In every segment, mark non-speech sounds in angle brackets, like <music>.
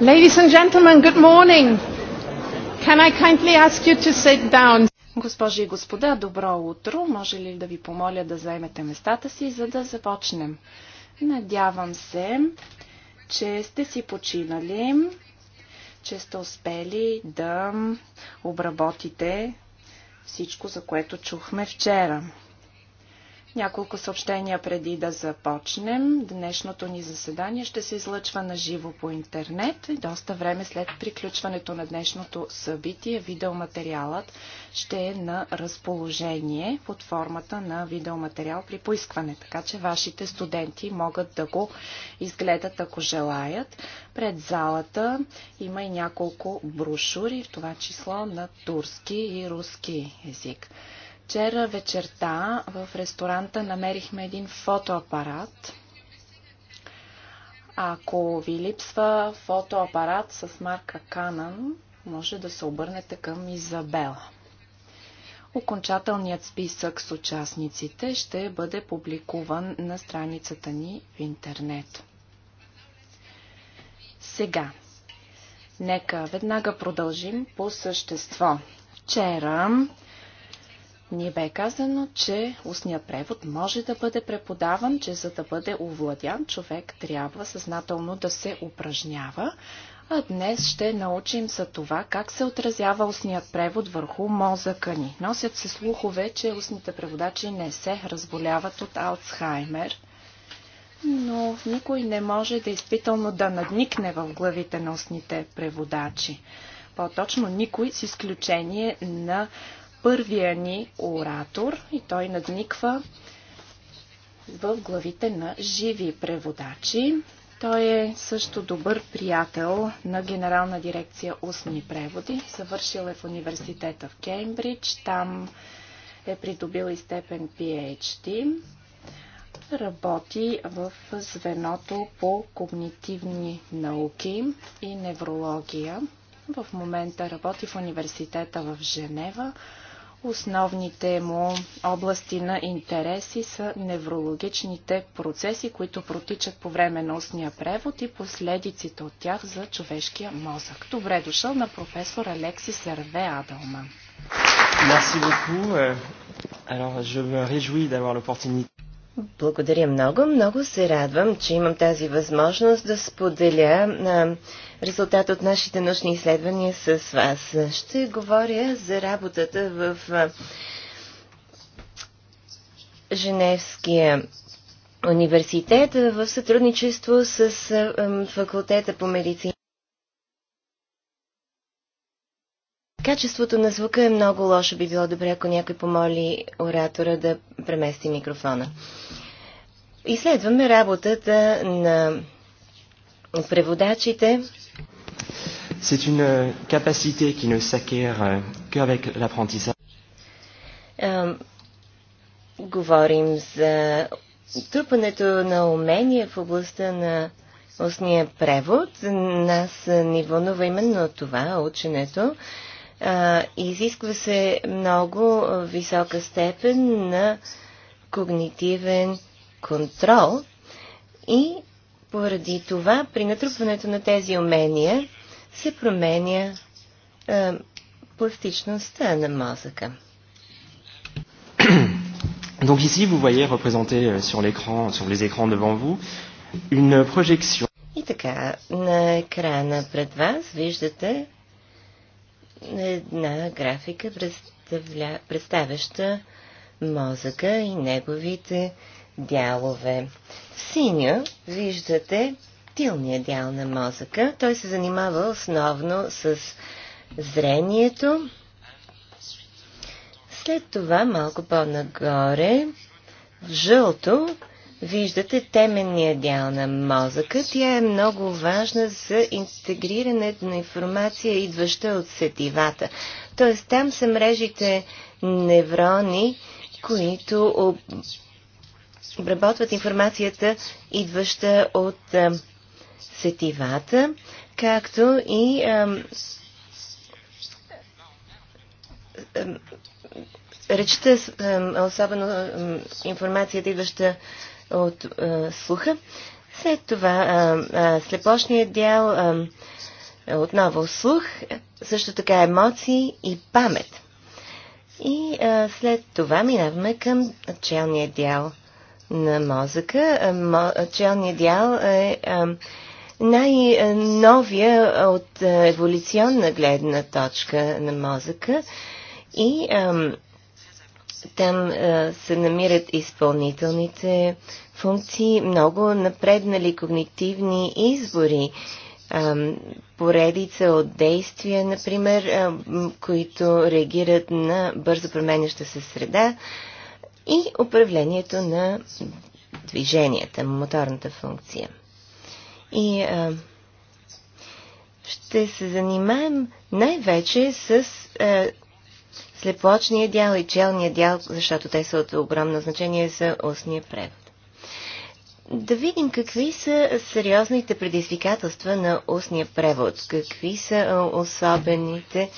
Ladies and gentlemen, good morning. Can I kindly ask you to sit down? Госпожи и господа, добро утро. Може ли да ви помоля да заемете местата си, за да започнем? Надявам се, че сте си починали, че сте успели да обработите всичко, за което чухме вчера. Няколко съобщения преди да започнем. Днешното ни заседание ще се излъчва на живо по интернет. и Доста време след приключването на днешното събитие видеоматериалът ще е на разположение под формата на видеоматериал при поискване, така че вашите студенти могат да го изгледат ако желаят. Пред залата има и няколко брошури, в това число на турски и руски език. Вчера вечерта в ресторанта намерихме един фотоапарат. Ако ви липсва фотоапарат с марка Canon, може да се обърнете към Изабела. Окончателният списък с участниците ще бъде публикуван на страницата ни в интернет. Сега, нека веднага продължим по същество. Вчера ни бе казано, че устният превод може да бъде преподаван, че за да бъде овладян, човек трябва съзнателно да се упражнява. А днес ще научим за това как се отразява устният превод върху мозъка ни. Носят се слухове, че устните преводачи не се разболяват от Алцхаймер но никой не може действително да надникне в главите на устните преводачи. По-точно никой с изключение на първия ни оратор и той надниква в главите на живи преводачи. Той е също добър приятел на Генерална дирекция Устни преводи. Съвършил е в университета в Кеймбридж. Там е придобил и степен PhD. Работи в звеното по когнитивни науки и неврология. В момента работи в университета в Женева Основните му области на интереси са неврологичните процеси, които протичат по време на устния превод и последиците от тях за човешкия мозък. Добре дошъл на професор Алекси Серве Адълман. Merci beaucoup. Euh, alors, je me réjouis d'avoir l'opportunité. Благодаря много. Много се радвам, че имам тази възможност да споделя а, резултат от нашите научни изследвания с вас. Ще говоря за работата в а, Женевския университет в сътрудничество с а, факултета по медицина Качеството на звука е много лошо. Би било добре, ако някой помоли оратора да премести микрофона. Изследваме работата на преводачите. C'est une capacité qui ne s'acquiert qu'avec l'apprentissage. Говорим за трупането на умения в областта на устния превод. Нас ни вълнува именно това, ученето изисква се много висока степен на когнитивен контрол и поради това при натрупването на тези умения се променя а, пластичността на мозъка. <coughs> Donc ici, vous voyez représenté euh, sur l'écran, sur les écrans devant vous, une projection. И така, на екрана пред вас виждате една графика, представяща мозъка и неговите дялове. В синя виждате тилния дял на мозъка. Той се занимава основно с зрението. След това малко по-нагоре в жълто виждате теменния дял на мозъка. Тя е много важна за интегрирането на информация, идваща от сетивата. Тоест там са мрежите неврони, които обработват информацията, идваща от а, сетивата, както и а, а, речта, особено информацията, идваща от а, слуха. След това а, а, слепошният дял, а, отново слух, също така емоции и памет. И а, след това минаваме към челния дял на мозъка. Мо, челният дял е най-новия от еволюционна гледна точка на мозъка и ам, там а, е, се намират изпълнителните функции, много напреднали когнитивни избори, а, е, поредица от действия, например, а, е, които реагират на бързо променяща се среда и управлението на движенията, моторната функция. И а, ще се занимаем най-вече с а, слепоочния дял и челния дял, защото те са от огромно значение за устния превод. Да видим какви са сериозните предизвикателства на устния превод, какви са особените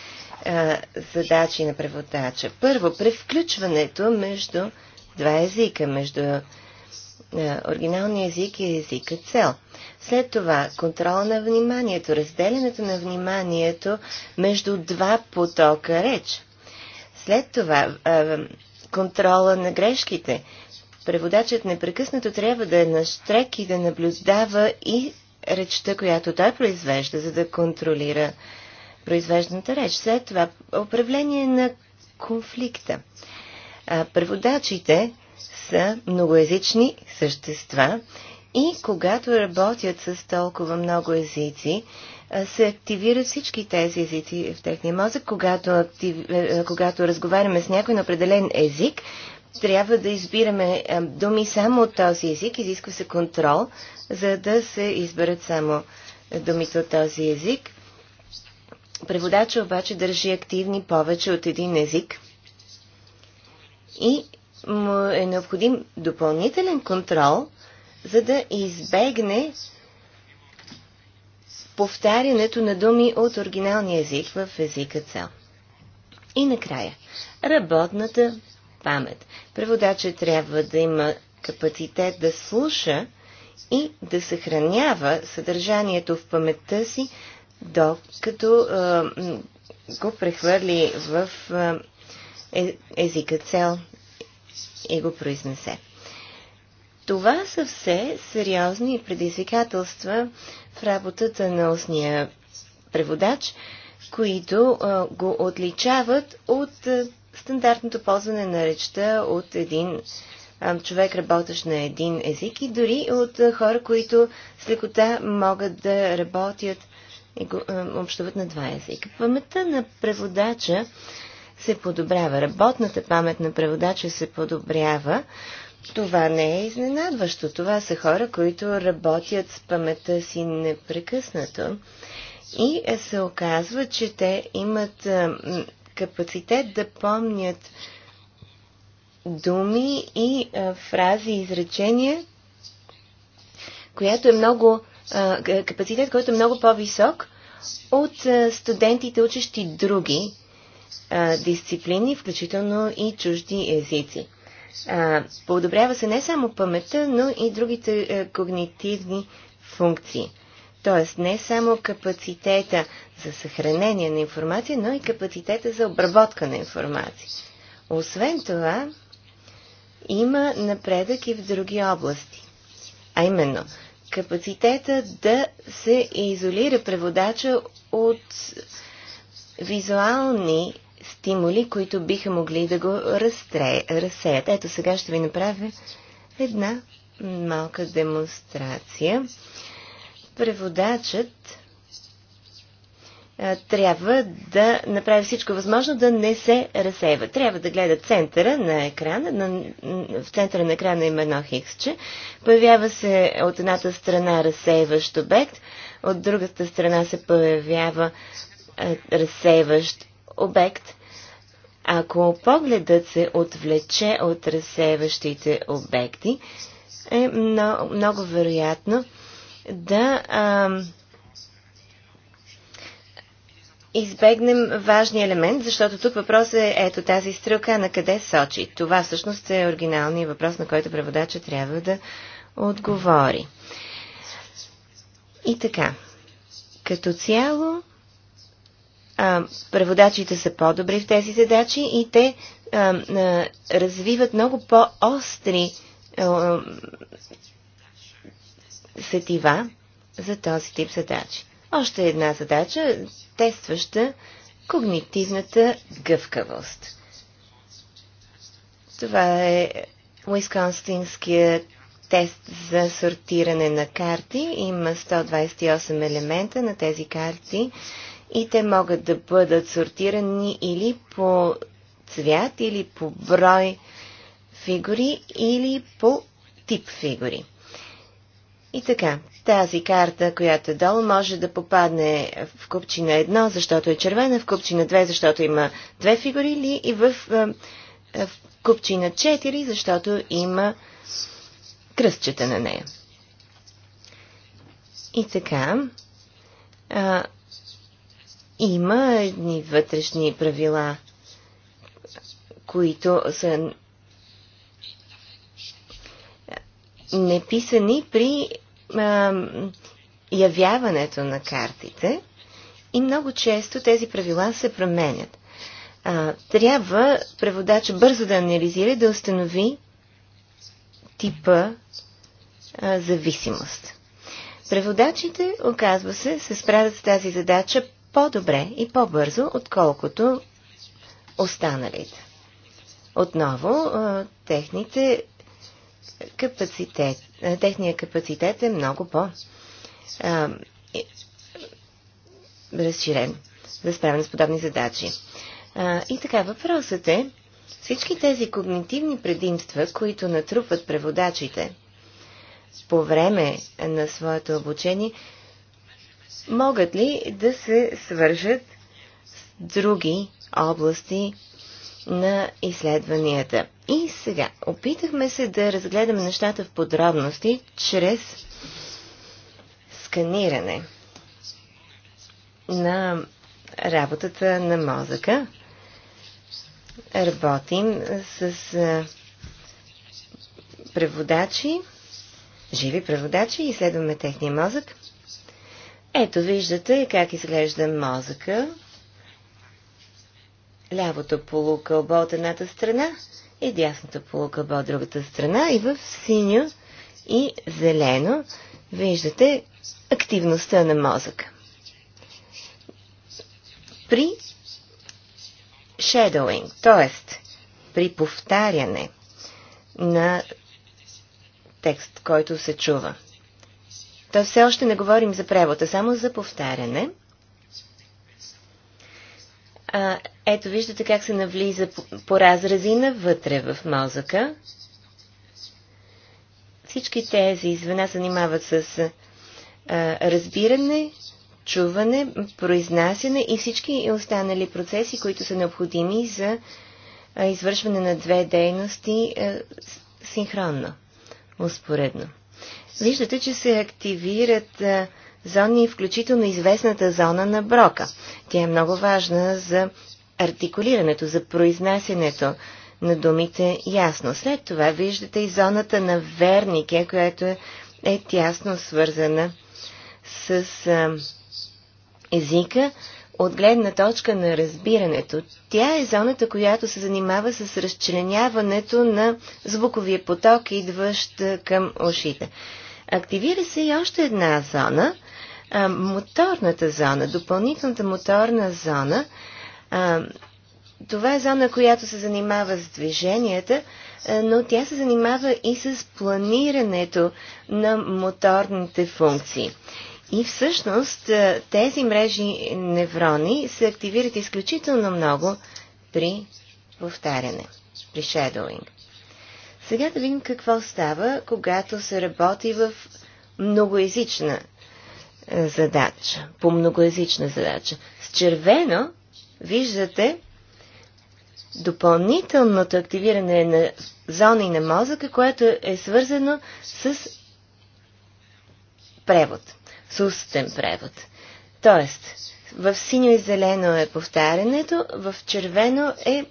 а, задачи на преводача. Първо, превключването между два езика, между а, оригиналния език и езика цел. След това, контрола на вниманието, разделянето на вниманието между два потока реч. След това, контрола на грешките. Преводачът непрекъснато трябва да е на штрек и да наблюдава и речта, която той произвежда, за да контролира произвежданата реч. След това управление на конфликта. А, преводачите са многоязични същества и когато работят с толкова много езици, се активират всички тези езици в техния мозък. Когато, актив... Е, е, когато разговаряме с някой на определен език, трябва да избираме думи само от този език. Изисква се контрол, за да се изберат само е, думите от този език. Преводача обаче държи активни повече от един език и му е необходим допълнителен контрол, за да избегне повтарянето на думи от оригиналния език в езика цел. И накрая, работната памет. Преводачът трябва да има капацитет да слуша и да съхранява съдържанието в паметта си, докато е, го прехвърли в е, езика цел и го произнесе. Това са все сериозни предизвикателства в работата на устния преводач, които а, го отличават от а, стандартното ползване на речта от един а, човек, работещ на един език и дори от а, хора, които с лекота могат да работят и го, а, общуват на два езика. Паметта на преводача се подобрява, работната памет на преводача се подобрява, това не е изненадващо. Това са хора, които работят с паметта си непрекъснато. И се оказва, че те имат капацитет да помнят думи и фрази, изречения, която е много, капацитет, който е много по-висок от студентите, учещи други дисциплини, включително и чужди езици. А, подобрява се не само паметта, но и другите е, когнитивни функции. Тоест не само капацитета за съхранение на информация, но и капацитета за обработка на информация. Освен това, има напредък и в други области. А именно, капацитета да се изолира преводача от визуални стимули, които биха могли да го разтре, разсеят. Ето сега ще ви направя една малка демонстрация. Преводачът трябва да направи всичко възможно да не се разсеява. Трябва да гледа центъра на екрана. На, в центъра на екрана има едно хиксче. Появява се от едната страна разсеяващ обект, от другата страна се появява разсеяващ обект, ако погледът се отвлече от разсеващите обекти, е много, много вероятно да а, избегнем важния елемент, защото тук въпрос е ето тази стрелка на къде сочи. Това всъщност е оригиналният въпрос, на който преводача трябва да отговори. И така, като цяло а, преводачите са по-добри в тези задачи и те а, а, развиват много по-остри сетива за този тип задачи. Още една задача, тестваща когнитивната гъвкавост. Това е Уисконстинския тест за сортиране на карти. Има 128 елемента на тези карти и те могат да бъдат сортирани или по цвят, или по брой фигури, или по тип фигури. И така, тази карта, която е долу, може да попадне в купчина 1, защото е червена, в купчина 2, защото има две фигури, или и в, в, е, е, в купчина 4, защото има кръстчета на нея. И така, а, има едни вътрешни правила, които са неписани при а, явяването на картите и много често тези правила се променят. А, трябва преводача бързо да анализира и да установи типа а, зависимост. Преводачите, оказва се, се справят с тази задача по-добре и по-бързо, отколкото останалите. Отново, техните капацитет, техния капацитет е много по-разширен за справяне с подобни задачи. И така, въпросът е, всички тези когнитивни предимства, които натрупват преводачите по време на своето обучение, могат ли да се свържат с други области на изследванията. И сега, опитахме се да разгледаме нещата в подробности чрез сканиране на работата на мозъка. Работим с преводачи, живи преводачи, изследваме техния мозък. Ето виждате как изглежда мозъка. Лявото полукълбо от едната страна и дясното полукълбо от другата страна и в синьо и зелено виждате активността на мозъка. При shadowing, т.е. при повтаряне на текст, който се чува – то все още не говорим за превод, а само за повтаряне. А, ето виждате как се навлиза по, по разрази навътре в мозъка. Всички тези звена занимават с а, разбиране, чуване, произнасяне и всички останали процеси, които са необходими за а, извършване на две дейности а, синхронно, успоредно. Виждате, че се активират зони, включително известната зона на Брока. Тя е много важна за артикулирането, за произнасянето на думите ясно. След това виждате и зоната на Вернике, която е, е тясно свързана с езика, от гледна точка на разбирането. Тя е зоната, която се занимава с разчленяването на звуковия поток, идващ към ушите. Активира се и още една зона, а, моторната зона, допълнителната моторна зона. А, това е зона, която се занимава с движенията, но тя се занимава и с планирането на моторните функции. И всъщност е, тези мрежи неврони се активират изключително много при повтаряне, при шедоинг. Сега да видим какво става, когато се работи в многоязична е, задача, по многоязична задача. С червено виждате допълнителното активиране на зони на мозъка, което е свързано с превод с устен превод. Тоест, в синьо и зелено е повтарянето, в червено е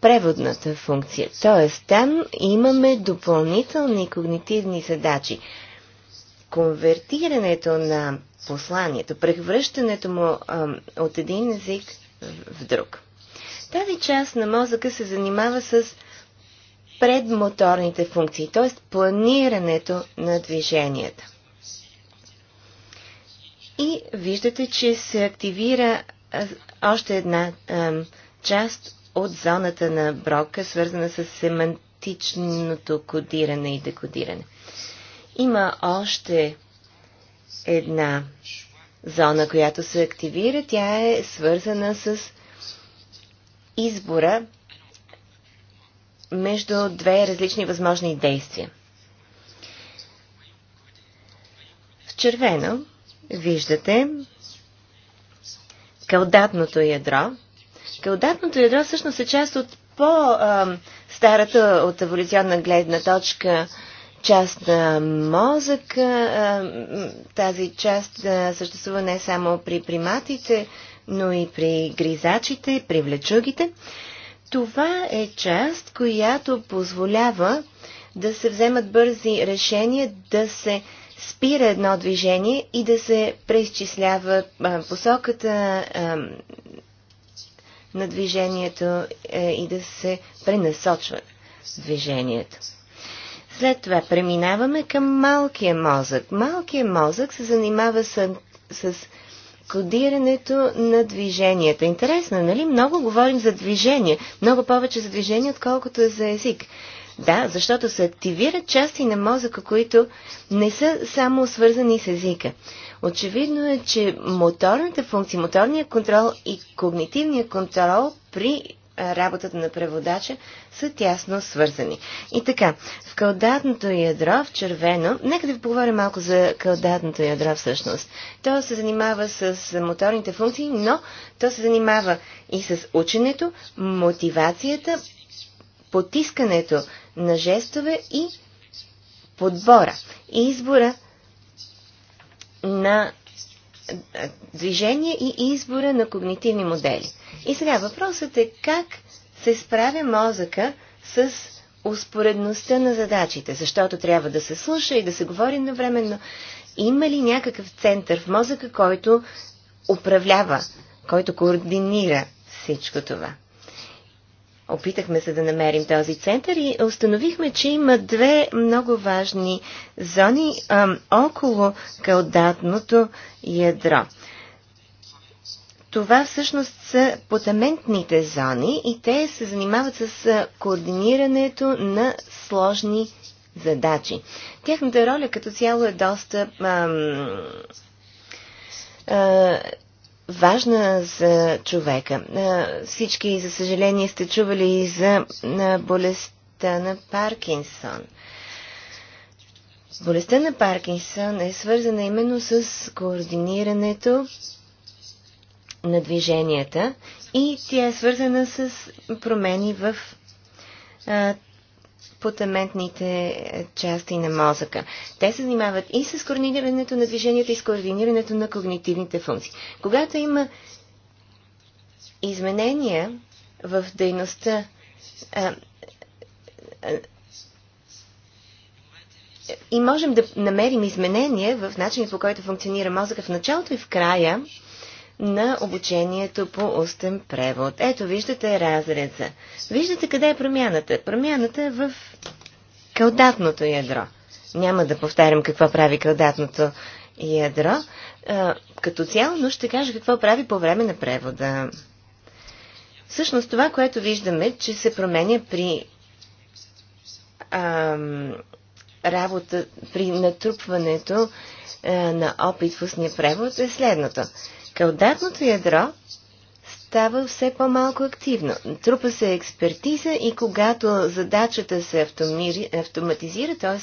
преводната функция. Тоест, там имаме допълнителни когнитивни задачи. Конвертирането на посланието, превръщането му а, от един език в друг. Тази част на мозъка се занимава с предмоторните функции, т.е. планирането на движенията. И виждате, че се активира още една част от зоната на Брока, свързана с семантичното кодиране и декодиране. Има още една зона, която се активира. Тя е свързана с избора между две различни възможни действия. В червено виждате кълдатното ядро. Кълдатното ядро всъщност е част от по-старата от еволюционна гледна точка част на мозъка. Тази част съществува не само при приматите, но и при гризачите, при влечугите. Това е част, която позволява да се вземат бързи решения, да се спира едно движение и да се преизчислява посоката на движението е, и да се пренасочва движението. След това преминаваме към малкия мозък. Малкият мозък се занимава с, с кодирането на движенията. Интересно, е, нали? Много говорим за движение. Много повече за движение, отколкото е за език. Да, защото се активират части на мозъка, които не са само свързани с езика. Очевидно е, че моторната функция, моторният контрол и когнитивният контрол при работата на преводача са тясно свързани. И така, в кълдатното ядро в червено, нека да ви поговорим малко за кълдатното ядро всъщност. То се занимава с моторните функции, но то се занимава и с ученето, мотивацията, потискането на жестове и подбора и избора на движение и избора на когнитивни модели. И сега въпросът е как се справя мозъка с успоредността на задачите, защото трябва да се слуша и да се говори навременно. Има ли някакъв център в мозъка, който управлява, който координира всичко това? Опитахме се да намерим този център и установихме, че има две много важни зони а, около кълдатното ядро. Това всъщност са потаментните зони и те се занимават с координирането на сложни задачи. Тяхната роля като цяло е доста а, важна за човека. Всички, за съжаление, сте чували и за болестта на Паркинсон. Болестта на Паркинсон е свързана именно с координирането на движенията и тя е свързана с промени в потаментните части на мозъка. Те се занимават и с координирането на движението, и с координирането на когнитивните функции. Когато има изменения в дейността, и можем да намерим изменения в начина по който функционира мозъка в началото и в края на обучението по устен превод. Ето, виждате разреза. Виждате къде е промяната. Промяната е в кълдатното ядро. Няма да повтарям какво прави кълдатното ядро. Като цяло, но ще кажа какво прави по време на превода. Всъщност това, което виждаме, че се променя при ам, работа, при натрупването а, на опит в устния превод е следното. Калдарното ядро става все по-малко активно. Трупа се експертиза и когато задачата се автоматизира, т.е.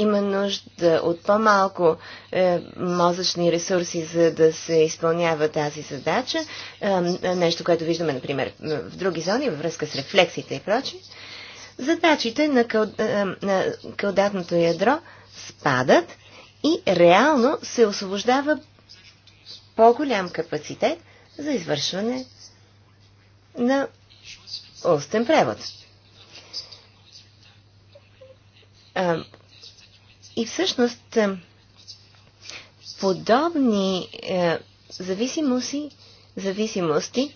има нужда от по-малко е, мозъчни ресурси, за да се изпълнява тази задача, е, нещо, което виждаме, например, в други зони, във връзка с рефлексите и прочие, задачите на, къл, е, на кълдатното ядро спадат и реално се освобождава по-голям капацитет за извършване на устен превод. А, и всъщност подобни е, зависимости, зависимости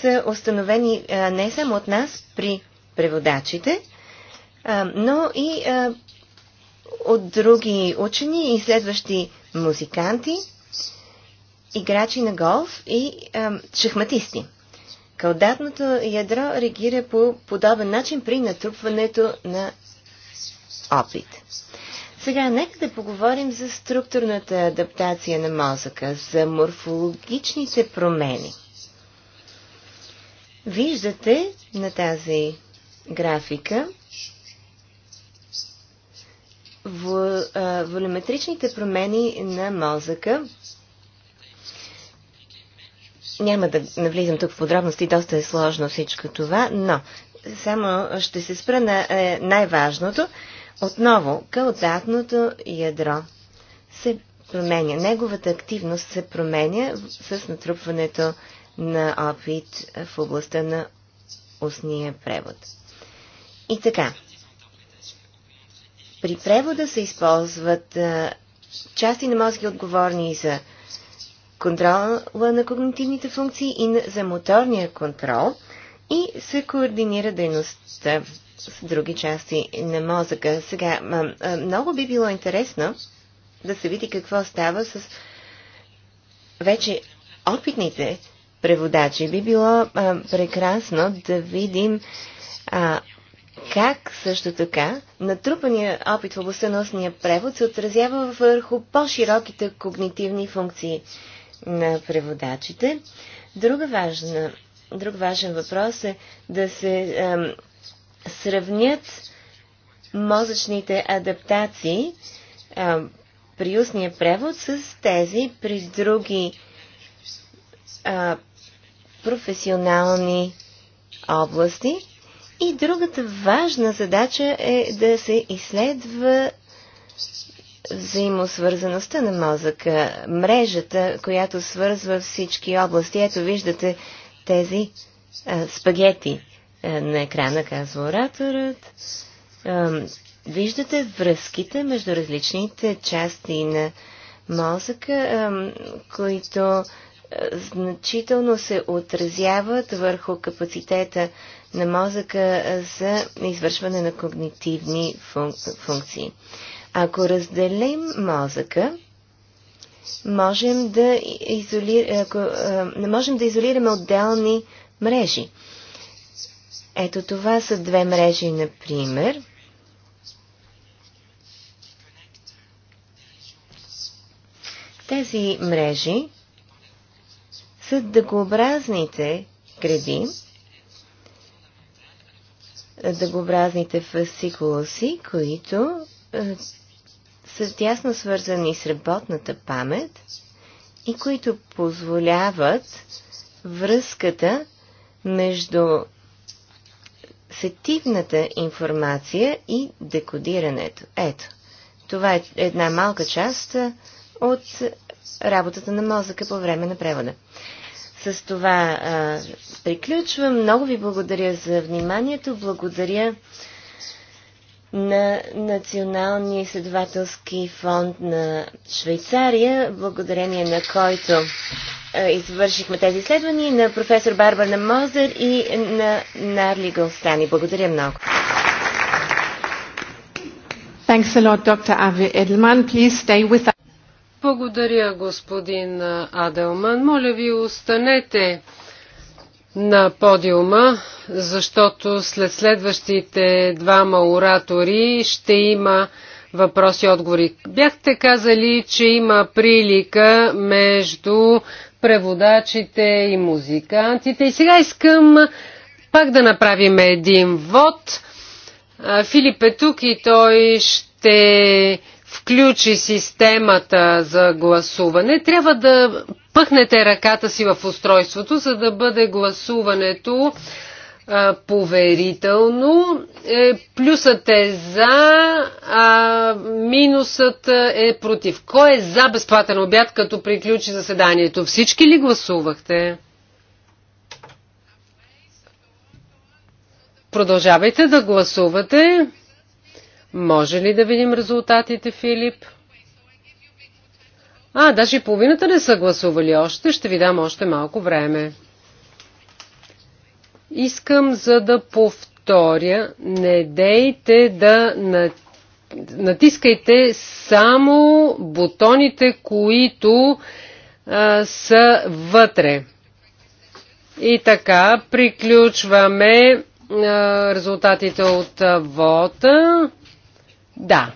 са установени не само от нас при преводачите, но и от други учени и следващи музиканти – играчи на голф и ам, шахматисти. Калдатното ядро реагира по подобен начин при натрупването на опит. Сега нека да поговорим за структурната адаптация на мозъка, за морфологичните промени. Виждате на тази графика волюметричните промени на мозъка няма да навлизам тук в подробности, доста е сложно всичко това, но само ще се спра на е, най-важното. Отново, каотатното ядро се променя. Неговата активност се променя с натрупването на опит в областта на устния превод. И така, при превода се използват а, е, части на мозги отговорни за контрола на когнитивните функции и за моторния контрол и се координира дейността с други части на мозъка. Сега, много би било интересно да се види какво става с вече опитните преводачи. Би било прекрасно да видим как също така натрупания опит в областта на устния превод се отразява върху по-широките когнитивни функции на преводачите. Друга важна, друг важен въпрос е да се е, сравнят мозъчните адаптации е, при устния превод с тези при други е, професионални области. И другата важна задача е да се изследва взаимосвързаността на мозъка, мрежата, която свързва всички области. Ето виждате тези а, спагети а, на екрана, казва ораторът. А, виждате връзките между различните части на мозъка, а, които а, значително се отразяват върху капацитета на мозъка за извършване на когнитивни функ... функции. Ако разделим мозъка, можем да, изолир... ако, а, можем да изолираме отделни мрежи. Ето това са две мрежи, например. Тези мрежи са дъгообразните гради, дъгообразните фасикулоси, които е, са тясно свързани с работната памет и които позволяват връзката между сетивната информация и декодирането. Ето, това е една малка част е, от работата на мозъка по време на превода. С това а, е, приключвам. Много ви благодаря за вниманието. Благодаря на Националния изследователски фонд на Швейцария, благодарение на който е, извършихме тези изследвания, на професор Барбара Мозер и на Нарли Голстани. Благодаря много. Thanks a lot, Dr. Avi Edelman. Please stay with us. Благодаря, господин Аделман. Моля ви, останете на подиума, защото след следващите двама оратори ще има въпроси и отговори. Бяхте казали, че има прилика между преводачите и музикантите. И сега искам пак да направим един вод. Филип е тук и той ще изключи системата за гласуване, трябва да пъхнете ръката си в устройството, за да бъде гласуването а, поверително. Е, плюсът е за, а минусът е против. Кой е за безплатен обяд, като приключи заседанието? Всички ли гласувахте? Продължавайте да гласувате. Може ли да видим резултатите, Филип? А, даже и половината не са гласували още. Ще ви дам още малко време. Искам за да повторя, не дейте да натискайте само бутоните, които а, са вътре. И така, приключваме резултатите от вота. Да.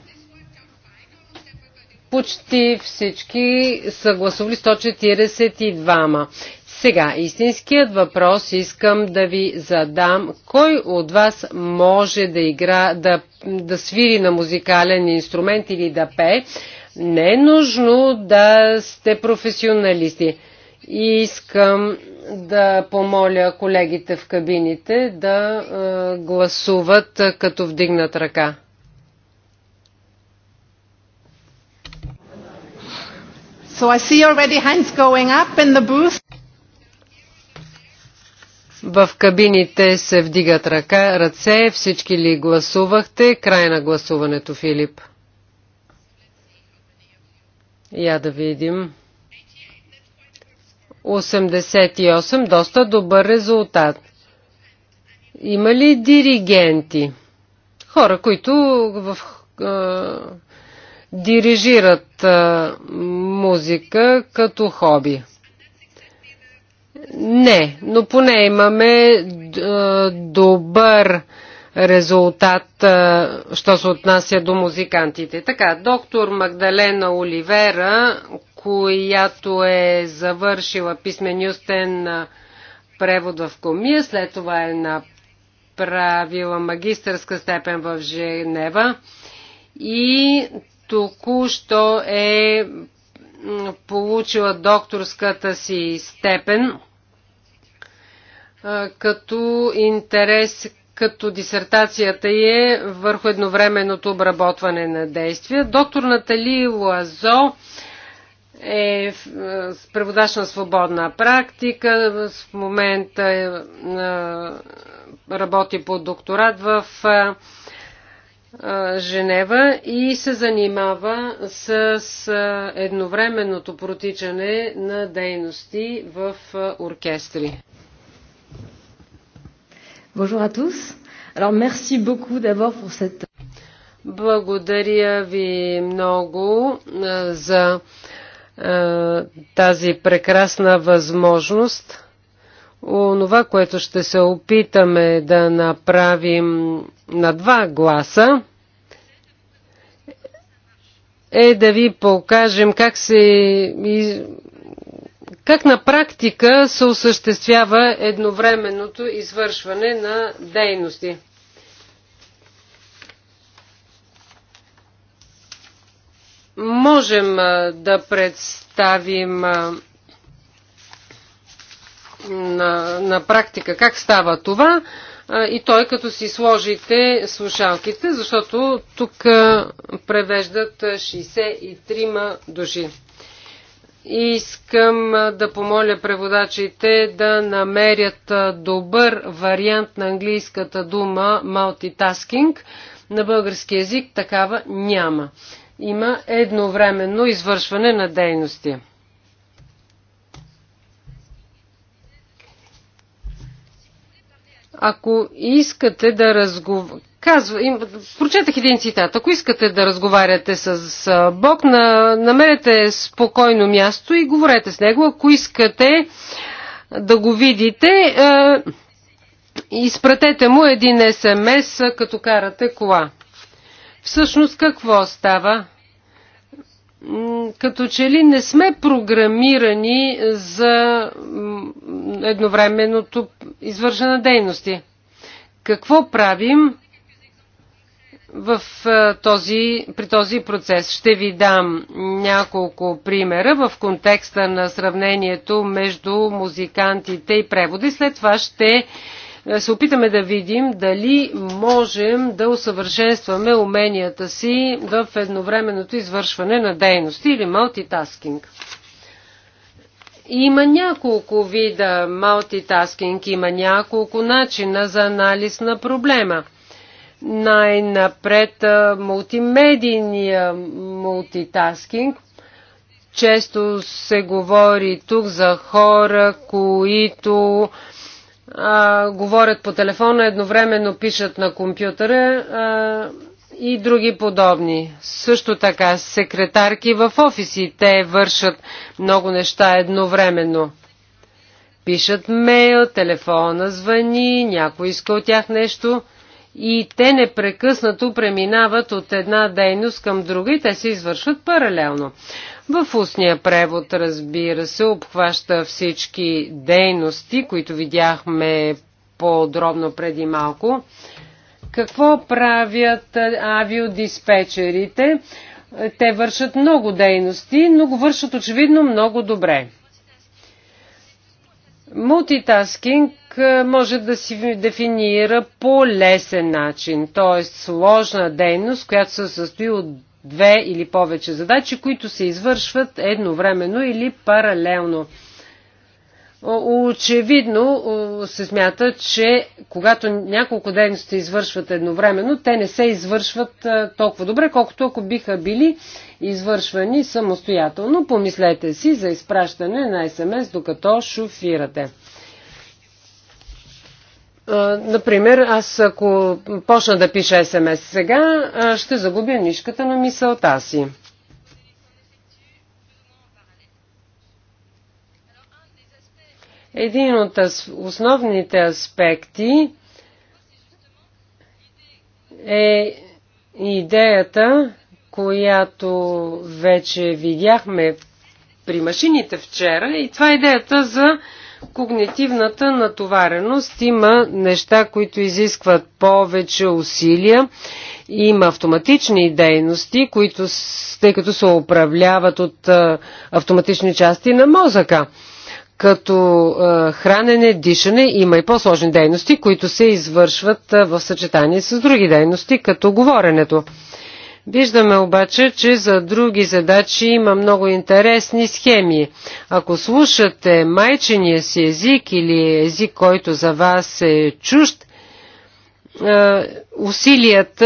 Почти всички са гласували 142-ма. Сега, истинският въпрос искам да ви задам. Кой от вас може да игра, да, да свири на музикален инструмент или да пее? Не е нужно да сте професионалисти. Искам да помоля колегите в кабините да е, гласуват като вдигнат ръка. So I see already hands going up in the booth. В кабините се вдигат ръка, ръце. Всички ли гласувахте? Край на гласуването, Филип. Я да видим. 88. Доста добър резултат. Има ли диригенти? Хора, които в дирижират музика като хоби. Не, но поне имаме добър резултат, що се отнася до музикантите. Така, доктор Магдалена Оливера, която е завършила писменюстен превод в Комия, след това е направила магистърска степен в Женева и току-що е получила докторската си степен като интерес, като дисертацията е върху едновременното обработване на действия. Доктор Натали Лазо е, е преводач на свободна практика. В момента е, е, работи по докторат в Женева и се занимава с едновременното протичане на дейности в оркестри. Bonjour à tous. Alors merci beaucoup d'abord pour cette Благодаря ви много за тази прекрасна възможност. Онова, което ще се опитаме да направим на два гласа е да ви покажем как се как на практика се осъществява едновременното извършване на дейности. Можем да представим на, на практика как става това и той като си сложите слушалките, защото тук превеждат 63 души. Искам да помоля преводачите да намерят добър вариант на английската дума multitasking. На български язик такава няма. Има едновременно извършване на дейности. Ако искате да разговаряте, казва, им, прочетах един цитат. Ако искате да разговаряте с Бог, на, намерете спокойно място и говорете с Него. Ако искате да го видите, е, изпратете му един СМС, като карате кола. Всъщност какво става? като че ли не сме програмирани за едновременното извършване на дейности. Какво правим в този, при този процес? Ще ви дам няколко примера в контекста на сравнението между музикантите и преводи. След това ще е, се опитаме да видим дали можем да усъвършенстваме уменията си в едновременното извършване на дейности или малтитаскинг. Има няколко вида малтитаскинг, има няколко начина за анализ на проблема. Най-напред е, мултимедийния мултитаскинг. Често се говори тук за хора, които а, говорят по телефона, едновременно пишат на компютъра а, и други подобни. Също така секретарки в офиси, те вършат много неща едновременно. Пишат мейл, телефона звъни, някой иска от тях нещо и те непрекъснато преминават от една дейност към друга и те се извършват паралелно. В устния превод, разбира се, обхваща всички дейности, които видяхме по-подробно преди малко. Какво правят авиодиспетчерите? Те вършат много дейности, но го вършат очевидно много добре. Мултитаскинг може да си дефинира по лесен начин, т.е. сложна дейност, която се състои от две или повече задачи, които се извършват едновременно или паралелно. Очевидно се смята, че когато няколко дейности извършват едновременно, те не се извършват е, толкова добре, колкото ако биха били извършвани самостоятелно. Помислете си за изпращане на СМС, докато шофирате. Например, аз ако почна да пиша СМС сега, ще загубя нишката на мисълта си. Един от основните аспекти е идеята, която вече видяхме при машините вчера и това е идеята за Когнитивната натовареност има неща, които изискват повече усилия. Има автоматични дейности, които, тъй като се управляват от автоматични части на мозъка като хранене, дишане, има и по-сложни дейности, които се извършват в съчетание с други дейности, като говоренето. Виждаме обаче, че за други задачи има много интересни схеми. Ако слушате майчения си език или език, който за вас е чужд,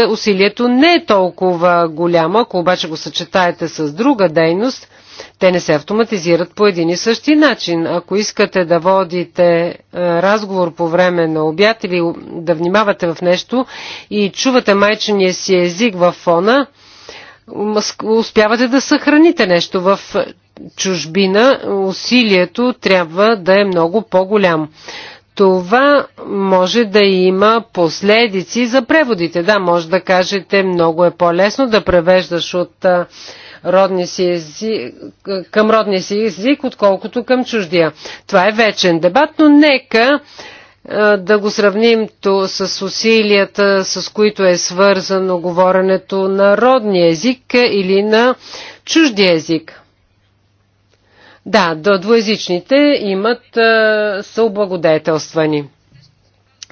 усилието не е толкова голямо. Ако обаче го съчетаете с друга дейност – те не се автоматизират по един и същи начин. Ако искате да водите е, разговор по време на обяд или да внимавате в нещо и чувате майчиния си език в фона, успявате да съхраните нещо в чужбина, усилието трябва да е много по-голям. Това може да има последици за преводите. Да, може да кажете, много е по-лесно да превеждаш от е, родни си ези, към родния си език, отколкото към чуждия. Това е вечен дебат, но нека да го сравним то с усилията, с които е свързано говоренето на родния език или на чуждия език. Да, до двоязичните имат са облагодетелствани.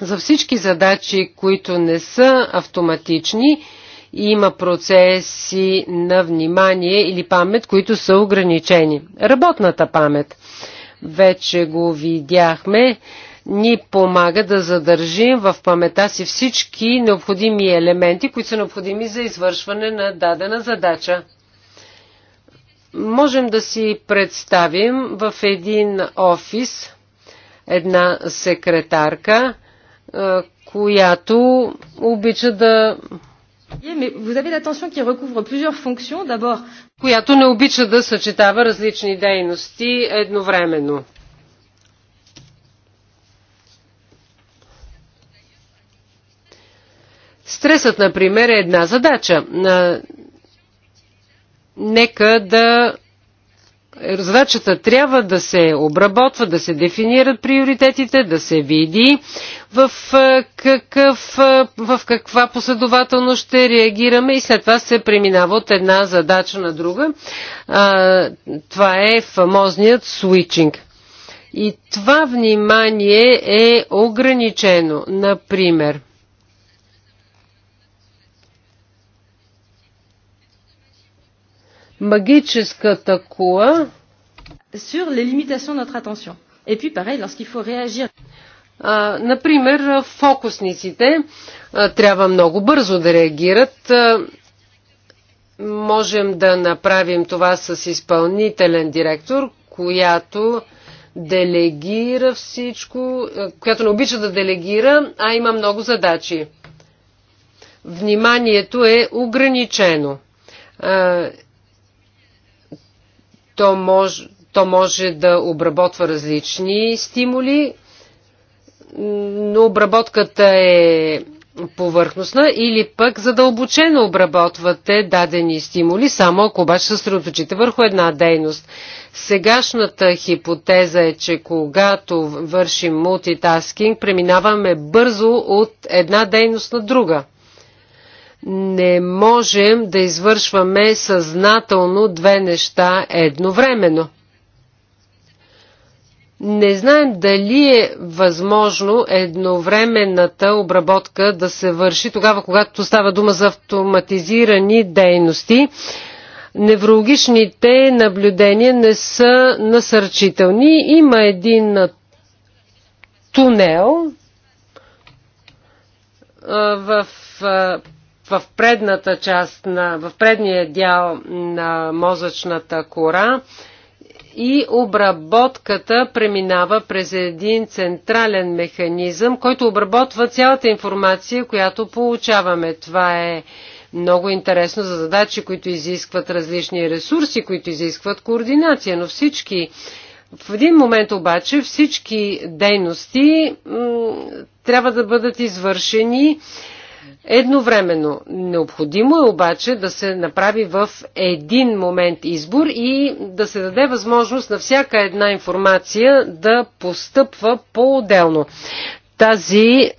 За всички задачи, които не са автоматични, има процеси на внимание или памет, които са ограничени. Работната памет, вече го видяхме, ни помага да задържим в памета си всички необходими елементи, които са необходими за извършване на дадена задача. Можем да си представим в един офис една секретарка, която обича да е, която не обича да съчетава различни дейности едновременно. Стресът, например, е една задача. Нека да задачата трябва да се обработва, да се дефинират приоритетите, да се види в, е, какъв, е, в каква последователност ще реагираме и след това се преминава от една задача на друга. А, това е фамозният свичинг. И това внимание е ограничено. Например, магическата кула. Sur les limitations de notre attention. Et puis pareil, lorsqu'il faut réagir. А, например, фокусниците а, трябва много бързо да реагират. А, можем да направим това с изпълнителен директор, която делегира всичко, която не обича да делегира, а има много задачи. Вниманието е ограничено. То може, то може да обработва различни стимули, но обработката е повърхностна или пък задълбочено обработвате дадени стимули, само ако обаче се съсредоточите върху една дейност. Сегашната хипотеза е, че когато вършим мултитаскинг, преминаваме бързо от една дейност на друга не можем да извършваме съзнателно две неща едновременно. Не знаем дали е възможно едновременната обработка да се върши тогава, когато става дума за автоматизирани дейности. Неврологичните наблюдения не са насърчителни. Има един тунел в в предната част на, в предния дял на мозъчната кора и обработката преминава през един централен механизъм, който обработва цялата информация, която получаваме. Това е много интересно за задачи, които изискват различни ресурси, които изискват координация, но всички в един момент обаче всички дейности трябва да бъдат извършени едновременно. Необходимо е обаче да се направи в един момент избор и да се даде възможност на всяка една информация да постъпва по-отделно. Тази е,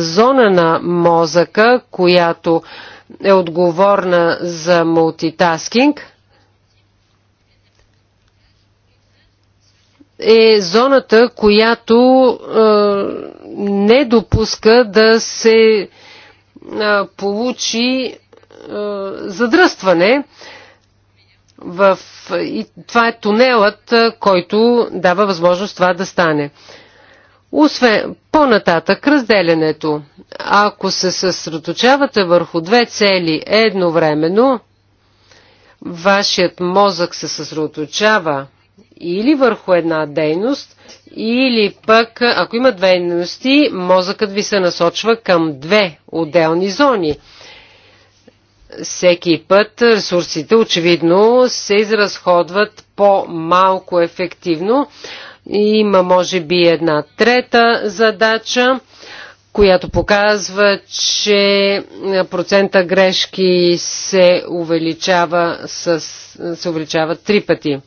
зона на мозъка, която е отговорна за мултитаскинг, е зоната, която е, не допуска да се получи задръстване. В... И това е тунелът, който дава възможност това да стане. Освен по-нататък разделянето, ако се съсредоточавате върху две цели едновременно, вашият мозък се съсредоточава или върху една дейност, или пък, ако има две дейности, мозъкът ви се насочва към две отделни зони. Всеки път ресурсите очевидно се изразходват по-малко ефективно. Има, може би, една трета задача която показва, че процента грешки се увеличава, с, се увеличава три пъти.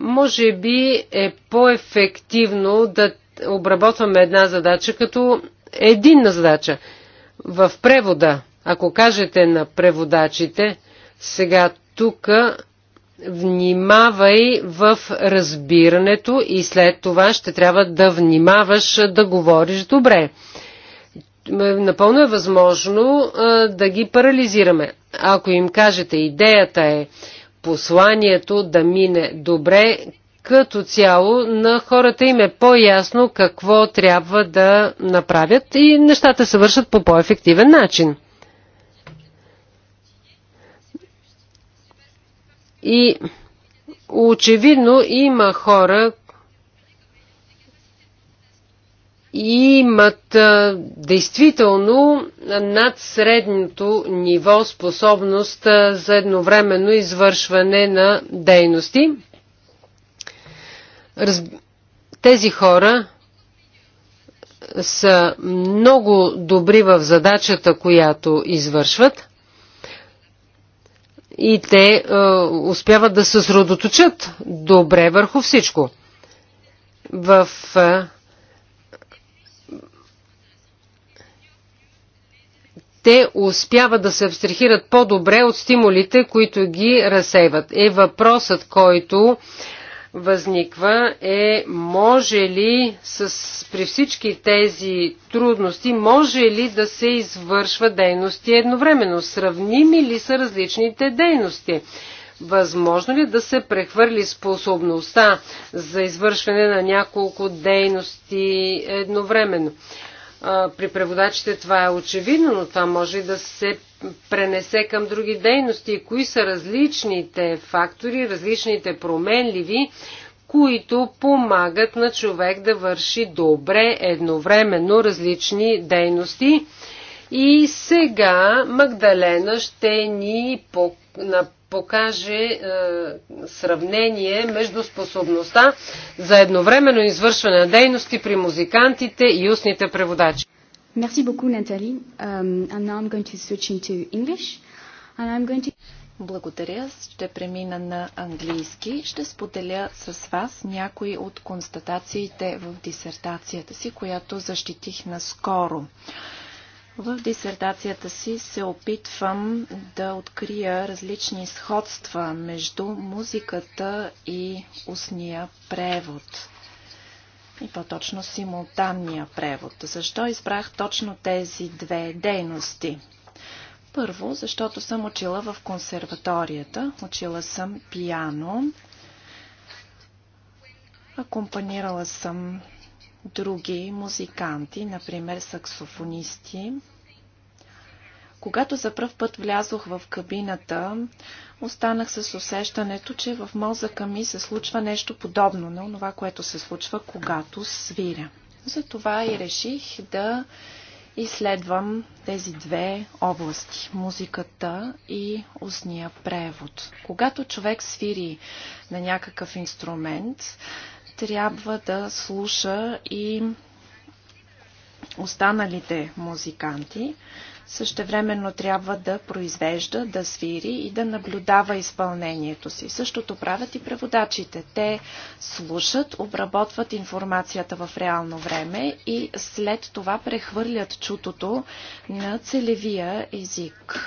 Може би е по-ефективно да обработваме една задача като единна задача. В превода, ако кажете на преводачите, сега тук внимавай в разбирането и след това ще трябва да внимаваш да говориш добре. Напълно е възможно да ги парализираме. Ако им кажете идеята е посланието да мине добре, като цяло на хората им е по-ясно какво трябва да направят и нещата се вършат по по-ефективен начин. И очевидно има хора, И имат действително над средното ниво способност за едновременно извършване на дейности. Раз... Тези хора са много добри в задачата, която извършват и те е, успяват да се средоточат добре върху всичко. В те успяват да се абстрахират по-добре от стимулите, които ги разсейват. Е въпросът, който възниква е може ли с, при всички тези трудности, може ли да се извършва дейности едновременно? Сравними ли са различните дейности? Възможно ли е да се прехвърли способността за извършване на няколко дейности едновременно? При преводачите това е очевидно, но това може и да се пренесе към други дейности. Кои са различните фактори, различните променливи, които помагат на човек да върши добре едновременно различни дейности. И сега Магдалена ще ни покаже е, сравнение между способността за едновременно извършване на дейности при музикантите и устните преводачи. Merci beaucoup, Um, and now I'm going to switch into English. And I'm going to... Благодаря. Ще премина на английски. Ще споделя с вас някои от констатациите в дисертацията си, която защитих наскоро. Uh, в дисертацията си се опитвам да открия различни сходства между музиката и устния превод. И по-точно симултанния превод. Защо избрах точно тези две дейности? Първо, защото съм учила в консерваторията. Учила съм пиано, Акомпанирала съм други музиканти, например саксофонисти. Когато за пръв път влязох в кабината, останах с усещането, че в мозъка ми се случва нещо подобно на това, което се случва, когато свиря. Затова и реших да изследвам тези две области музиката и устния превод. Когато човек свири на някакъв инструмент, трябва да слуша и останалите музиканти. Същевременно трябва да произвежда, да свири и да наблюдава изпълнението си. Същото правят и преводачите. Те слушат, обработват информацията в реално време и след това прехвърлят чутото на целевия език.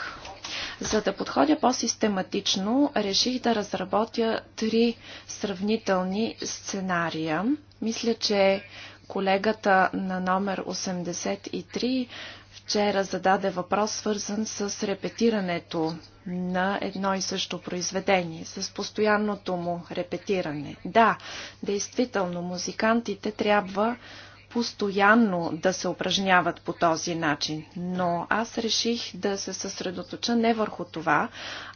За да подходя по-систематично, реших да разработя три сравнителни сценария. Мисля, че колегата на номер 83 вчера зададе въпрос, свързан с репетирането на едно и също произведение, с постоянното му репетиране. Да, действително, музикантите трябва постоянно да се упражняват по този начин. Но аз реших да се съсредоточа не върху това,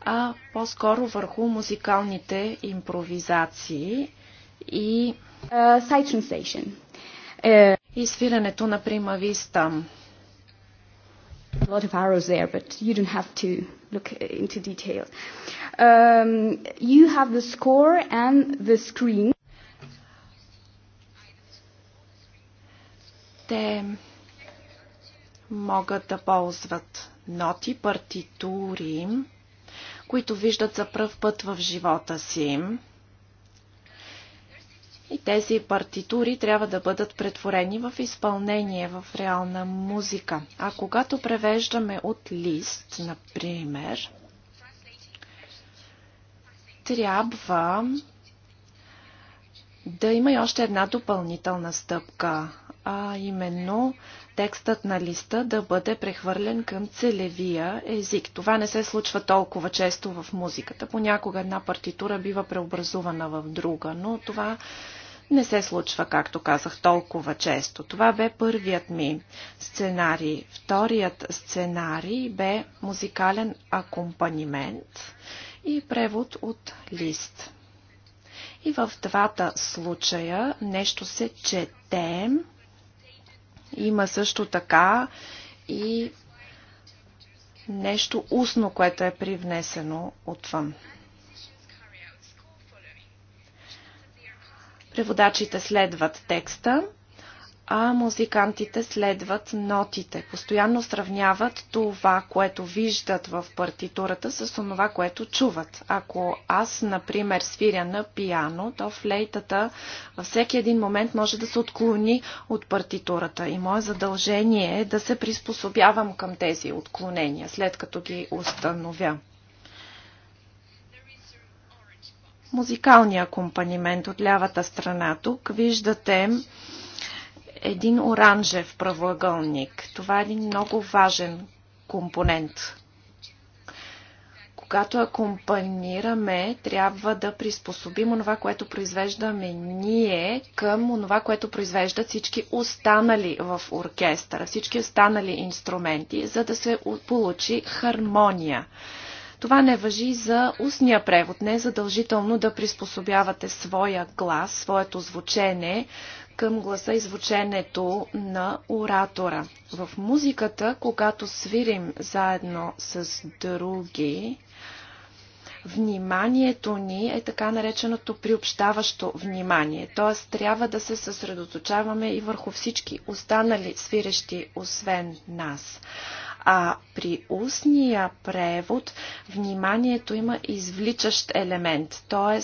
а по-скоро върху музикалните импровизации и uh, Uh, и свирането на примависта. A lot of arrows there, but you don't have to look into detail. Um, you have the score and the screen. Те могат да ползват ноти, партитури, които виждат за пръв път в живота си. И тези партитури трябва да бъдат претворени в изпълнение, в реална музика. А когато превеждаме от лист, например, трябва да има и още една допълнителна стъпка а именно текстът на листа да бъде прехвърлен към целевия език. Това не се случва толкова често в музиката. Понякога една партитура бива преобразувана в друга, но това не се случва, както казах, толкова често. Това бе първият ми сценарий. Вторият сценарий бе музикален акомпанимент и превод от лист. И в двата случая нещо се чете, има също така и нещо устно, което е привнесено отвън. Преводачите следват текста а музикантите следват нотите. Постоянно сравняват това, което виждат в партитурата с това, което чуват. Ако аз, например, свиря на пияно, то флейтата във всеки един момент може да се отклони от партитурата и мое задължение е да се приспособявам към тези отклонения, след като ги установя. Музикалния акомпанимент от лявата страна тук виждате един оранжев правоъгълник. Това е един много важен компонент. Когато акомпанираме, трябва да приспособим онова, което произвеждаме ние към онова, което произвеждат всички останали в оркестъра, всички останали инструменти, за да се получи хармония. Това не въжи за устния превод. Не е задължително да приспособявате своя глас, своето звучене към гласа и звученето на оратора. В музиката, когато свирим заедно с други, вниманието ни е така нареченото приобщаващо внимание. Т.е. трябва да се съсредоточаваме и върху всички останали свирещи, освен нас. А при устния превод вниманието има извличащ елемент, т.е.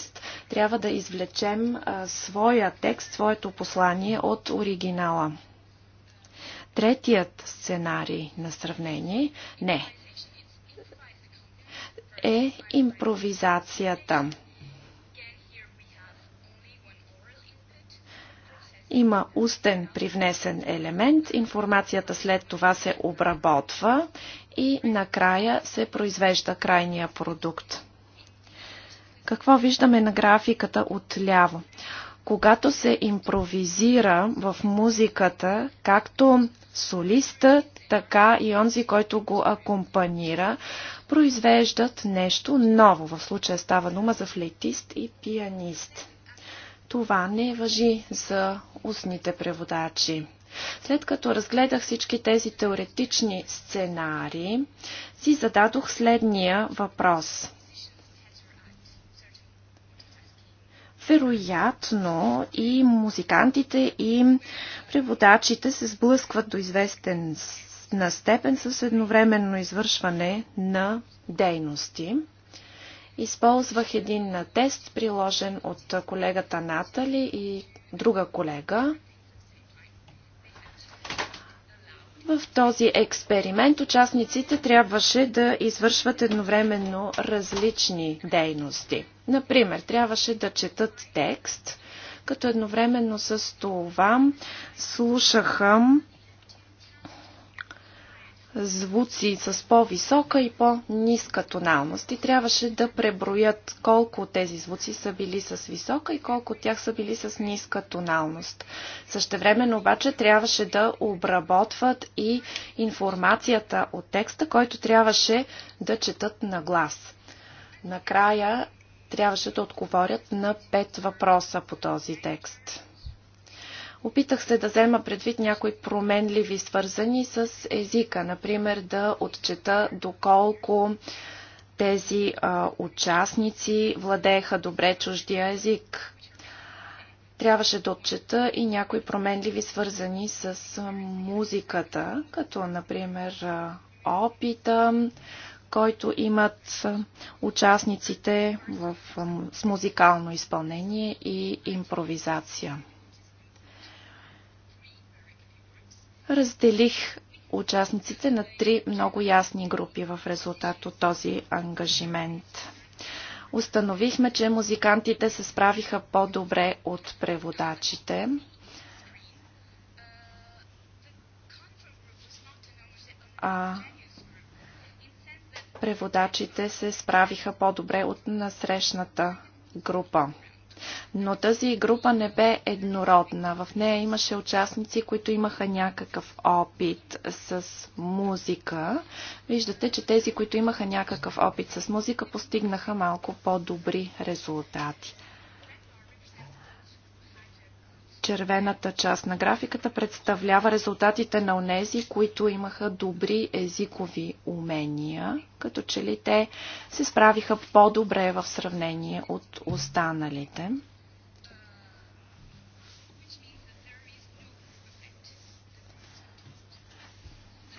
трябва да извлечем а, своя текст, своето послание от оригинала. Третият сценарий на сравнение, не, е импровизацията. Има устен привнесен елемент, информацията след това се обработва и накрая се произвежда крайния продукт. Какво виждаме на графиката от ляво? Когато се импровизира в музиката, както солистът, така и онзи, който го акомпанира, произвеждат нещо ново. В случая става дума за флейтист и пианист. Това не въжи за устните преводачи. След като разгледах всички тези теоретични сценари, си зададох следния въпрос. Вероятно и музикантите и преводачите се сблъскват до известен на степен с едновременно извършване на дейности – Използвах един тест, приложен от колегата Натали и друга колега. В този експеримент участниците трябваше да извършват едновременно различни дейности. Например, трябваше да четат текст, като едновременно с това слушаха звуци с по-висока и по-ниска тоналност и трябваше да преброят колко от тези звуци са били с висока и колко от тях са били с ниска тоналност. Същевременно обаче трябваше да обработват и информацията от текста, който трябваше да четат на глас. Накрая трябваше да отговорят на пет въпроса по този текст. Опитах се да взема предвид някои променливи, свързани с езика. Например, да отчета доколко тези а, участници владееха добре чуждия език. Трябваше да отчета и някои променливи, свързани с музиката, като, например, опита, който имат участниците в, с музикално изпълнение и импровизация. Разделих участниците на три много ясни групи в резултат от този ангажимент. Установихме, че музикантите се справиха по-добре от преводачите. А преводачите се справиха по-добре от насрещната група. Но тази група не бе еднородна. В нея имаше участници, които имаха някакъв опит с музика. Виждате, че тези, които имаха някакъв опит с музика, постигнаха малко по-добри резултати червената част на графиката представлява резултатите на онези, които имаха добри езикови умения, като че ли те се справиха по-добре в сравнение от останалите.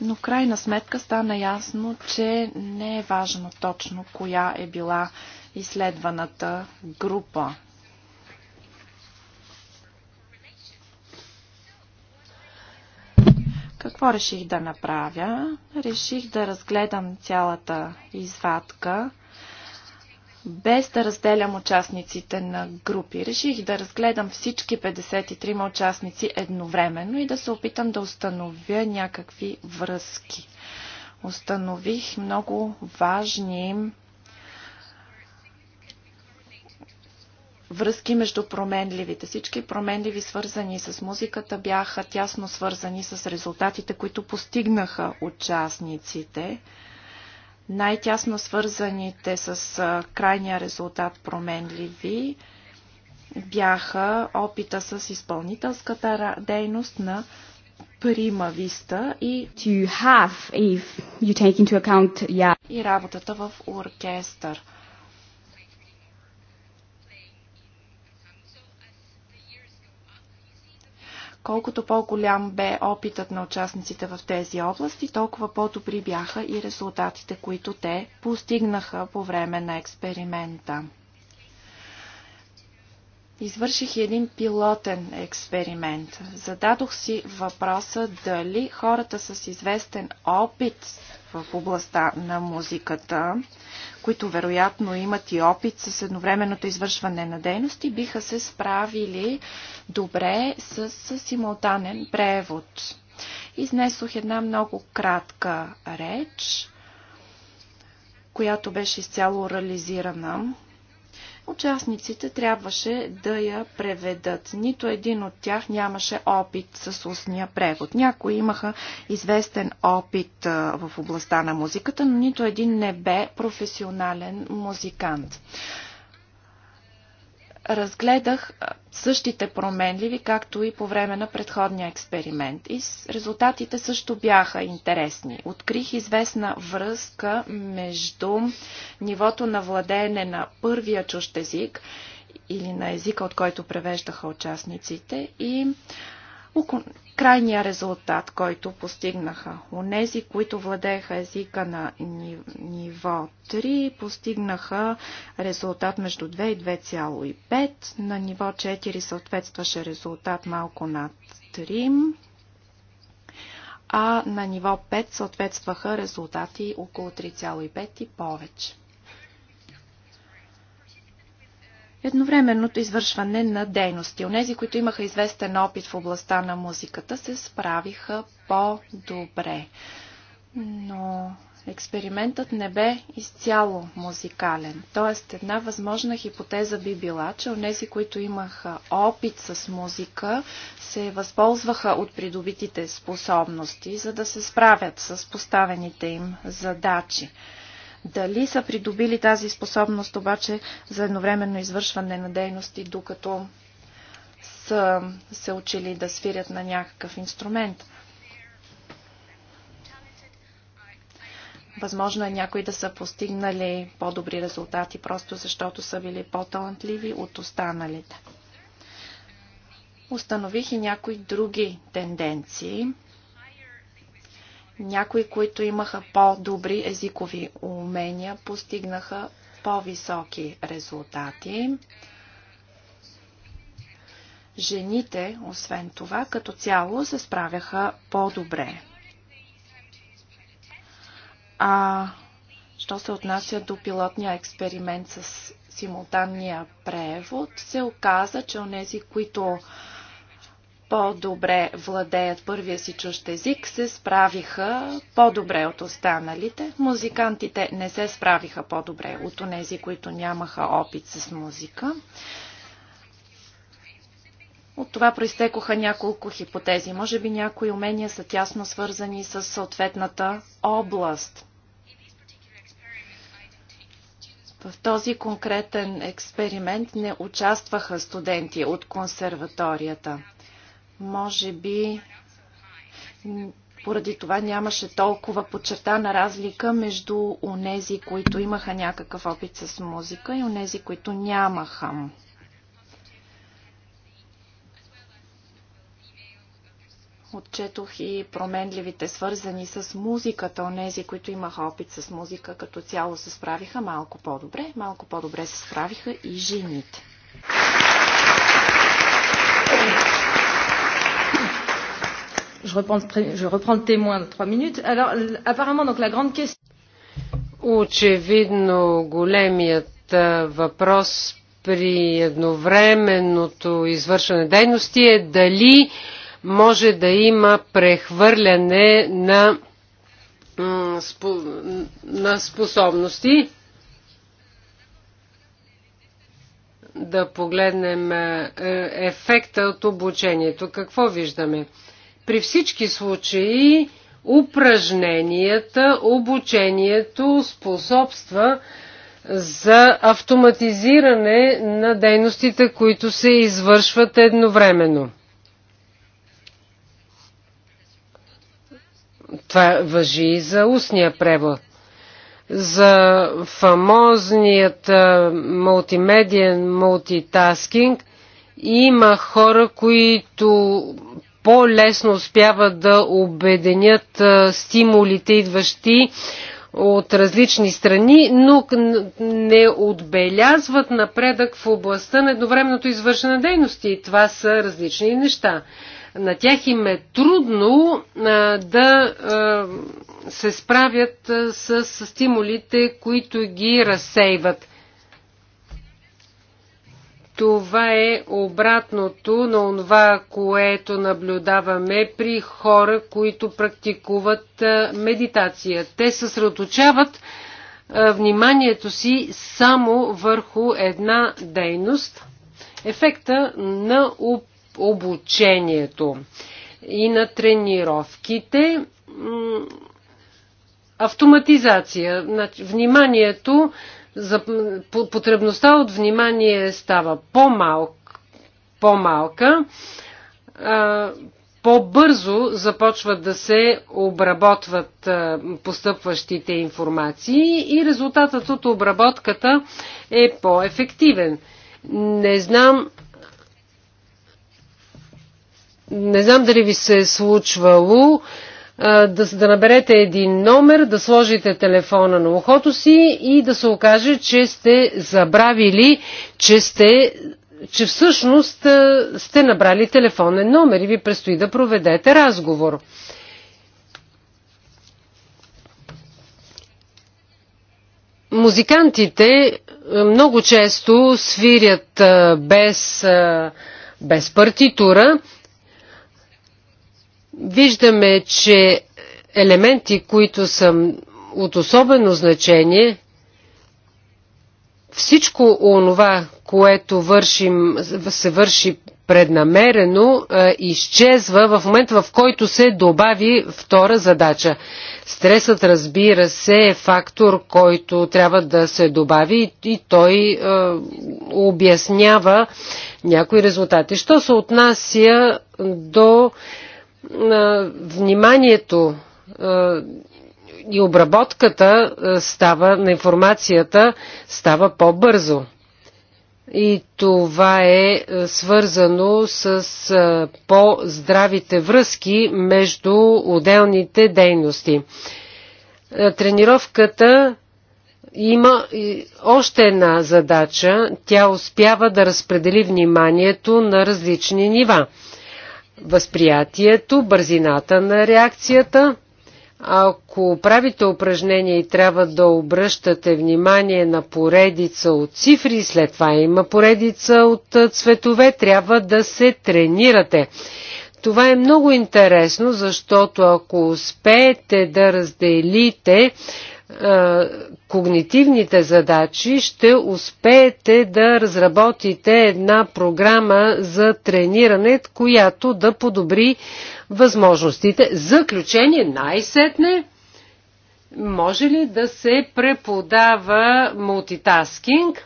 Но в крайна сметка стана ясно, че не е важно точно коя е била изследваната група Какво реших да направя? Реших да разгледам цялата извадка, без да разделям участниците на групи. Реших да разгледам всички 53 участници едновременно и да се опитам да установя някакви връзки. Установих много важни връзки между променливите. Всички променливи, свързани с музиката, бяха тясно свързани с резултатите, които постигнаха участниците. Най-тясно свързаните с крайния резултат променливи бяха опита с изпълнителската дейност на примависта Виста и, have, if you take into account, yeah. и работата в оркестър. Колкото по-голям бе опитът на участниците в тези области, толкова по-добри бяха и резултатите, които те постигнаха по време на експеримента. Извърших един пилотен експеримент. Зададох си въпроса дали хората с известен опит в областта на музиката, които вероятно имат и опит с едновременното извършване на дейности, биха се справили добре с симултанен превод. Изнесох една много кратка реч, която беше изцяло реализирана Участниците трябваше да я преведат. Нито един от тях нямаше опит с устния превод. Някои имаха известен опит в областта на музиката, но нито един не бе професионален музикант разгледах същите променливи, както и по време на предходния експеримент. И резултатите също бяха интересни. Открих известна връзка между нивото на владеене на първия чужд език или на езика, от който превеждаха участниците и крайния резултат, който постигнаха. Онези, които владееха езика на ниво 3, постигнаха резултат между 2 и 2,5. На ниво 4 съответстваше резултат малко над 3 а на ниво 5 съответстваха резултати около 3,5 и повече. едновременното извършване на дейности. Онези, които имаха известен опит в областта на музиката, се справиха по-добре. Но експериментът не бе изцяло музикален. Тоест, една възможна хипотеза би била, че онези, които имаха опит с музика, се възползваха от придобитите способности, за да се справят с поставените им задачи. Дали са придобили тази способност обаче за едновременно извършване на дейности, докато са се учили да свирят на някакъв инструмент? Възможно е някои да са постигнали по-добри резултати, просто защото са били по-талантливи от останалите. Установих и някои други тенденции – някои, които имаха по-добри езикови умения, постигнаха по-високи резултати. Жените, освен това, като цяло се справяха по-добре. А що се отнася до пилотния експеримент с симултанния превод, се оказа, че онези, които по-добре владеят първия си чужд език, се справиха по-добре от останалите. Музикантите не се справиха по-добре от онези, които нямаха опит с музика. От това проистекоха няколко хипотези. Може би някои умения са тясно свързани с съответната област. В този конкретен експеримент не участваха студенти от консерваторията. Може би поради това нямаше толкова подчертана разлика между онези, които имаха някакъв опит с музика и онези, които нямаха. Отчетох и променливите свързани с музиката. Онези, които имаха опит с музика, като цяло се справиха малко по-добре. Малко по-добре се справиха и жените. je reprends, je reprends le témoin de trois minutes. Alors, apparemment, donc, la grande question. Очевидно, големият въпрос при едновременното извършване дейности е дали може да има прехвърляне на, на способности. Да погледнем ефекта от обучението. Какво виждаме? При всички случаи упражненията, обучението способства за автоматизиране на дейностите, които се извършват едновременно. Това въжи и за устния превод. За фамозният мултимедиен мултитаскинг има хора, които по-лесно успяват да обеденят стимулите, идващи от различни страни, но не отбелязват напредък в областта на едновременното извършване на дейности. Това са различни неща. На тях им е трудно а, да а, се справят а, с, с стимулите, които ги разсейват. Това е обратното на това, което наблюдаваме при хора, които практикуват медитация. Те съсредоточават вниманието си само върху една дейност, ефекта на обучението и на тренировките. Автоматизация. Значи, вниманието за потребността от внимание става по-малка, по-малка по-бързо започват да се обработват постъпващите информации и резултатът от обработката е по-ефективен. Не знам не знам дали ви се е случвало да, да наберете един номер, да сложите телефона на ухото си и да се окаже, че сте забравили, че сте че всъщност сте набрали телефонен номер и ви предстои да проведете разговор. Музикантите много често свирят без, без партитура Виждаме, че елементи, които са от особено значение, всичко онова, което вършим, се върши преднамерено, изчезва в момента, в който се добави втора задача. Стресът, разбира се, е фактор, който трябва да се добави и той е, обяснява някои резултати. Що се отнася до е, вниманието и обработката става на информацията става по-бързо. И това е свързано с по-здравите връзки между отделните дейности. Тренировката има още една задача. Тя успява да разпредели вниманието на различни нива възприятието, бързината на реакцията. Ако правите упражнение и трябва да обръщате внимание на поредица от цифри, след това има поредица от цветове, трябва да се тренирате. Това е много интересно, защото ако успеете да разделите е, когнитивните задачи, ще успеете да разработите една програма за трениране, която да подобри възможностите. Заключение най-сетне може ли да се преподава мултитаскинг?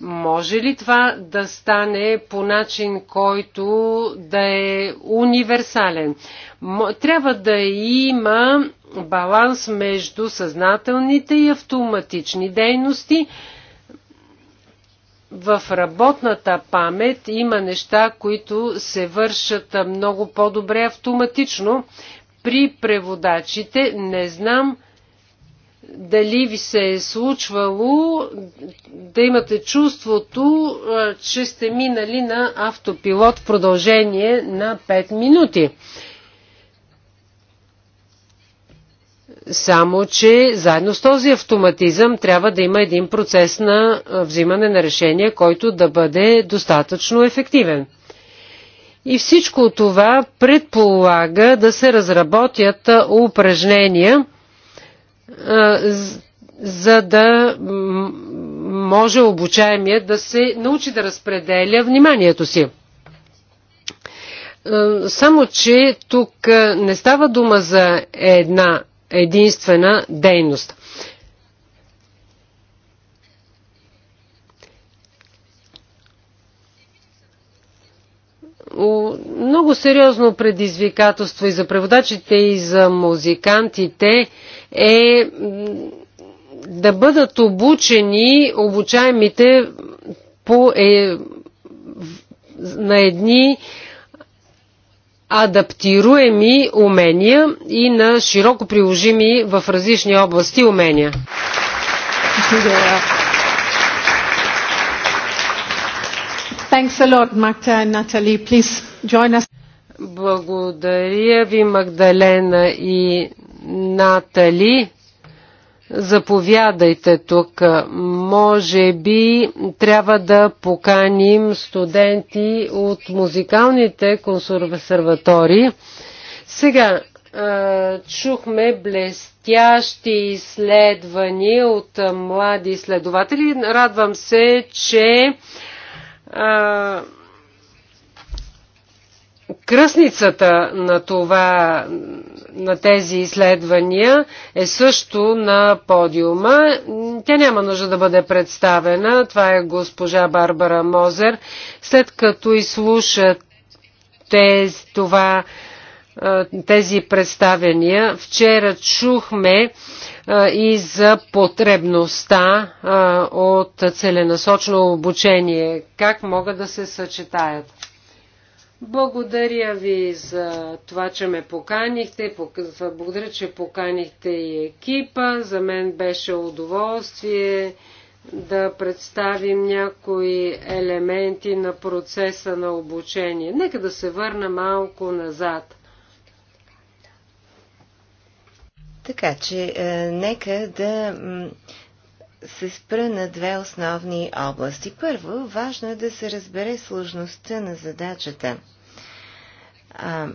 Може ли това да стане по начин, който да е универсален? Трябва да има баланс между съзнателните и автоматични дейности. В работната памет има неща, които се вършат много по-добре автоматично. При преводачите не знам дали ви се е случвало да имате чувството, че сте минали на автопилот в продължение на 5 минути. Само, че заедно с този автоматизъм трябва да има един процес на взимане на решение, който да бъде достатъчно ефективен. И всичко това предполага да се разработят упражнения, за да може обучаемия да се научи да разпределя вниманието си. Само, че тук не става дума за една единствена дейност. много сериозно предизвикателство и за преводачите, и за музикантите е да бъдат обучени обучаемите по, е, на едни адаптируеми умения и на широко приложими в различни области умения. Yeah. Thanks a lot, Magda and Natalie. Please join us. Благодаря ви, Магдалена и Натали. Заповядайте тук. Може би трябва да поканим студенти от музикалните консерватории. Сега чухме блестящи изследвания от млади изследователи. Радвам се, че кръсницата на това, на тези изследвания е също на подиума. Тя няма нужда да бъде представена. Това е госпожа Барбара Мозер. След като изслушат тези, това, тези представения, вчера чухме и за потребността от целенасочно обучение. Как могат да се съчетаят? Благодаря ви за това, че ме поканихте. Благодаря, че поканихте и екипа. За мен беше удоволствие да представим някои елементи на процеса на обучение. Нека да се върна малко назад. Така че е, нека да се спра на две основни области. Първо, важно е да се разбере сложността на задачата а,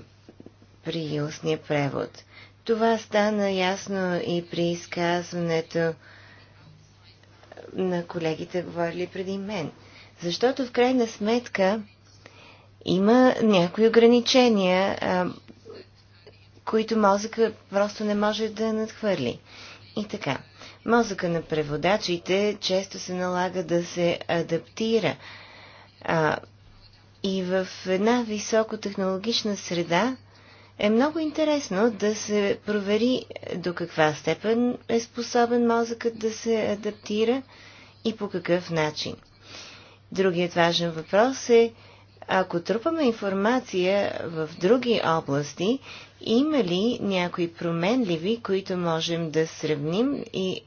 при устния превод. Това стана ясно и при изказването на колегите, говорили преди мен. Защото в крайна сметка има някои ограничения. А, които мозъка просто не може да надхвърли. И така, мозъка на преводачите често се налага да се адаптира. А, и в една високотехнологична среда е много интересно да се провери до каква степен е способен мозъкът да се адаптира и по какъв начин. Другият важен въпрос е ако трупаме информация в други области, има ли някои променливи, които можем да сравним и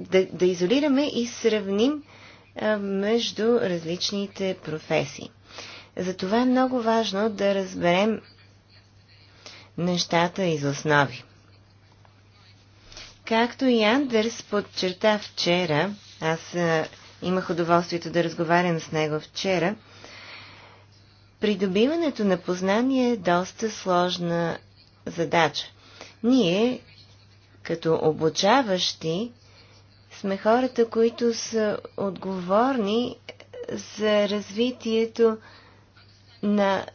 да, да изолираме и сравним между различните професии? Затова е много важно да разберем нещата из основи. Както и Андерс подчерта вчера, аз Имах удоволствието да разговарям с него вчера. Придобиването на познание е доста сложна задача. Ние, като обучаващи, сме хората, които са отговорни за развитието на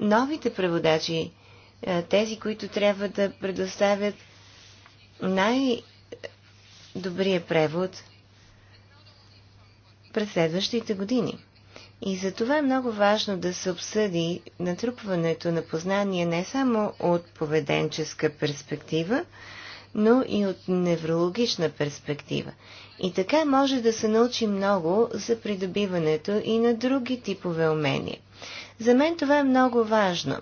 новите преводачи, е, тези, които трябва да предоставят най-добрия превод през следващите години. И за това е много важно да се обсъди натрупването на познание не само от поведенческа перспектива, но и от неврологична перспектива. И така може да се научи много за придобиването и на други типове умения. За мен това е много важно.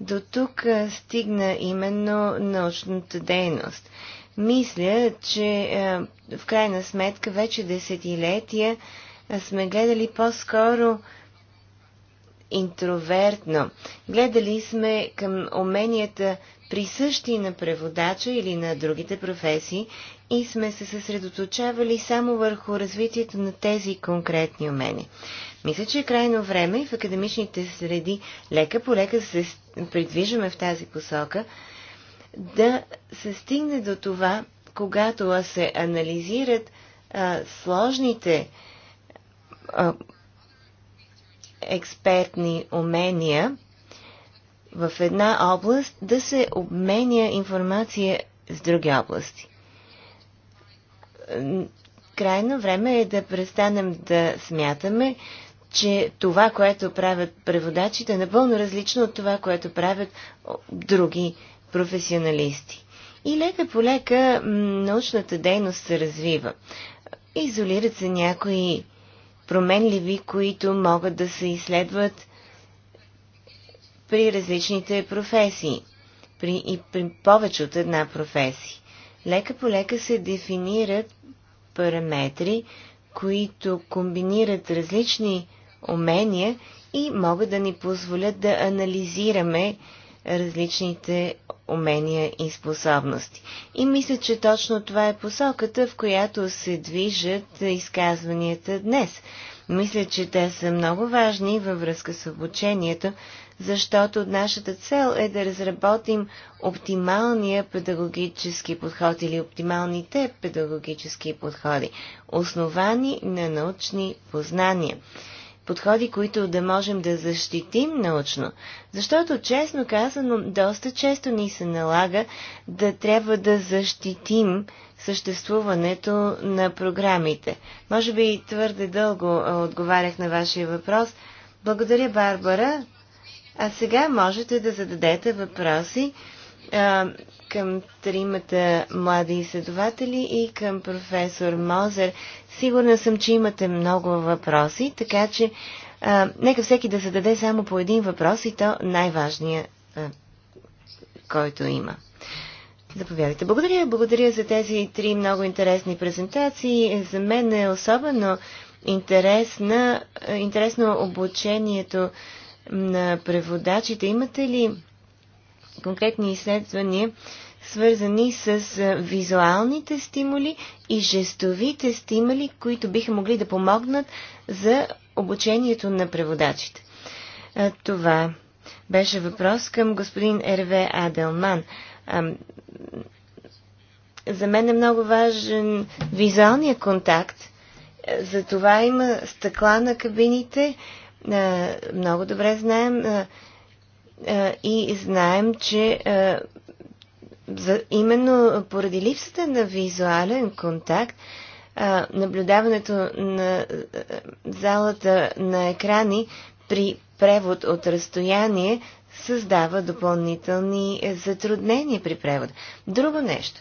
До тук стигна именно научната дейност. Мисля, че в крайна сметка вече десетилетия сме гледали по-скоро интровертно. Гледали сме към уменията присъщи на преводача или на другите професии и сме се съсредоточавали само върху развитието на тези конкретни умения. Мисля, че е крайно време и в академичните среди лека по лека се придвижваме в тази посока, да се стигне до това, когато се анализират а, сложните експертни умения в една област да се обменя информация с други области. Крайно време е да престанем да смятаме, че това, което правят преводачите, е напълно различно от това, което правят други професионалисти. И лека по лека научната дейност се развива. Изолират се някои променливи, които могат да се изследват при различните професии при, и при повече от една професия. Лека по лека се дефинират параметри, които комбинират различни умения и могат да ни позволят да анализираме различните умения и способности. И мисля, че точно това е посоката, в която се движат изказванията днес. Мисля, че те са много важни във връзка с обучението, защото нашата цел е да разработим оптималния педагогически подход или оптималните педагогически подходи, основани на научни познания подходи, които да можем да защитим научно. Защото, честно казано, доста често ни се налага да трябва да защитим съществуването на програмите. Може би твърде дълго отговарях на вашия въпрос. Благодаря, Барбара. А сега можете да зададете въпроси към тримата млади изследователи и към професор Мозер. Сигурна съм, че имате много въпроси, така че а, нека всеки да зададе само по един въпрос и то най-важния, който има. Заповядайте. Благодаря. Благодаря за тези три много интересни презентации. За мен е особено интересно интересно обучението на преводачите. Имате ли конкретни изследвания, свързани с визуалните стимули и жестовите стимули, които биха могли да помогнат за обучението на преводачите. Това беше въпрос към господин Ерве Аделман. За мен е много важен визуалния контакт. За това има стъкла на кабините. Много добре знаем е, и знаем, че е, за, именно поради липсата на визуален контакт, е, наблюдаването на залата на екрани при превод от разстояние създава допълнителни затруднения при превод. Друго нещо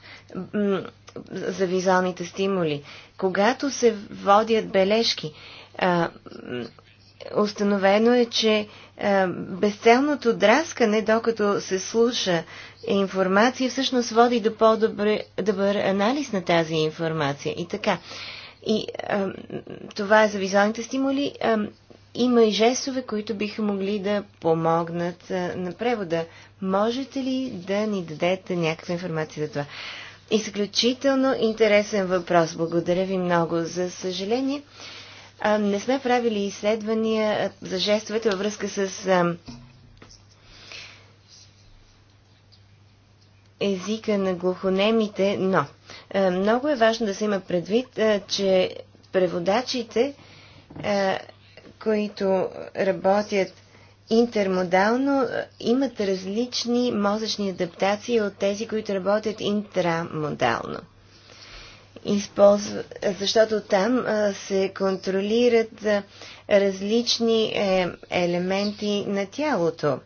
за визуалните стимули. Когато се водят бележки, установено е, че е, безцелното драскане, докато се слуша информация, всъщност води до по-добър анализ на тази информация. И така. И а, е, това е за визуалните стимули. А, е, има и жестове, които биха могли да помогнат а, на превода. Можете ли да ни дадете някаква информация за това? Изключително интересен въпрос. Благодаря ви много. За съжаление, а, не сме правили изследвания за жестовете във връзка с а, езика на глухонемите, но а, много е важно да се има предвид, а, че преводачите, а, които работят интермодално, имат различни мозъчни адаптации от тези, които работят интрамодално използва, защото там се контролират различни е, елементи на тялото.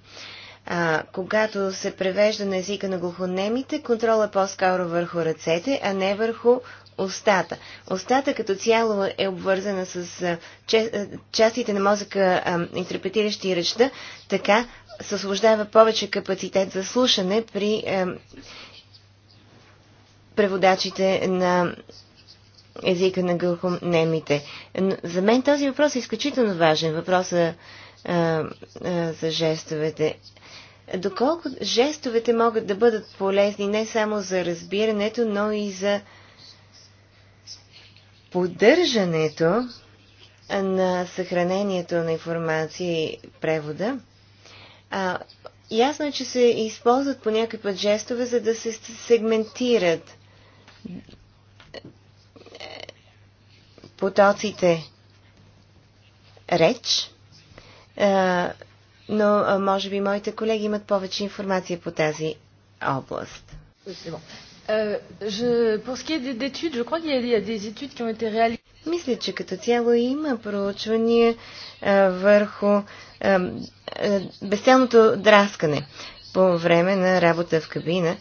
А, когато се превежда на езика на глухонемите, контрола е по-скоро върху ръцете, а не върху устата. Остата като цяло е обвързана с а, че, частите на мозъка, а, интерпретиращи речта, така се освобождава повече капацитет за слушане при а, е, преводачите на езика на глухонемите. За мен този въпрос е изключително важен. Въпроса а, а, за жестовете. Доколко жестовете могат да бъдат полезни не само за разбирането, но и за поддържането на съхранението на информация и превода. А, ясно е, че се използват по някакъв път жестове, за да се сегментират потоците реч, но може би моите колеги имат повече информация по тази област. Euh, Мисля, че като цяло има проучвания върху безцелното драскане по време на работа в кабина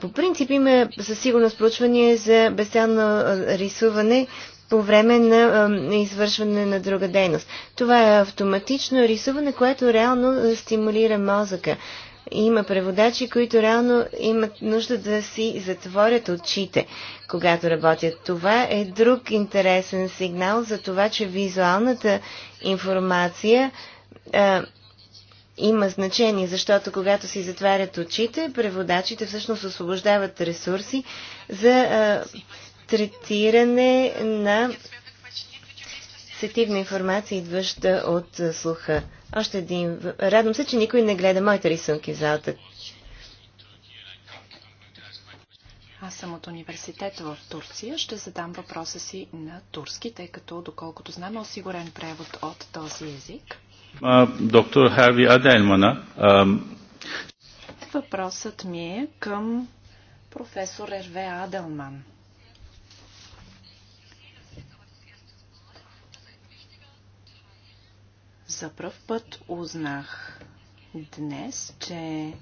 по принцип има със сигурност проучвания за безцелно рисуване по време на извършване на друга дейност. Това е автоматично рисуване, което реално стимулира мозъка. Има преводачи, които реално имат нужда да си затворят очите, когато работят. Това е друг интересен сигнал за това, че визуалната информация има значение, защото когато си затварят очите, преводачите всъщност освобождават ресурси за а, третиране на сетивна информация, идваща от слуха. Още един. Радвам се, че никой не гледа моите рисунки в залата. Аз съм от университета в Турция. Ще задам въпроса си на турски, тъй като, доколкото знам, е осигурен превод от този език доктор Харви Адельмана. Въпросът ми е към професор Ерве Аделман. За пръв път узнах днес, че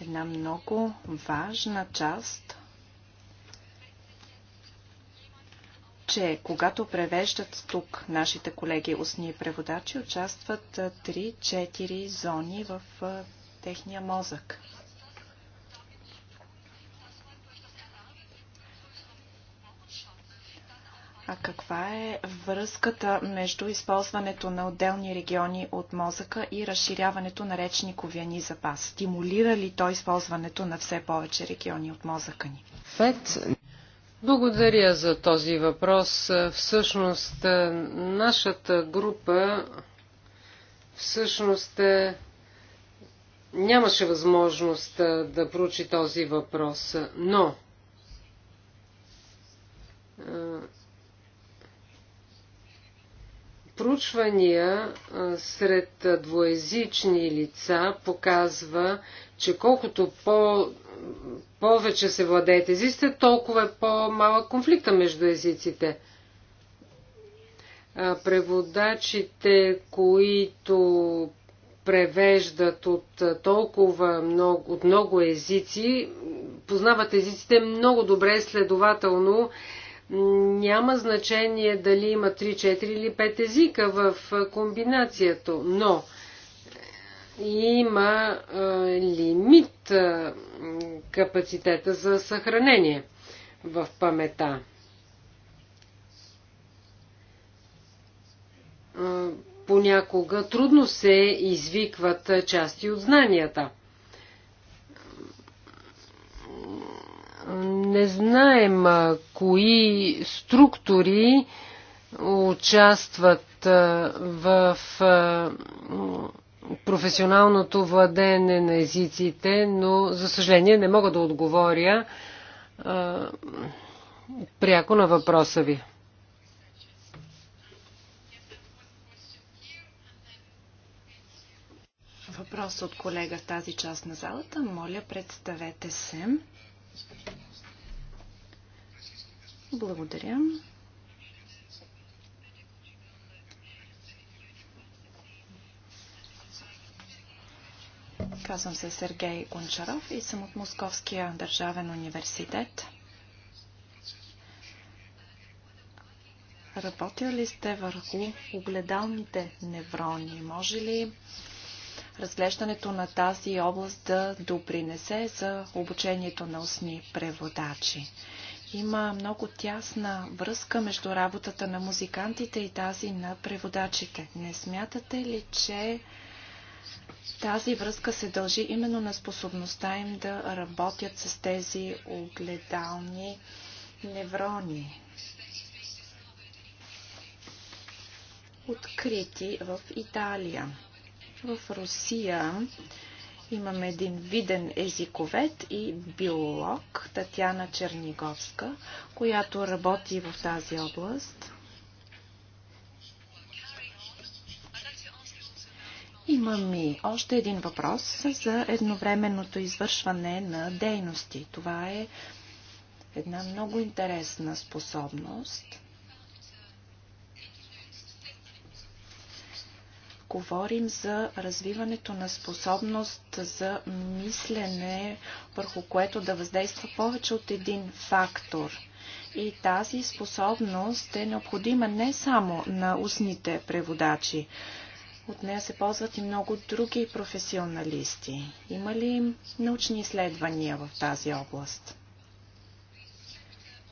една много важна част че когато превеждат тук нашите колеги устни преводачи, участват 3-4 зони в техния мозък. А каква е връзката между използването на отделни региони от мозъка и разширяването на речниковия ни запас? Стимулира ли то използването на все повече региони от мозъка ни? Благодаря за този въпрос. Всъщност, е, нашата група всъщност е, нямаше възможност е, да проучи този въпрос, но проучвания сред двоезични лица показва, че колкото по повече се владеят езиците, толкова е по-малък конфликта между езиците. Преводачите, които превеждат от толкова много, от много езици, познават езиците много добре, следователно няма значение дали има 3, 4 или 5 езика в комбинацията, но има а, лимит а, капацитета за съхранение в памета. А, понякога трудно се извикват части от знанията. Не знаем а, кои структури участват а, в а, професионалното владеене на езиците, но за съжаление не мога да отговоря а, пряко на въпроса ви. Въпрос от колега в тази част на залата. Моля, представете се. Благодаря. Казвам се Сергей Гончаров и съм от Московския държавен университет. Работил ли сте върху огледалните неврони? Може ли разглеждането на тази област да допринесе за обучението на устни преводачи? Има много тясна връзка между работата на музикантите и тази на преводачите. Не смятате ли, че тази връзка се дължи именно на способността им да работят с тези огледални неврони, открити в Италия. В Русия имаме един виден езиковед и биолог Татьяна Черниговска, която работи в тази област. Имам и още един въпрос за едновременното извършване на дейности. Това е една много интересна способност. Говорим за развиването на способност за мислене, върху което да въздейства повече от един фактор – и тази способност е необходима не само на устните преводачи. От нея се ползват и много други професионалисти. Има ли научни изследвания в тази област?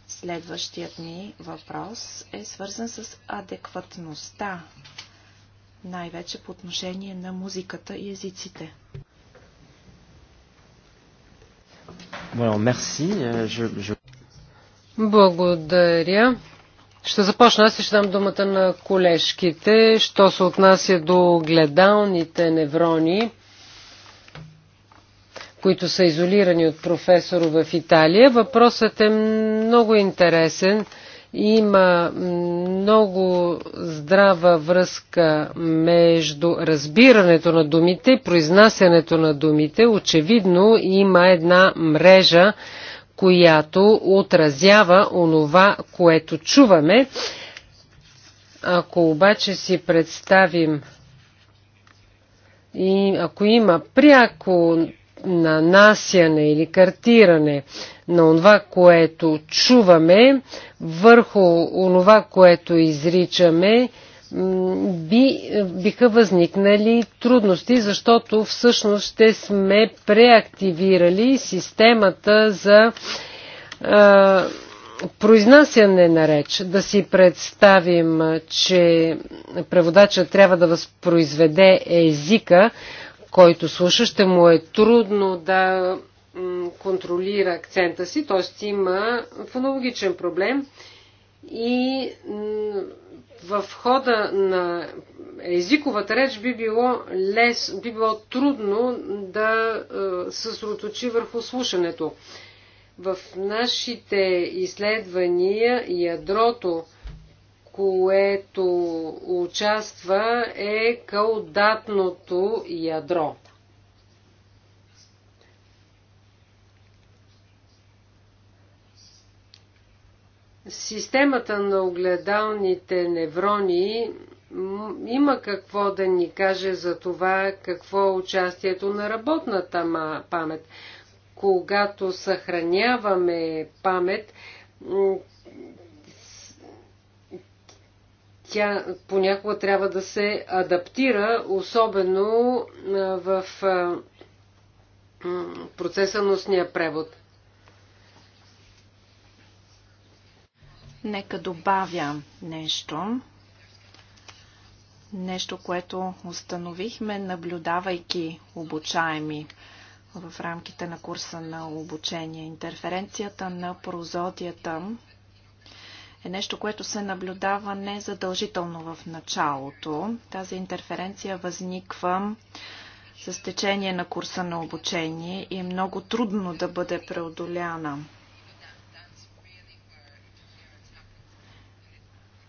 Следващият ми въпрос е свързан с адекватността, най-вече по отношение на музиката и езиците. Euh, Благодаря. Ще започна, аз ще дам думата на колежките. Що се отнася до гледалните неврони, които са изолирани от професора в Италия, въпросът е много интересен. Има много здрава връзка между разбирането на думите и произнасянето на думите. Очевидно има една мрежа която отразява онова, което чуваме. Ако обаче си представим и ако има пряко нанасяне или картиране на това, което чуваме, върху онова, което изричаме, би, биха възникнали трудности, защото всъщност ще сме преактивирали системата за а, произнасяне на реч. Да си представим, че преводача трябва да възпроизведе езика, който слуша, ще му е трудно да контролира акцента си, т.е. има фонологичен проблем и в хода на езиковата реч би било, лес, би било трудно да се сроточи върху слушането. В нашите изследвания ядрото, което участва, е каудатното ядро. Системата на огледалните неврони има какво да ни каже за това какво е участието на работната памет. Когато съхраняваме памет, тя понякога трябва да се адаптира, особено в процеса на устния превод. Нека добавя нещо. Нещо, което установихме, наблюдавайки обучаеми в рамките на курса на обучение. Интерференцията на прозодията е нещо, което се наблюдава незадължително в началото. Тази интерференция възниква с течение на курса на обучение и е много трудно да бъде преодоляна.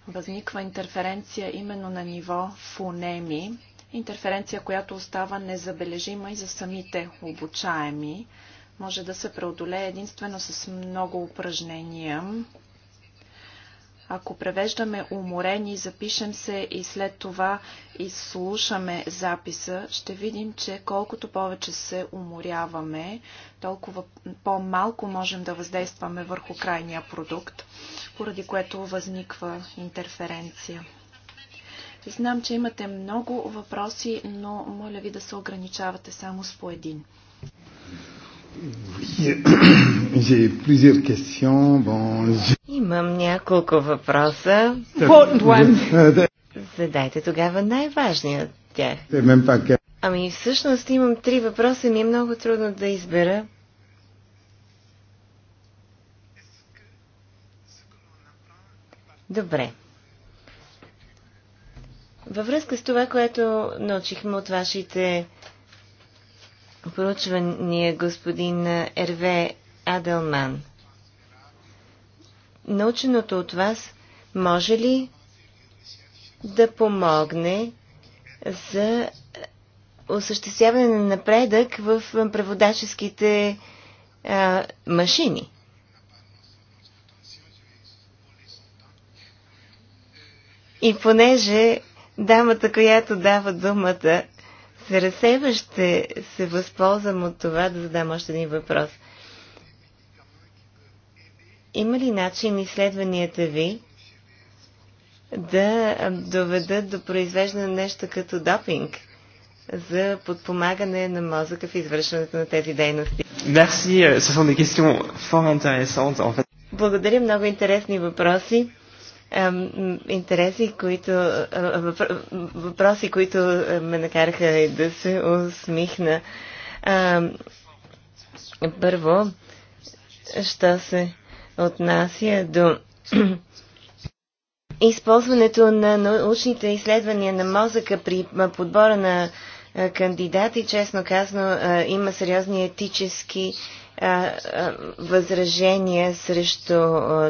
възниква интерференция именно на ниво фонеми, интерференция, която остава незабележима и за самите обучаеми. Може да се преодолее единствено с много упражнения, ако превеждаме уморени, запишем се и след това изслушаме записа, ще видим, че колкото повече се уморяваме, толкова по-малко можем да въздействаме върху крайния продукт, поради което възниква интерференция. Знам, че имате много въпроси, но моля ви да се ограничавате само с по един. <coughs> J'ai plusieurs questions. Bon, je... Имам няколко въпроса. Задайте тогава най важният от тях. Е, е. Ами всъщност имам три въпроса и ми е много трудно да избера. Добре. Във връзка с това, което научихме от вашите проучвания, господин Ерве Аделман – наученото от вас може ли да помогне за осъществяване на напредък в преводаческите а, машини? И понеже дамата, която дава думата, се разсева, ще се възползвам от това да задам още един въпрос – има ли начин изследванията ви да доведат до произвеждане нещо като допинг за подпомагане на мозъка в извършването на тези дейности? Благодаря, много интересни въпроси. Интереси, които, въпроси, които ме накараха и да се усмихна. Първо, що се отнася до <clears throat> използването на научните изследвания на мозъка при подбора на кандидати, честно казано, има сериозни етически възражения срещу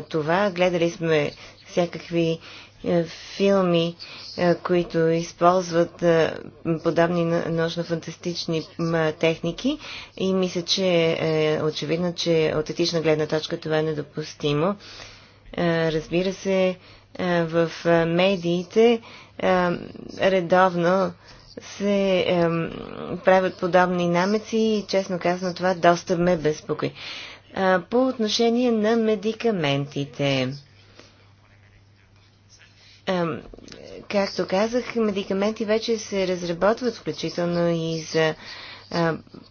това. Гледали сме всякакви е, филми, е, които използват е, подобни научно-фантастични техники и мисля, че е очевидно, че от етична гледна точка това е недопустимо. Разбира се, в медиите редовно се правят подобни намеци и честно казано това доста ме безпокои. По отношение на медикаментите както казах, медикаменти вече се разработват, включително и за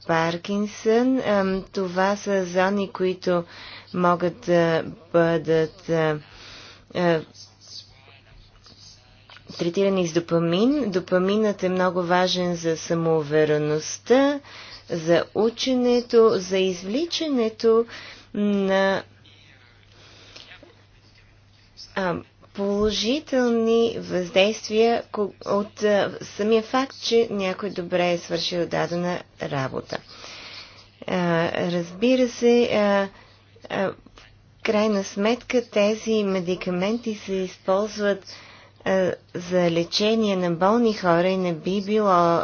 Паркинсън. Това са зони, които могат да бъдат третирани с допамин. Допаминът е много важен за самоувереността, за ученето, за извличането на положителни въздействия от самия факт, че някой добре е свършил дадена работа. Разбира се, в крайна сметка тези медикаменти се използват за лечение на болни хора и не би било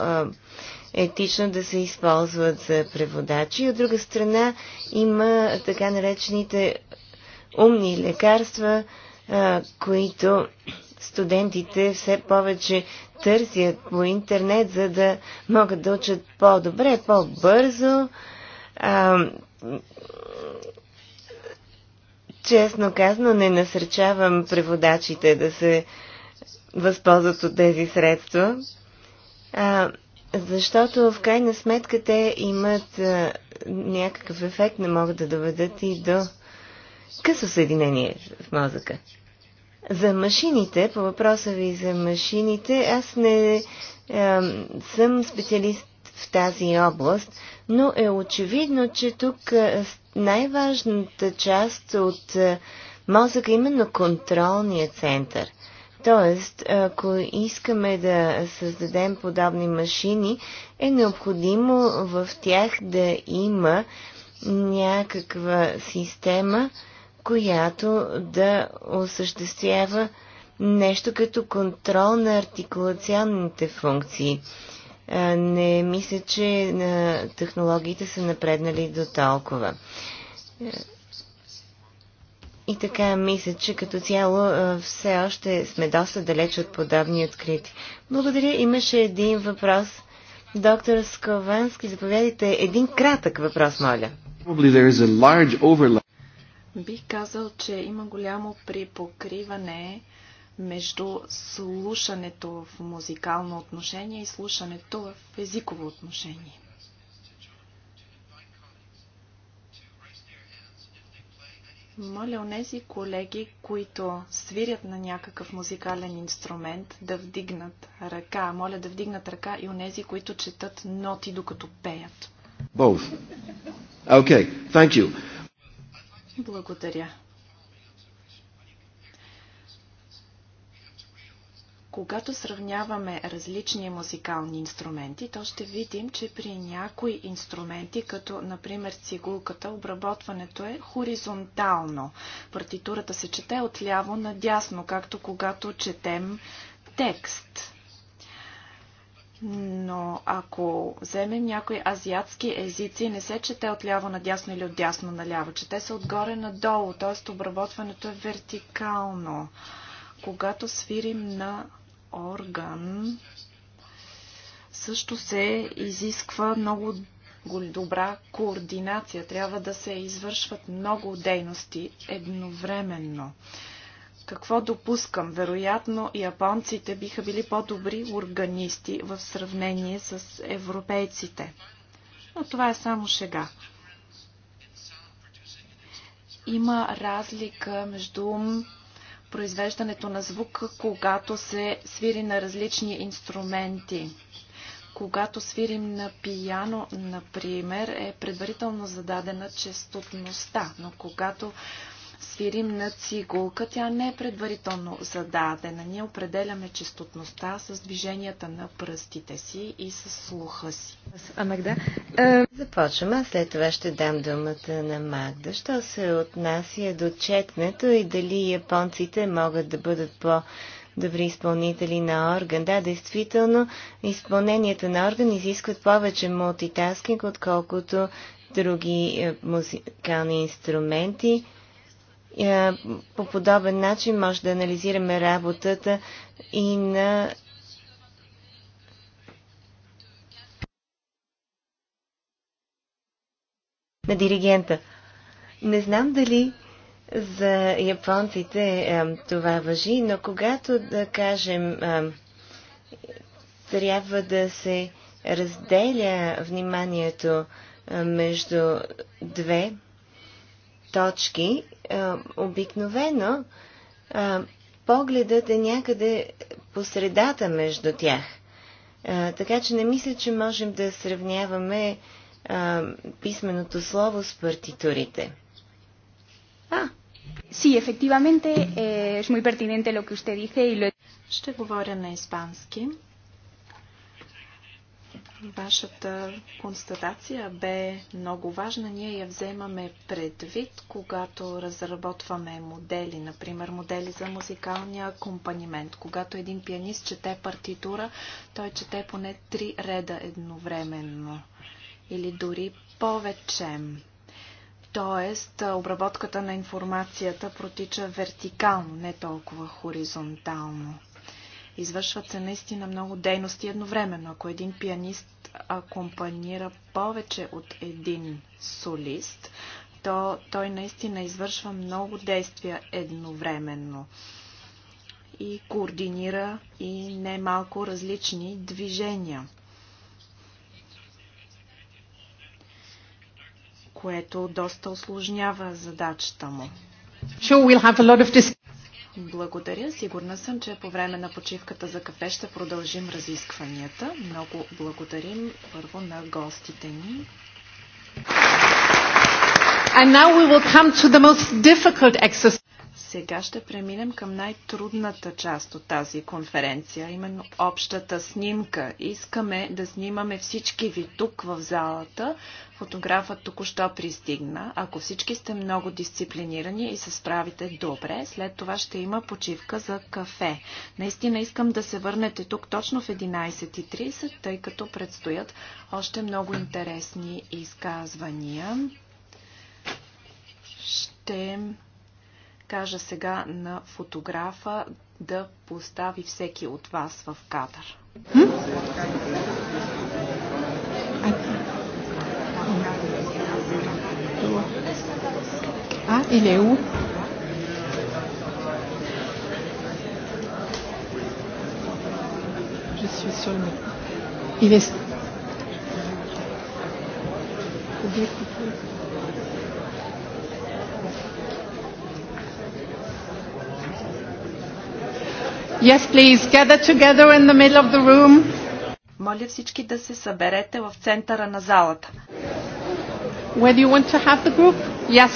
етично да се използват за преводачи. От друга страна има така наречените умни лекарства, които студентите все повече търсят по интернет, за да могат да учат по-добре, по-бързо. честно казано, не насречавам преводачите да се възползват от тези средства, защото в крайна сметка те имат някакъв ефект, не могат да доведат и до късо съединение в мозъка. За машините, по въпроса ви за машините, аз не е, съм специалист в тази област, но е очевидно, че тук най-важната част от мозъка е именно контролния център. Тоест, ако искаме да създадем подобни машини, е необходимо в тях да има някаква система, която да осъществява нещо като контрол на артикулационните функции. Не мисля, че на технологиите са напреднали до толкова. И така мисля, че като цяло все още сме доста далеч от подобни открити. Благодаря. Имаше един въпрос. Доктор Сковански, заповядайте. Един кратък въпрос, моля. Бих казал, че има голямо припокриване между слушането в музикално отношение и слушането в езиково отношение. Моля онези колеги, които свирят на някакъв музикален инструмент, да вдигнат ръка. Моля да вдигнат ръка и онези, които четат ноти докато пеят. Both. Okay, thank you. Благодаря. Когато сравняваме различни музикални инструменти, то ще видим, че при някои инструменти, като например цигулката, обработването е хоризонтално. Партитурата се чете отляво надясно, както когато четем текст. Но ако вземем някои азиатски езици, не се чете от ляво надясно или от дясно наляво. Чете се отгоре надолу, т.е. обработването е вертикално. Когато свирим на орган, също се изисква много добра координация. Трябва да се извършват много дейности едновременно. Какво допускам? Вероятно, японците биха били по-добри органисти в сравнение с европейците. Но това е само шега. Има разлика между произвеждането на звук, когато се свири на различни инструменти. Когато свирим на пияно, например, е предварително зададена честотността, но когато свирим на цигулка. Тя не е предварително зададена. Ние определяме частотността с движенията на пръстите си и с слуха си. А Магда? Започвам, а след това ще дам думата на Магда. Що се отнася до четнето и дали японците могат да бъдат по добри изпълнители на орган. Да, действително, изпълнението на орган изискват повече мултитаскинг, отколкото други е, музикални инструменти. Е, по подобен начин може да анализираме работата и на на диригента. Не знам дали за японците е, това въжи, но когато, да кажем, е, трябва да се разделя вниманието е, между две точки, обикновено погледът е някъде по средата между тях. Така че не мисля, че можем да сравняваме писменото слово с партитурите. А, Sí, efectivamente, eh, es muy pertinente lo que usted dice y lo... Ще говоря на испански. Вашата констатация бе много важна. Ние я вземаме предвид, когато разработваме модели, например модели за музикалния акомпанимент. Когато един пианист чете партитура, той чете поне три реда едновременно или дори повече. Тоест, обработката на информацията протича вертикално, не толкова хоризонтално. Извършват се наистина много дейности едновременно. Ако един пианист акомпанира повече от един солист, то той наистина извършва много действия едновременно и координира и немалко различни движения, което доста осложнява задачата му. Sure, we'll have a lot of благодаря. Сигурна съм, че по време на почивката за кафе ще продължим разискванията. Много благодарим първо на гостите ни. And now we will come to the most difficult exercise. Сега ще преминем към най-трудната част от тази конференция, именно общата снимка. Искаме да снимаме всички ви тук в залата. Фотографът току-що пристигна. Ако всички сте много дисциплинирани и се справите добре, след това ще има почивка за кафе. Наистина искам да се върнете тук точно в 11.30, тъй като предстоят още много интересни изказвания. Ще кажа сега на фотографа да постави всеки от вас в кадър. А, или е у? Je suis sur Yes, please, gather together in the middle of the room. Моля всички да се съберете в центъра на залата. Where do you want to have the group? Yes.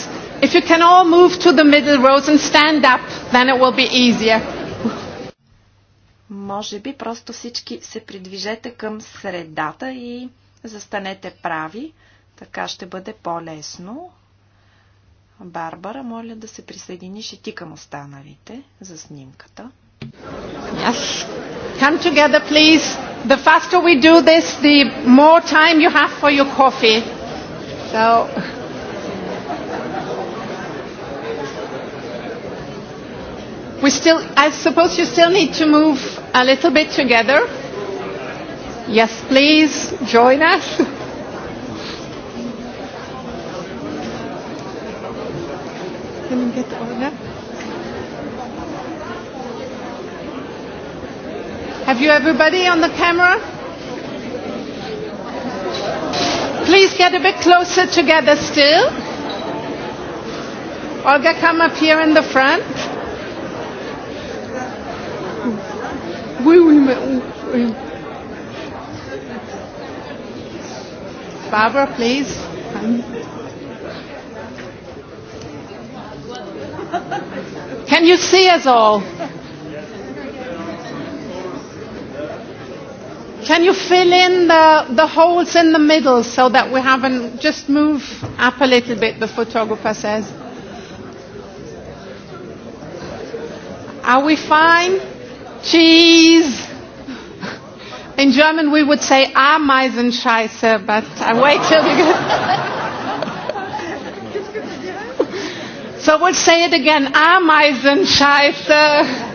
If you can all move to the middle rows and stand up, then it will be easier. Може би просто всички се придвижете към средата и застанете прави. Така ще бъде по-лесно. Барбара, моля да се присъединиш и ти към останалите за снимката. Yes. Come together, please. The faster we do this, the more time you have for your coffee. So. We still, I suppose you still need to move a little bit together. Yes, please join us. Can you get order? Have you everybody on the camera? Please get a bit closer together still. Olga, come up here in the front. Barbara, please. Can you see us all? Can you fill in the, the holes in the middle so that we haven't just move up a little bit, the photographer says. Are we fine? Cheese. In German we would say Ameisenscheiße, but I wait till you get... so we'll say it again, Ameisenscheiße.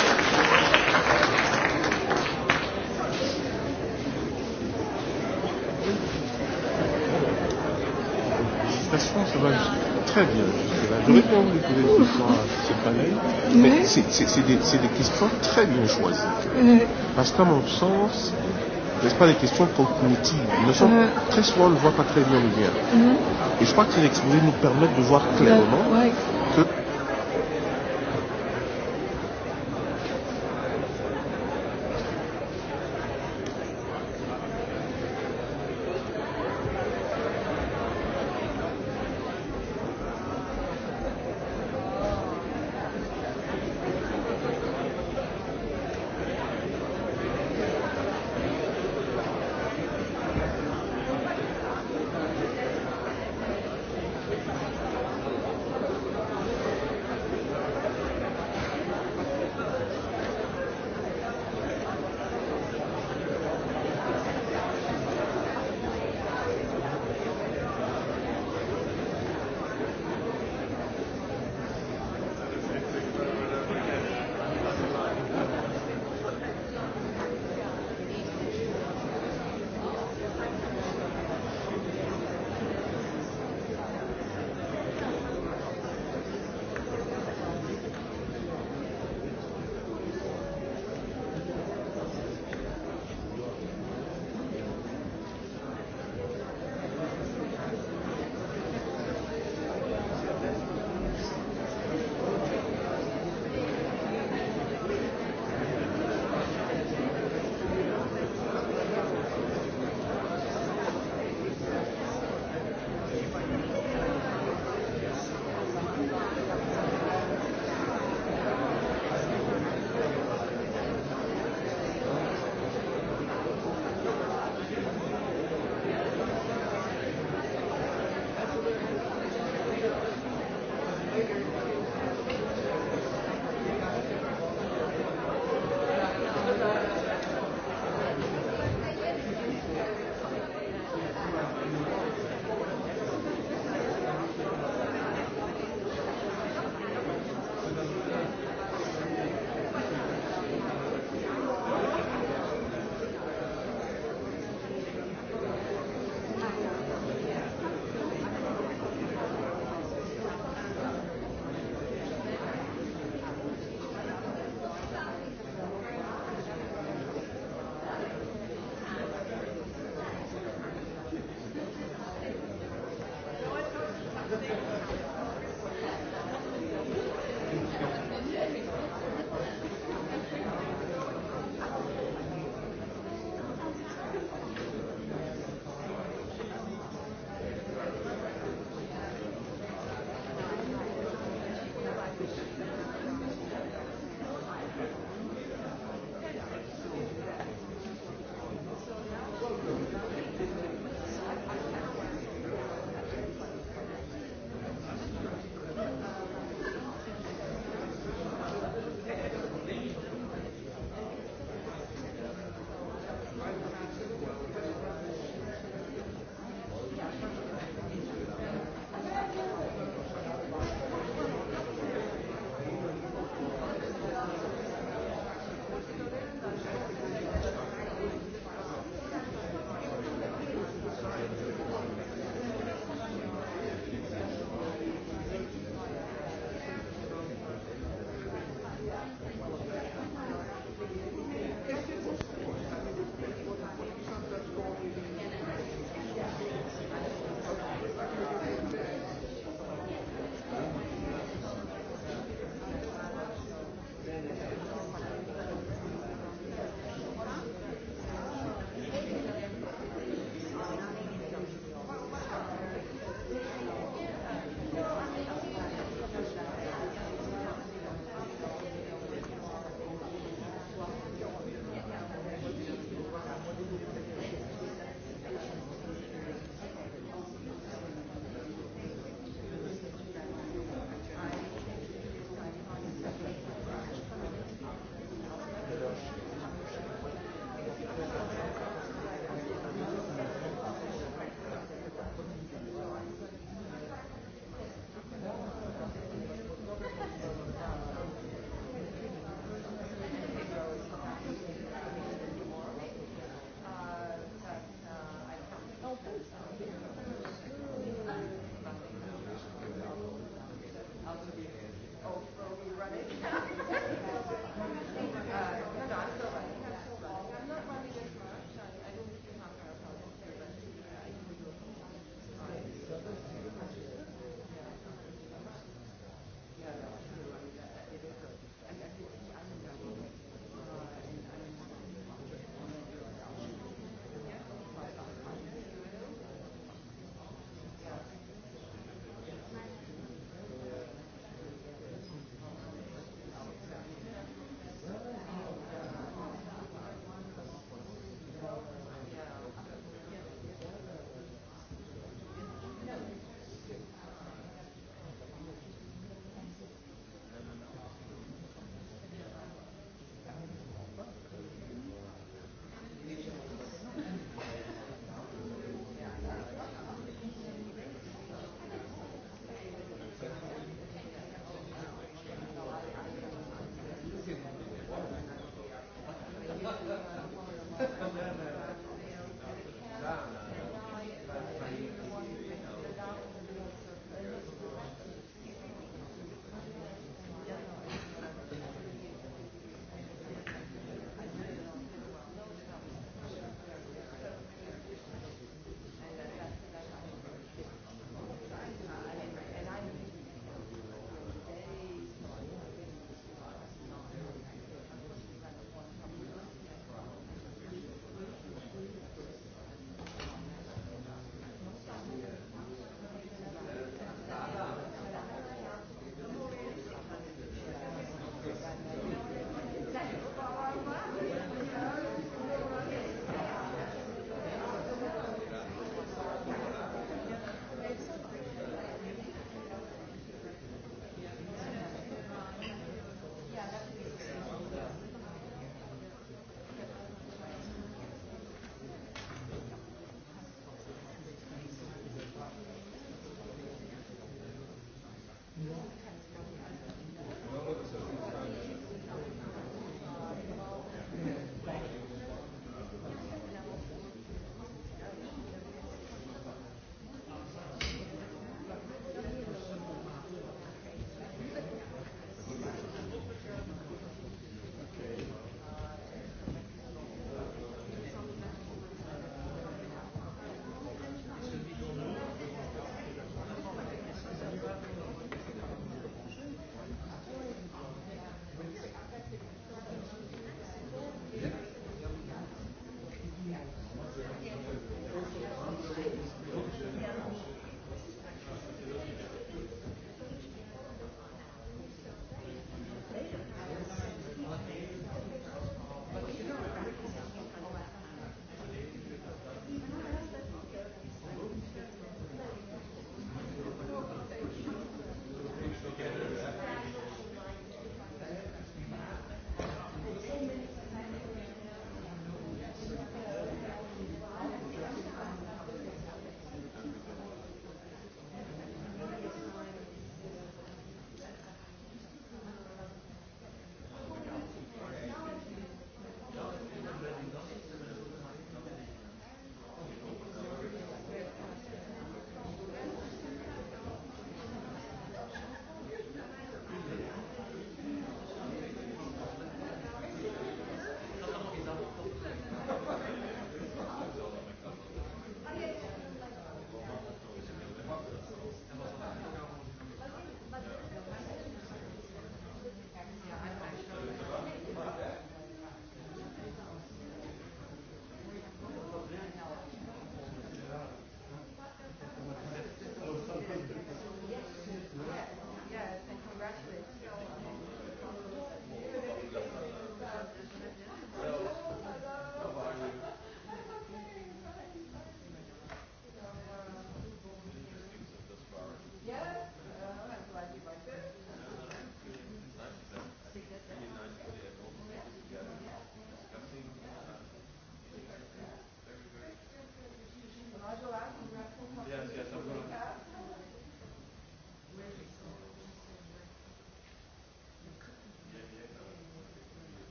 très bien. Je voudrais bien vous découvrir ce soir ce panel. Mais c'est des, des questions très bien choisies. Parce qu'à mon sens, n'est-ce pas, des questions cognitives Nous sommes, très souvent, on ne voit pas très bien le lien. Et je crois que ces exposés nous permettent de voir clairement que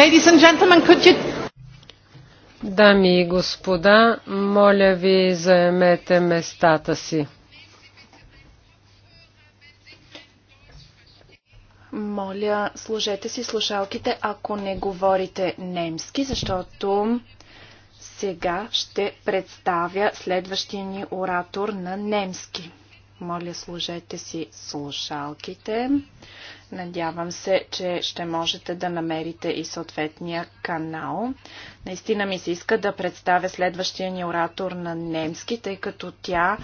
Ladies and gentlemen, could you... Дами и господа, моля ви, заемете местата си. Моля, служете си слушалките, ако не говорите немски, защото сега ще представя следващия ни оратор на немски. Моля, служете си слушалките. Надявам се, че ще можете да намерите и съответния канал. Наистина ми се иска да представя следващия ни оратор на немски, тъй като тя,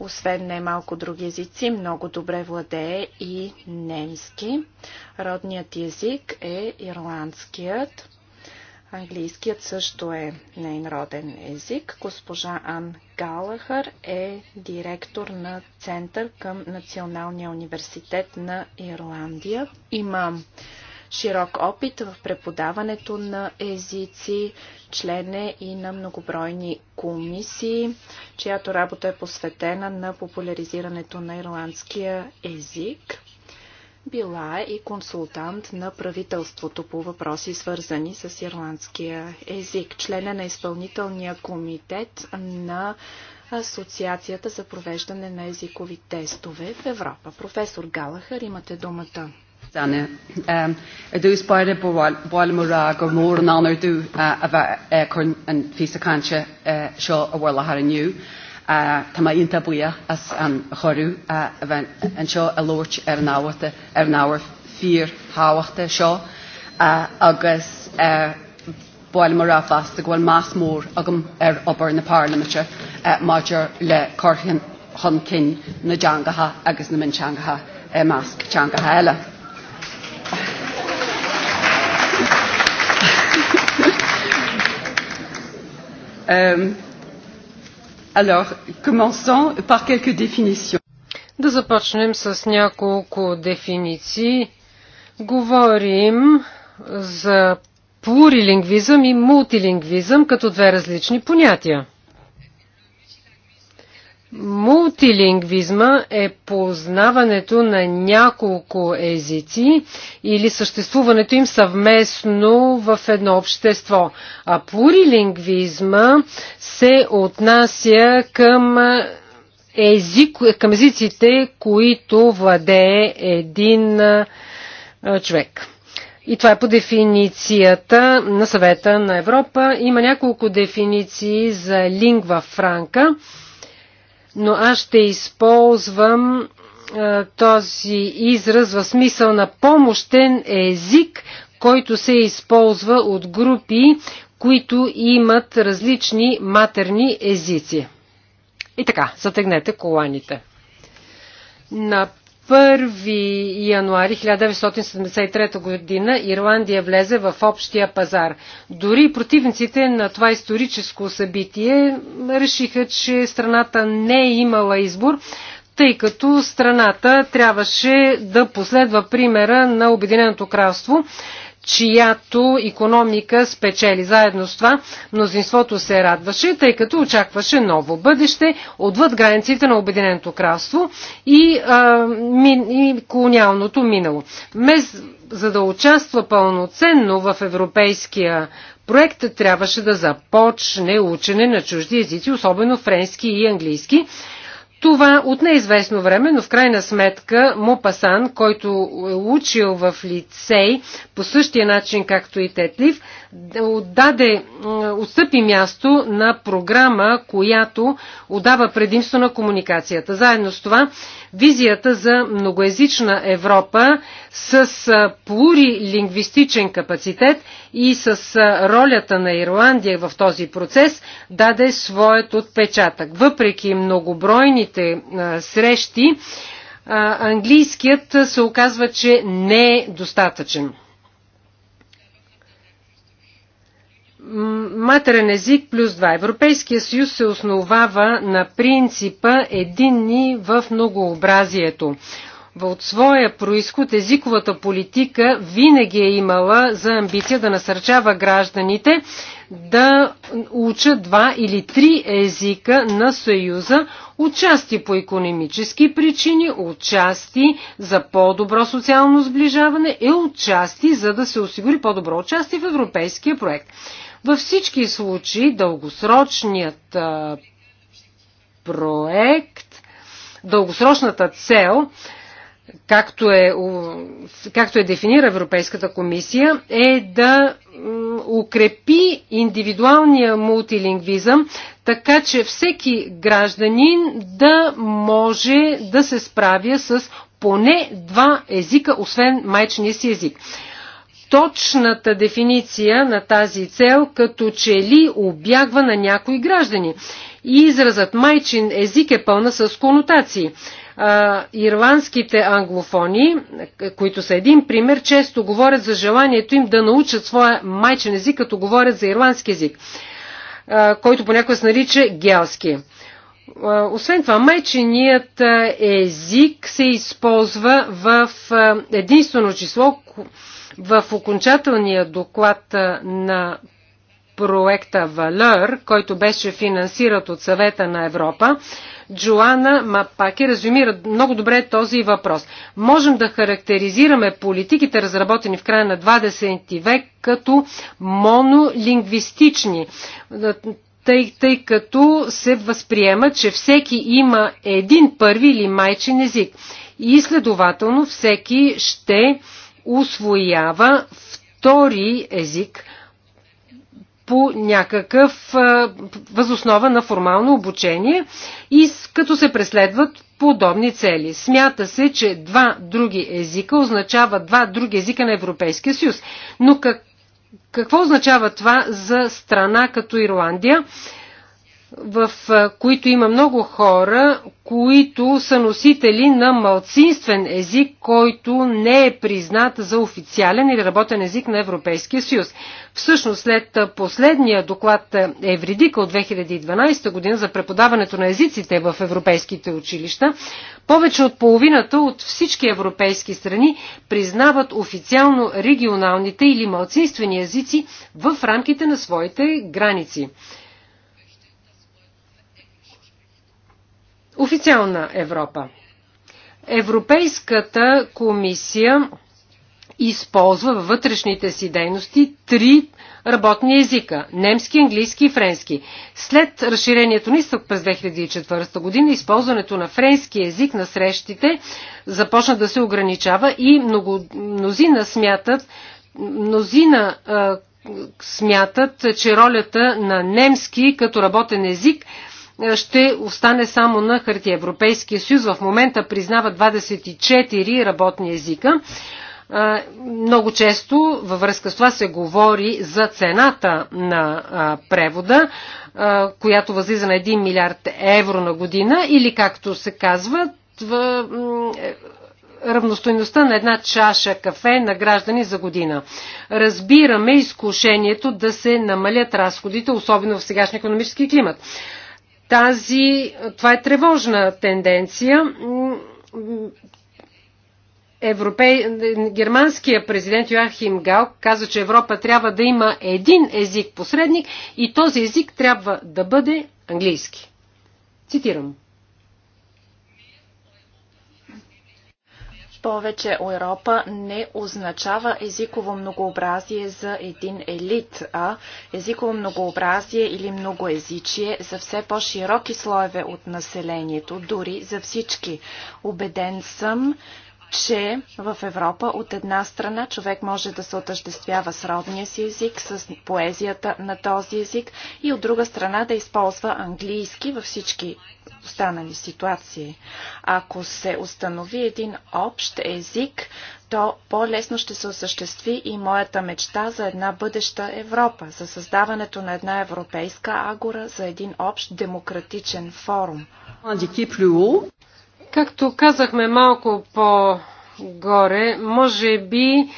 освен не малко други езици, много добре владее и немски. Родният език е ирландският. Английският също е нейн роден език. Госпожа Ан Галахър е директор на Център към Националния университет на Ирландия. Има широк опит в преподаването на езици, член е и на многобройни комисии, чиято работа е посветена на популяризирането на ирландския език. Била и консултант на правителството по въпроси, свързани с ирландския език. Член е на изпълнителния комитет на Асоциацията за провеждане на езикови тестове в Европа. Професор Галахър, имате думата. Danne. Um, du spáire bháil marag gur mór an anir dú a bheith chun an fisa canse seo a bhfuil a har Tá má inta buíoch as an chorú anseo a lót ar náhata ar náhar áhar fír háhaachta seo agus báil mar a bhfuil más mór agam ar obair na Parliamentte maidir le corthain hon cin na deangatha agus na mintangatha másc teangatha eile. Um, Alors, commençons par quelques définitions. Да започнем с няколко дефиниции. Говорим за плурилингвизъм и мултилингвизъм като две различни понятия. Мултилингвизма е познаването на няколко езици или съществуването им съвместно в едно общество. А плурилингвизма се отнася към, език, към езиците, които владее един човек. И това е по дефиницията на съвета на Европа. Има няколко дефиниции за лингва франка но аз ще използвам този израз в смисъл на помощен език, който се използва от групи, които имат различни матерни езици. И така, затегнете коланите. На 1 януари 1973 година Ирландия влезе в общия пазар. Дори противниците на това историческо събитие решиха, че страната не е имала избор, тъй като страната трябваше да последва примера на Обединеното кралство чиято економика спечели. Заедно с това мнозинството се радваше, тъй като очакваше ново бъдеще отвъд границите на Обединеното кралство и, а, ми, и колониалното минало. Мез, за да участва пълноценно в европейския проект, трябваше да започне учене на чужди езици, особено френски и английски това от неизвестно време, но в крайна сметка Мопасан, който е учил в лицей по същия начин както и Тетлив, отдаде, отстъпи място на програма, която отдава предимство на комуникацията. Заедно с това, визията за многоязична Европа с плурилингвистичен капацитет и с ролята на Ирландия в този процес даде своят отпечатък. Въпреки многобройните срещи, английският се оказва, че не е достатъчен. матерен език плюс 2. Европейския съюз се основава на принципа единни в многообразието. От своя происход езиковата политика винаги е имала за амбиция да насърчава гражданите да учат два или три езика на Съюза, отчасти по економически причини, отчасти за по-добро социално сближаване и е отчасти за да се осигури по-добро участие в европейския проект. Във всички случаи дългосрочният проект, дългосрочната цел, както е, както е дефинира Европейската комисия, е да укрепи индивидуалния мултилингвизъм, така че всеки гражданин да може да се справя с поне два езика, освен майчния си език точната дефиниция на тази цел, като че ли обягва на някои граждани. И изразът майчин език е пълна с конотации. А, ирландските англофони, които са един пример, често говорят за желанието им да научат своя майчин език, като говорят за ирландски език, а, който понякога се нарича гелски. Освен това, майченият език се използва в единствено число, в окончателния доклад на проекта Валер, който беше финансират от съвета на Европа, Джоана Мапаки резюмира много добре този въпрос. Можем да характеризираме политиките, разработени в края на 20 век, като монолингвистични, тъй, тъй като се възприема, че всеки има един първи или майчин език. И следователно всеки ще усвоява втори език по някакъв възоснова на формално обучение и като се преследват подобни цели. Смята се, че два други езика означава два други езика на Европейския съюз. Но как, какво означава това за страна като Ирландия, в които има много хора, които са носители на малцинствен език, който не е признат за официален или работен език на Европейския съюз. Всъщност след последния доклад Евридика от 2012 година за преподаването на езиците в европейските училища, повече от половината от всички европейски страни признават официално регионалните или малцинствени езици в рамките на своите граници. официална Европа. Европейската комисия използва във вътрешните си дейности три работни езика – немски, английски и френски. След разширението на изток през 2004 година, използването на френски език на срещите започна да се ограничава и много, мнозина смятат, мнозина а, смятат, че ролята на немски като работен език е, ще остане само на хартия. Европейския съюз в момента признава 24 работни езика. Е, много често във връзка с това се говори за цената на превода, която възлиза на 1 милиард евро на година или както се казва, е, равностойността на една чаша кафе на граждани за година. Разбираме изкушението да се намалят разходите, особено в сегашния економически климат. Тази, това е тревожна тенденция. Европей... Германския президент Йоахим Гал каза, че Европа трябва да има един език посредник и този език трябва да бъде английски. Цитирам. Повече Европа не означава езиково многообразие за един елит, а езиково многообразие или многоезичие за все по-широки слоеве от населението, дори за всички. Обеден съм, че в Европа от една страна човек може да се отъждествява с родния си език, с поезията на този език и от друга страна да използва английски във всички останали ситуации. Ако се установи един общ език, то по-лесно ще се осъществи и моята мечта за една бъдеща Европа, за създаването на една европейска агора, за един общ демократичен форум. Както казахме малко по-горе, може би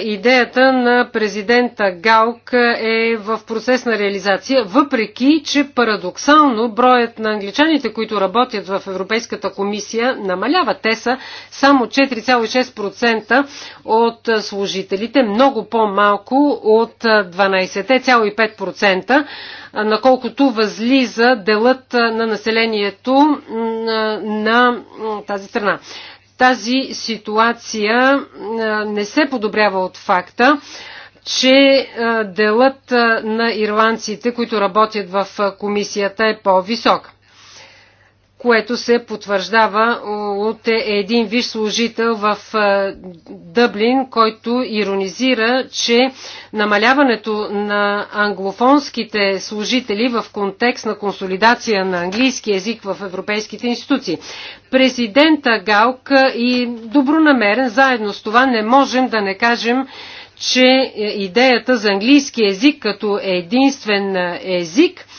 идеята на президента Галк е в процес на реализация, въпреки че парадоксално броят на англичаните, които работят в Европейската комисия, намалява. Те са само 4,6% от служителите, много по-малко от 12,5% наколкото възлиза делът на населението на тази страна. Тази ситуация не се подобрява от факта, че делът на ирландците, които работят в комисията е по-висок което се потвърждава от един виш служител в Дъблин, който иронизира, че намаляването на англофонските служители в контекст на консолидация на английски язик в европейските институции. Президента Галк и добронамерен, заедно с това не можем да не кажем, че е, идеята за английски език като единствен е, език –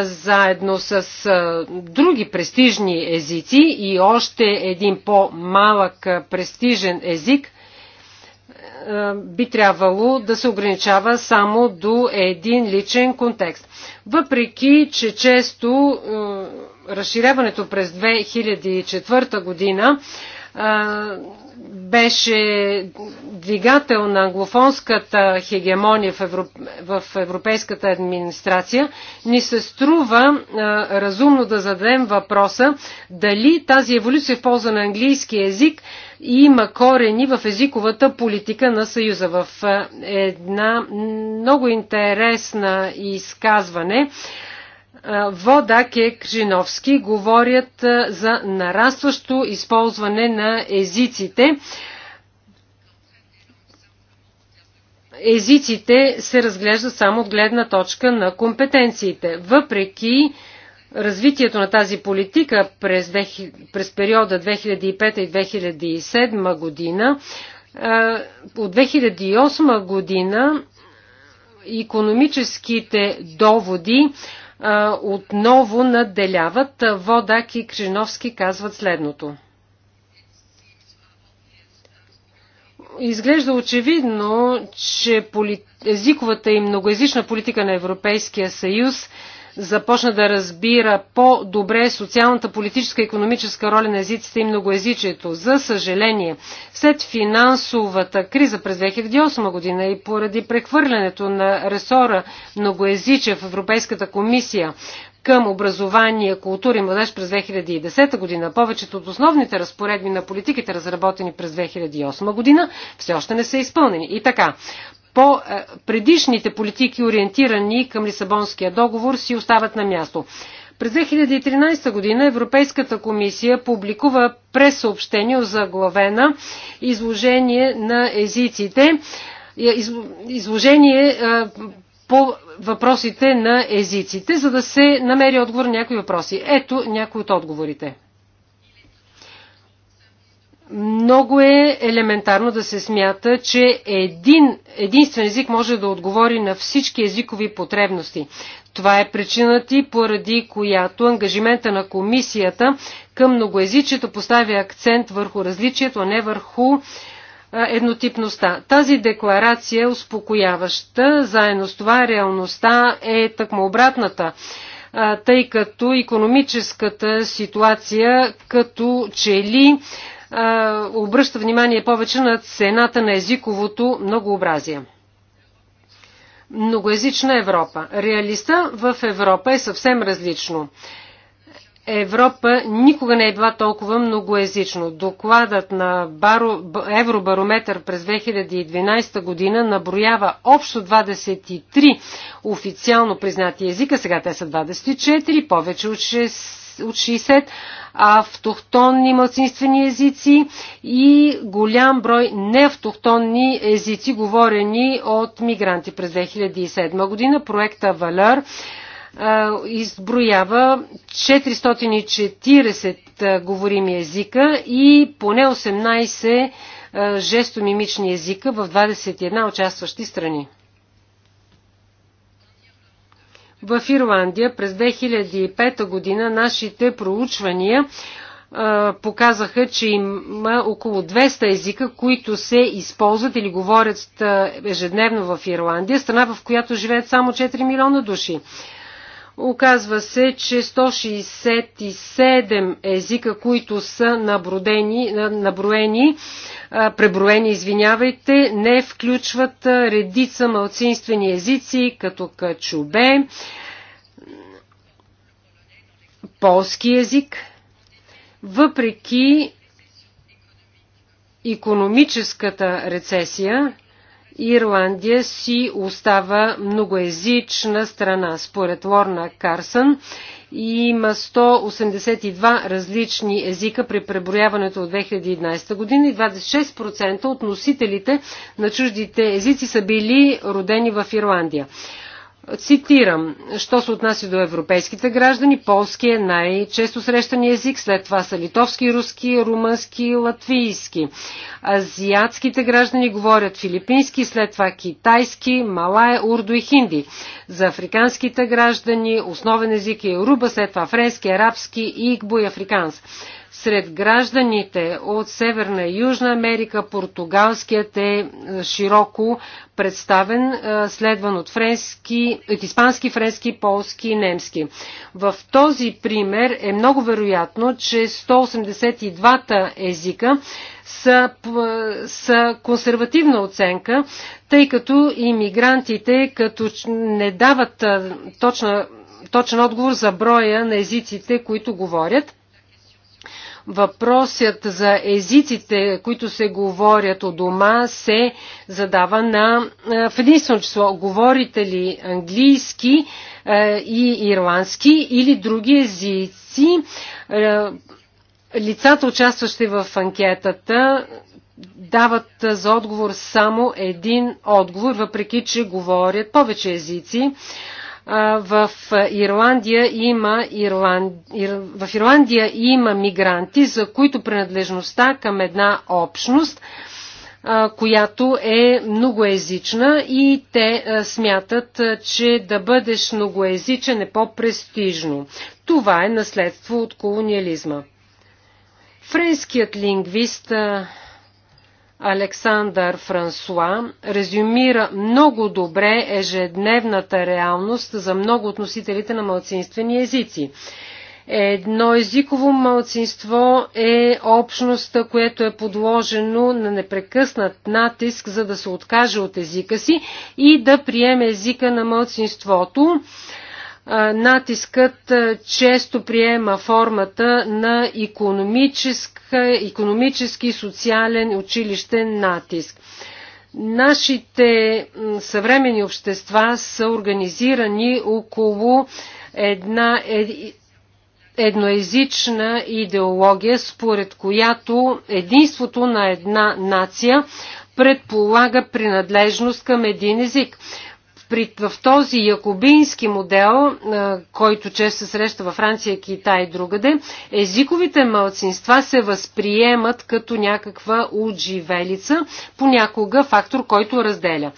заедно с други престижни езици и още един по-малък престижен език – би трябвало да се ограничава само до един личен контекст. Въпреки, че често разширяването през 2004 година беше двигател на англофонската хегемония в, Европ... в европейската администрация, ни се струва а, разумно да зададем въпроса дали тази еволюция в полза на английски език има корени в езиковата политика на Съюза. В една много интересна изказване Вода Кекжиновски говорят за нарастващо използване на езиците. Езиците се разглеждат само от гледна точка на компетенциите. Въпреки развитието на тази политика през, през периода 2005 и 2007 година, от 2008 година економическите доводи отново надделяват. Водак и Крижиновски казват следното. Изглежда очевидно, че езиковата и многоязична политика на Европейския съюз започна да разбира по-добре социалната, политическа и економическа роля на езиците и многоязичието. За съжаление, след финансовата криза през 2008 година и поради прехвърлянето на ресора многоязичие в Европейската комисия към образование, култура и младеж през 2010 година, повечето от основните разпоредби на политиките, разработени през 2008 година, все още не са изпълнени. И така, по е, предишните политики, ориентирани към Лисабонския договор, си остават на място. През 2013 година Европейската комисия публикува пресъобщение за главена изложение на езиците, е, изложение е, по въпросите на езиците, за да се намери отговор на някои въпроси. Ето някои от отговорите. Много е елементарно да се смята, че един единствен език може да отговори на всички езикови потребности. Това е причината и поради която ангажимента на комисията към многоязичието поставя акцент върху различието, а не върху еднотипността. Тази декларация е успокояваща, заедно с това реалността е тъкмо обратната, тъй като економическата ситуация като че ли а, обръща внимание повече на цената на езиковото многообразие. Многоязична Европа. Реалиста в Европа е съвсем различно. Европа никога не е била толкова многоязично. Докладът на Баро, Евробарометър през 2012 година наброява общо 23 официално признати езика, сега те са 24, повече от 6 от 60, автохтонни мълцинствени езици и голям брой неавтохтонни езици, говорени от мигранти през 2007 година. Проекта Валер изброява 440 говорими езика и поне 18 жестомимични езика в 21 участващи страни в Ирландия през 2005 година нашите проучвания показаха, че има около 200 езика, които се използват или говорят ежедневно в Ирландия, страна в която живеят само 4 милиона души. Оказва се, че 167 езика, които са наброени, преброени, извинявайте, не включват редица малцинствени езици, като качубе, полски език, въпреки економическата рецесия, Ирландия си остава многоезична страна. Според Лорна Карсън има 182 различни езика при преброяването от 2011 година и 26% от носителите на чуждите езици са били родени в Ирландия. Цитирам, що се отнася до европейските граждани, полски е най-често срещани език, след това са литовски, руски, румънски, латвийски. Азиатските граждани говорят филипински, след това китайски, малая, урдо и хинди. За африканските граждани основен език е руба, след това френски, арабски, игбо и африканс. Сред гражданите от Северна и Южна Америка португалският е, е широко представен, е, следван от, френски, от испански, френски, полски и немски. В този пример е много вероятно, че 182-та езика са, са консервативна оценка, тъй като иммигрантите като не дават е, точна, точен отговор за броя на езиците, които говорят. Въпросът за езиците, които се говорят у дома, се задава на, в единствено число. Говорите ли английски и ирландски или други езици? Лицата, участващи в анкетата, дават за отговор само един отговор, въпреки че говорят повече езици в Ирландия има, Ирланд... в Ирландия има мигранти, за които принадлежността към една общност, която е многоезична и те смятат, че да бъдеш многоезичен е по-престижно. Това е наследство от колониализма. Френският лингвист Александър Франсуа резюмира много добре ежедневната реалност за много от носителите на малцинствени езици. Едно езиково малцинство е общността, което е подложено на непрекъснат натиск, за да се откаже от езика си и да приеме езика на малцинството натискът често приема формата на економически и социален училищен натиск. Нашите съвремени общества са организирани около една е, едноезична идеология, според която единството на една нация предполага принадлежност към един език при, в този якобински модел, който често се среща във Франция, Китай и другаде, езиковите мълцинства се възприемат като някаква отживелица, понякога фактор, който разделя.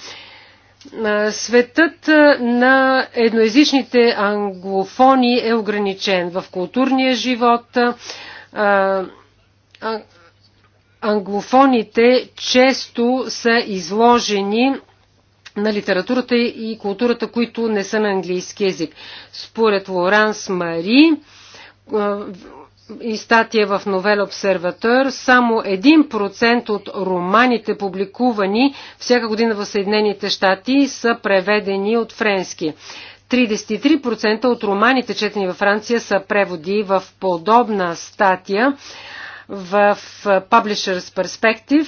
Светът на едноязичните англофони е ограничен в културния живот. Англофоните често са изложени на литературата и културата, които не са на английски язик. Според Лоранс Мари и статия в Новел Обсерватор, само 1% от романите, публикувани всяка година в Съединените щати, са преведени от френски. 33% от романите, четени във Франция, са преводи в подобна статия в Publishers Perspective.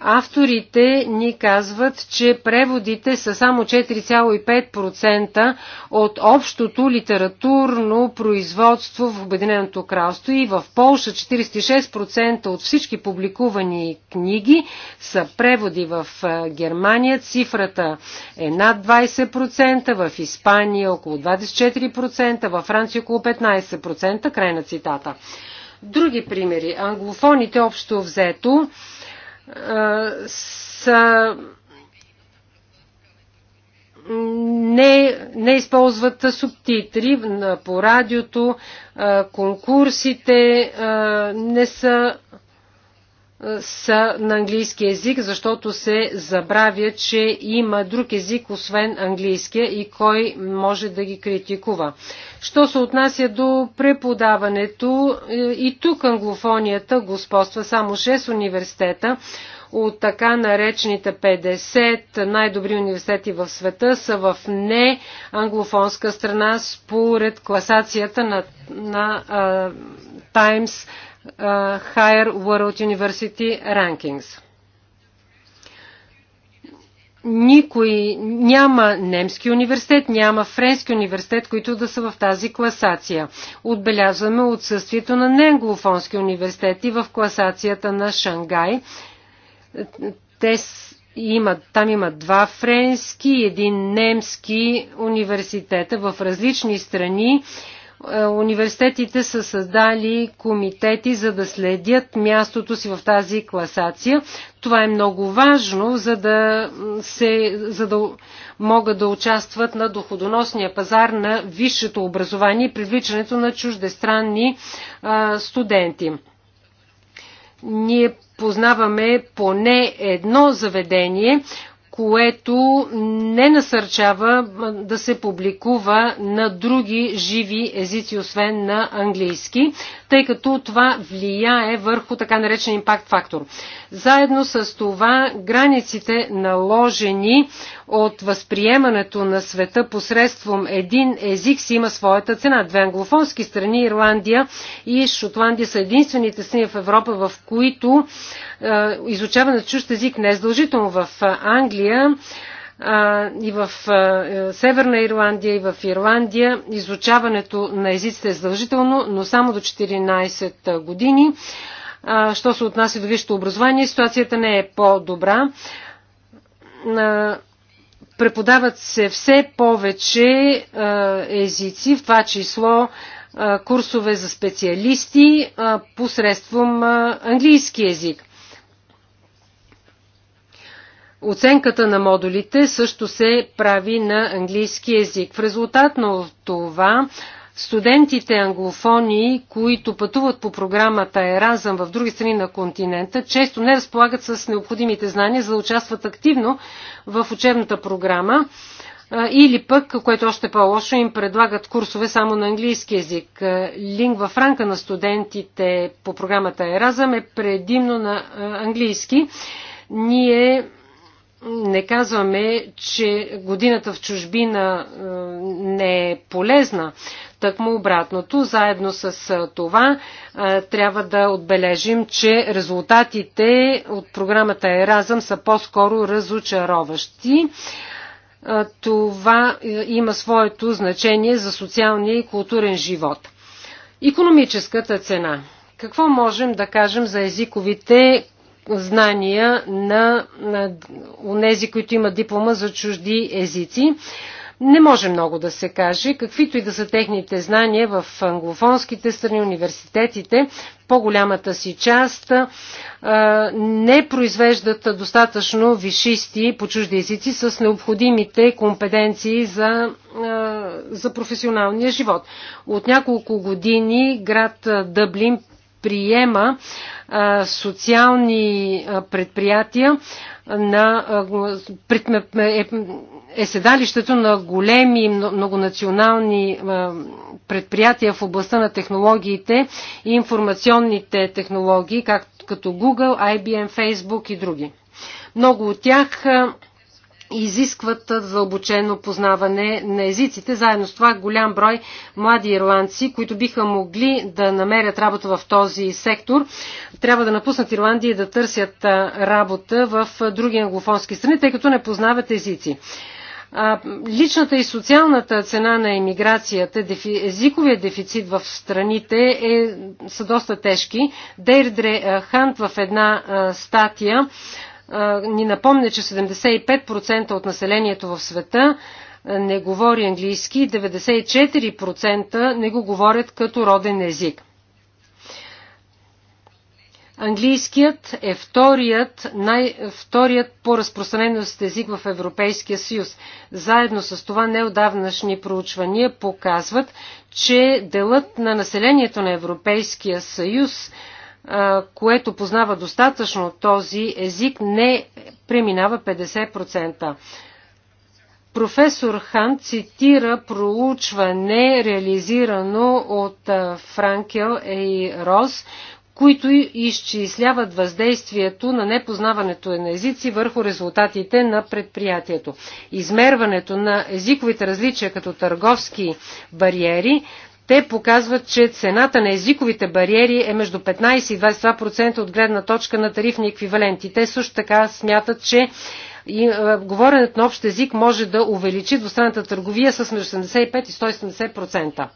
Авторите ни казват, че преводите са само 4,5% от общото литературно производство в Обединеното кралство и в Полша 46% от всички публикувани книги са преводи в Германия. Цифрата е над 20%, в Испания около 24%, във Франция около 15%. Край на цитата. Други примери. Англофоните общо взето са не, не използват субтитри по радиото, конкурсите не са е, са на английски език, защото се забравя, че има друг език, освен английския и кой може да ги критикува. Що се отнася до преподаването, е, и тук англофонията господства само 6 университета от така наречените 50 най-добри университети в света са в не англофонска страна според класацията на, на а, Times Higher World University Rankings. Никой няма немски университет, няма френски университет, които да са в тази класация. Отбелязваме отсъствието на неанглофонски университети в класацията на Шангай. Те има, там има два френски и един немски университета в различни страни е, университетите са създали комитети, за да следят мястото си в тази класация. Това е много важно, за да, се, за да могат да участват на доходоносния пазар на висшето образование и привличането на чуждестранни а, студенти. Ние познаваме поне едно заведение, което не насърчава да се публикува на други живи езици, освен на английски тъй като това влияе върху така наречен импакт фактор. Заедно с това границите наложени от възприемането на света посредством един език си има своята цена. Две англофонски страни, Ирландия и Шотландия са единствените страни в Европа, в които е, изучаване на чужд език не е задължително. В е, Англия и в Северна Ирландия, и в Ирландия. Изучаването на езиците е задължително, но само до 14 години. Що се отнася до висшето образование, ситуацията не е по-добра. Преподават се все повече езици, в това число курсове за специалисти посредством английски език. Оценката на модулите също се прави на английски язик. В резултат на това студентите англофони, които пътуват по програмата Еразъм в други страни на континента, често не разполагат с необходимите знания, за да участват активно в учебната програма или пък, което е още по-лошо, им предлагат курсове само на английски язик. Лингва франка на студентите по програмата Еразъм е предимно на английски. Ние не казваме, че годината в чужбина е, не е полезна. Тъкмо обратното, заедно с е, това е, трябва да отбележим, че резултатите от програмата Еразъм са по-скоро разочароващи. Това има своето значение за социалния и културен живот. Икономическата цена. Какво можем да кажем за езиковите знания на, на които имат диплома за чужди езици. Не може много да се каже. Каквито и да са техните знания в англофонските страни, университетите, по-голямата си част не произвеждат достатъчно вишисти по чужди езици с необходимите компетенции за, за професионалния живот. От няколко години град Дъблин приема социални предприятия на, е, е седалището на големи многонационални предприятия в областта на технологиите и информационните технологии, както като Google, IBM, Facebook и други. Много от тях изискват задълбочено познаване на езиците. Заедно с това голям брой млади ирландци, които биха могли да намерят работа в този сектор, трябва да напуснат Ирландия и да търсят работа в други англофонски страни, тъй като не познават езици. Личната и социалната цена на емиграцията, езиковия дефицит в страните е, са доста тежки. Дейрдре Хант в една статия ни напомня, че 75% от населението в света не говори английски, 94% не го говорят като роден език. Английският е вторият, най, вторият по разпространеност език в Европейския съюз. Заедно с това неодавнашни проучвания показват, че делът на населението на Европейския съюз което познава достатъчно този език, не преминава 50%. Професор Хан цитира проучване, реализирано от Франкел и Рос, които изчисляват въздействието на непознаването на езици върху резултатите на предприятието. Измерването на езиковите различия като търговски бариери те показват, че цената на езиковите бариери е между 15 и 22% от гледна точка на тарифни еквиваленти. Те също така смятат, че и, е, говоренето на общ език може да увеличи двустранната търговия с между 75 и 170%.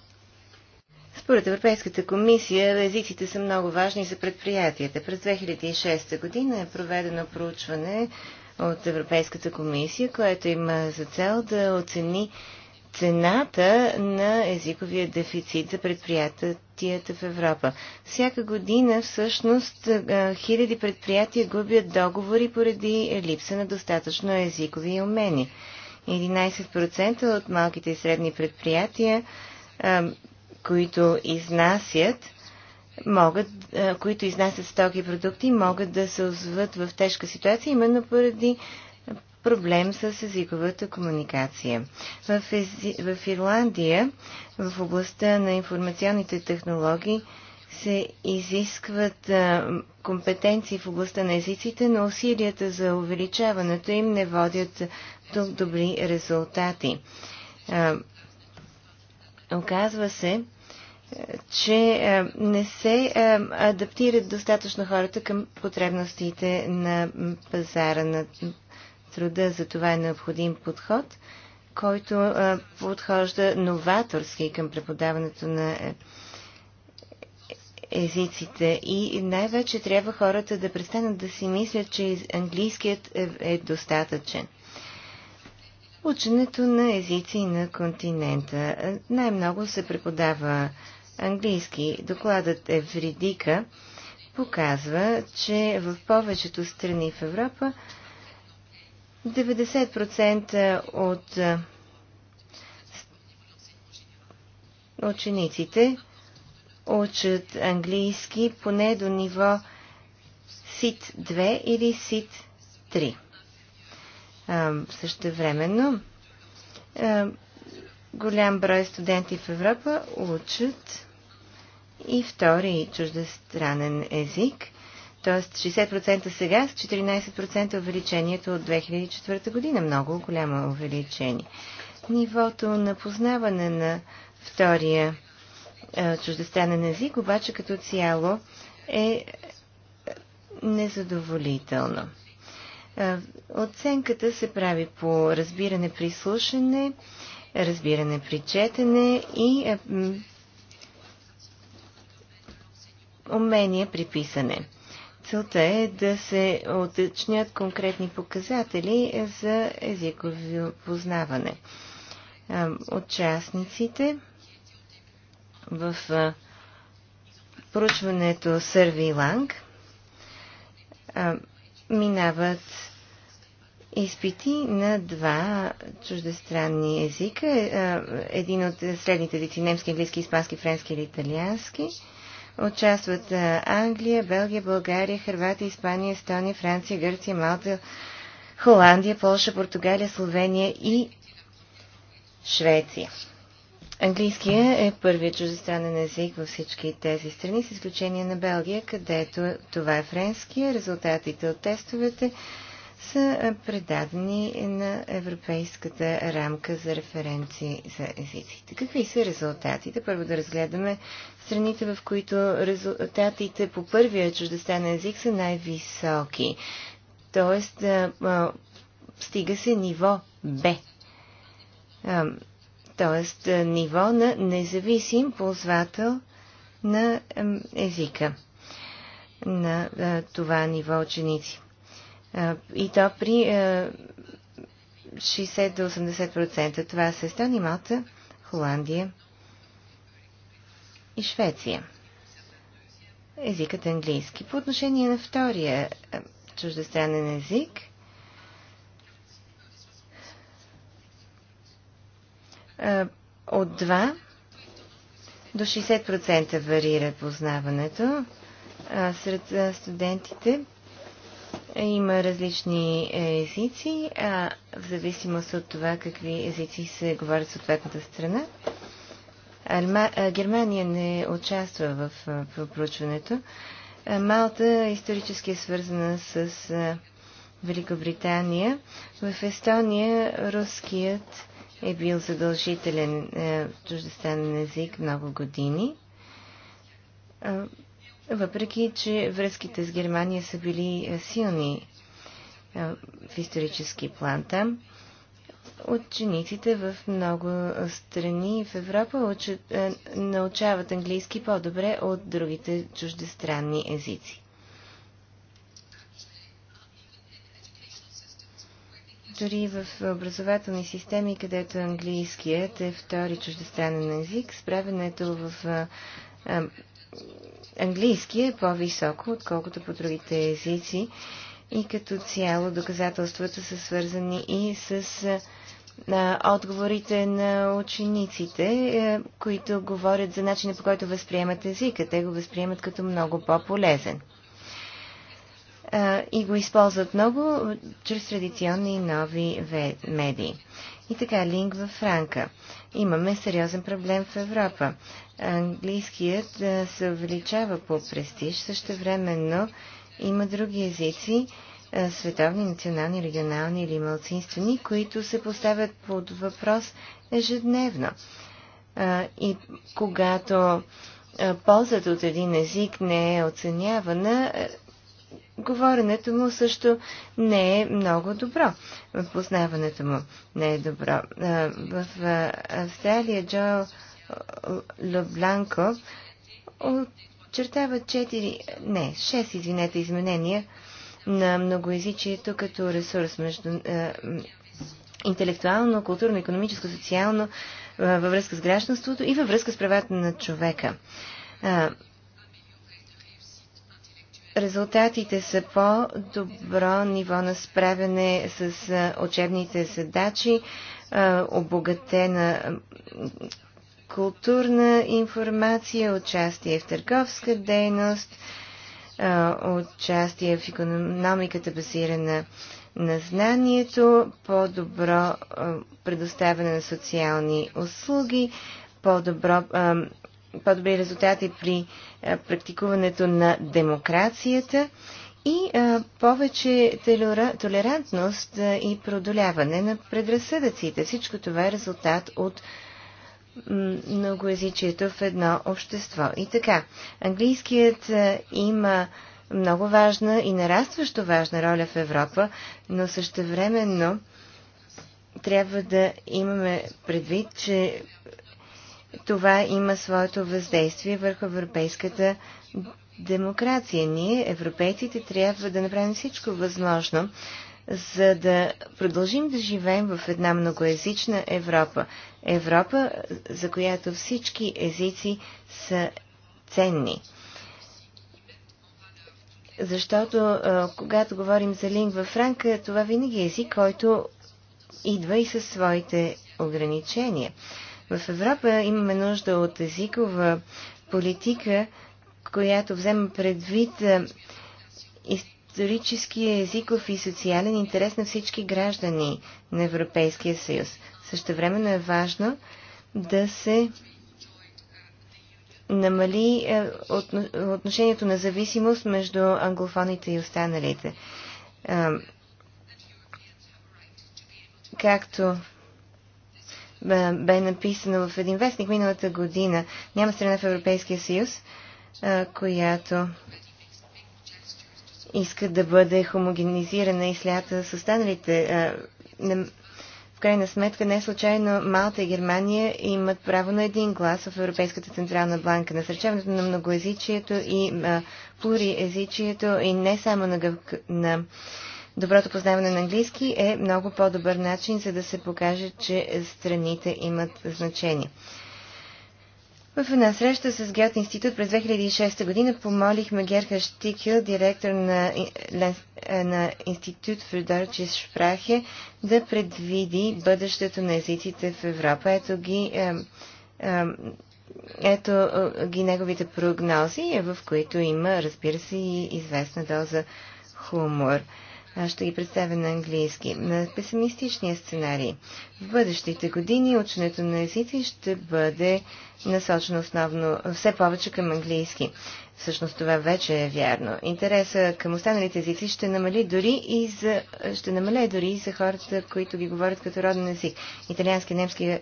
Според Европейската комисия, езиците са много важни за предприятията. През 2006 година е проведено проучване от Европейската комисия, което има за цел да оцени цената на езиковия дефицит за предприятията в Европа. Всяка година всъщност хиляди предприятия губят договори поради липса на достатъчно езикови умени. 11% от малките и средни предприятия, които изнасят, могат, които изнасят стоки и продукти, могат да се озват в тежка ситуация, именно поради проблем с езиковата комуникация. В, ези... в Ирландия, в областта на информационните технологии, се изискват а, компетенции в областта на езиците, но усилията за увеличаването им не водят до добри резултати. А, оказва се, че а, не се а, адаптират достатъчно хората към потребностите на пазара на труда. За това е необходим подход, който подхожда новаторски към преподаването на е, е, езиците. И най-вече трябва хората да престанат да си мислят, че английският е, е достатъчен. Ученето на езици на континента. Най-много се преподава английски. Докладът е в редика. показва, че в повечето страни в Европа 90% от учениците учат английски поне до ниво сит 2 или сит 3 Също времено голям брой студенти в Европа учат и втори чуждестранен език – Тоест 60% сега с 14% увеличението от 2004 година. Много голямо увеличение. Нивото на познаване на втория е, чуждестранен език, обаче като цяло е, е незадоволително. Е, оценката се прави по разбиране при слушане, разбиране при четене и умение при писане. Целта е да се уточнят конкретни показатели за езиково познаване. Участниците в проучването Сърви Ланг минават изпити на два чуждестранни езика. Е, един от средните деци немски, английски, испански, френски или италиански – Участват Англия, Белгия, България, Хрватия, Испания, Естония, Франция, Гърция, Малта, Холандия, Полша, Португалия, Словения и Швеция. Английския е първият чуждестранен език във всички тези страни, с изключение на Белгия, където това е френския. Резултатите от тестовете са предадени на Европейската рамка за референции за езиците. Какви са резултатите? Първо да разгледаме страните, в които резултатите по първия чуждестранен език са най-високи. Тоест, стига се ниво Б. тоест, ниво на независим ползвател на езика на това ниво ученици. И то при 60 до 80%. Това са Естония, Малта, Холандия и Швеция. Езикът е английски. По отношение на втория чуждестранен език, от 2 до 60% варира познаването сред студентите е, има различни езици, а в зависимост от това какви езици се говорят в съответната страна. Германия не участва в, в проучването. Малта е исторически е свързана с Великобритания. В Естония руският е бил задължителен чуждестранен език много години. Въпреки, че връзките с Германия са били е, силни е, в исторически план там, учениците в много страни в Европа учат, е, научават английски по-добре от другите чуждестранни езици. Дори в образователни системи, където английският е втори чуждестранен език, справенето в английски е по-високо, отколкото по другите езици. И като цяло доказателствата са свързани и с на отговорите на учениците, които говорят за начина по който възприемат езика. Те го възприемат като много по-полезен а, и го използват много чрез традиционни и нови медии. И така, лингва франка. Имаме сериозен проблем в Европа. Английският а, се увеличава по престиж, също времено има други езици, а, световни, национални, регионални или малцинствени, които се поставят под въпрос ежедневно. А, и когато ползата от един език не е оценявана, говоренето му също не е много добро. Познаването му не е добро. В Австралия Джо Лобланко очертава 4, не, 6, извинете, изменения на многоязичието като ресурс между интелектуално, културно, економическо, социално, във връзка с гражданството и във връзка с правата на човека резултатите са по-добро ниво на справяне с учебните задачи, обогатена културна информация, участие в търговска дейност, участие в економиката базирана на знанието, по-добро предоставяне на социални услуги, по-добро по-добри резултати при практикуването на демокрацията и а, повече телера, толерантност а, и продоляване на предразсъдъците. Всичко това е резултат от многоязичието в едно общество. И така, английският а, има много важна и нарастващо важна роля в Европа, но същевременно трябва да имаме предвид, че това има своето въздействие върху европейската демокрация. Ние, европейците, трябва да направим всичко възможно, за да продължим да живеем в една многоязична Европа. Европа, за която всички езици са ценни. Защото когато говорим за лингва франка, това винаги е език, който идва и със своите ограничения. В Европа имаме нужда от езикова политика, която взема предвид исторически езиков и социален интерес на всички граждани на Европейския съюз. Също времено е важно да се намали отношението на зависимост между англофоните и останалите. Както е, бе написано в един вестник миналата година. Няма страна в Европейския съюз, е, която иска да бъде хомогенизирана и слята с останалите. Е, в крайна сметка, не случайно Малта и Германия имат право на един глас в Европейската централна банка. Насърчаването на многоязичието и плуриезичието и не само на, гъв... на доброто познаване на английски е много по-добър начин, за да се покаже, че страните имат значение. В една среща с Геот институт през 2006 година помолихме Герха Штикил, директор на, на Институт в Deutsche Шпрахе, да предвиди бъдещето на езиците в Европа. Ето ги, е, е, ето ги неговите прогнози, в които има, разбира се, и известна доза хумор. Ще ги представя на английски. На песимистичния сценарий. В бъдещите години ученето на езици ще бъде насочено основно все повече към английски. Всъщност това вече е вярно. Интереса към останалите езици ще намали дори и за, ще намалее дори и за хората, които ги говорят като роден език. Италиански, немски,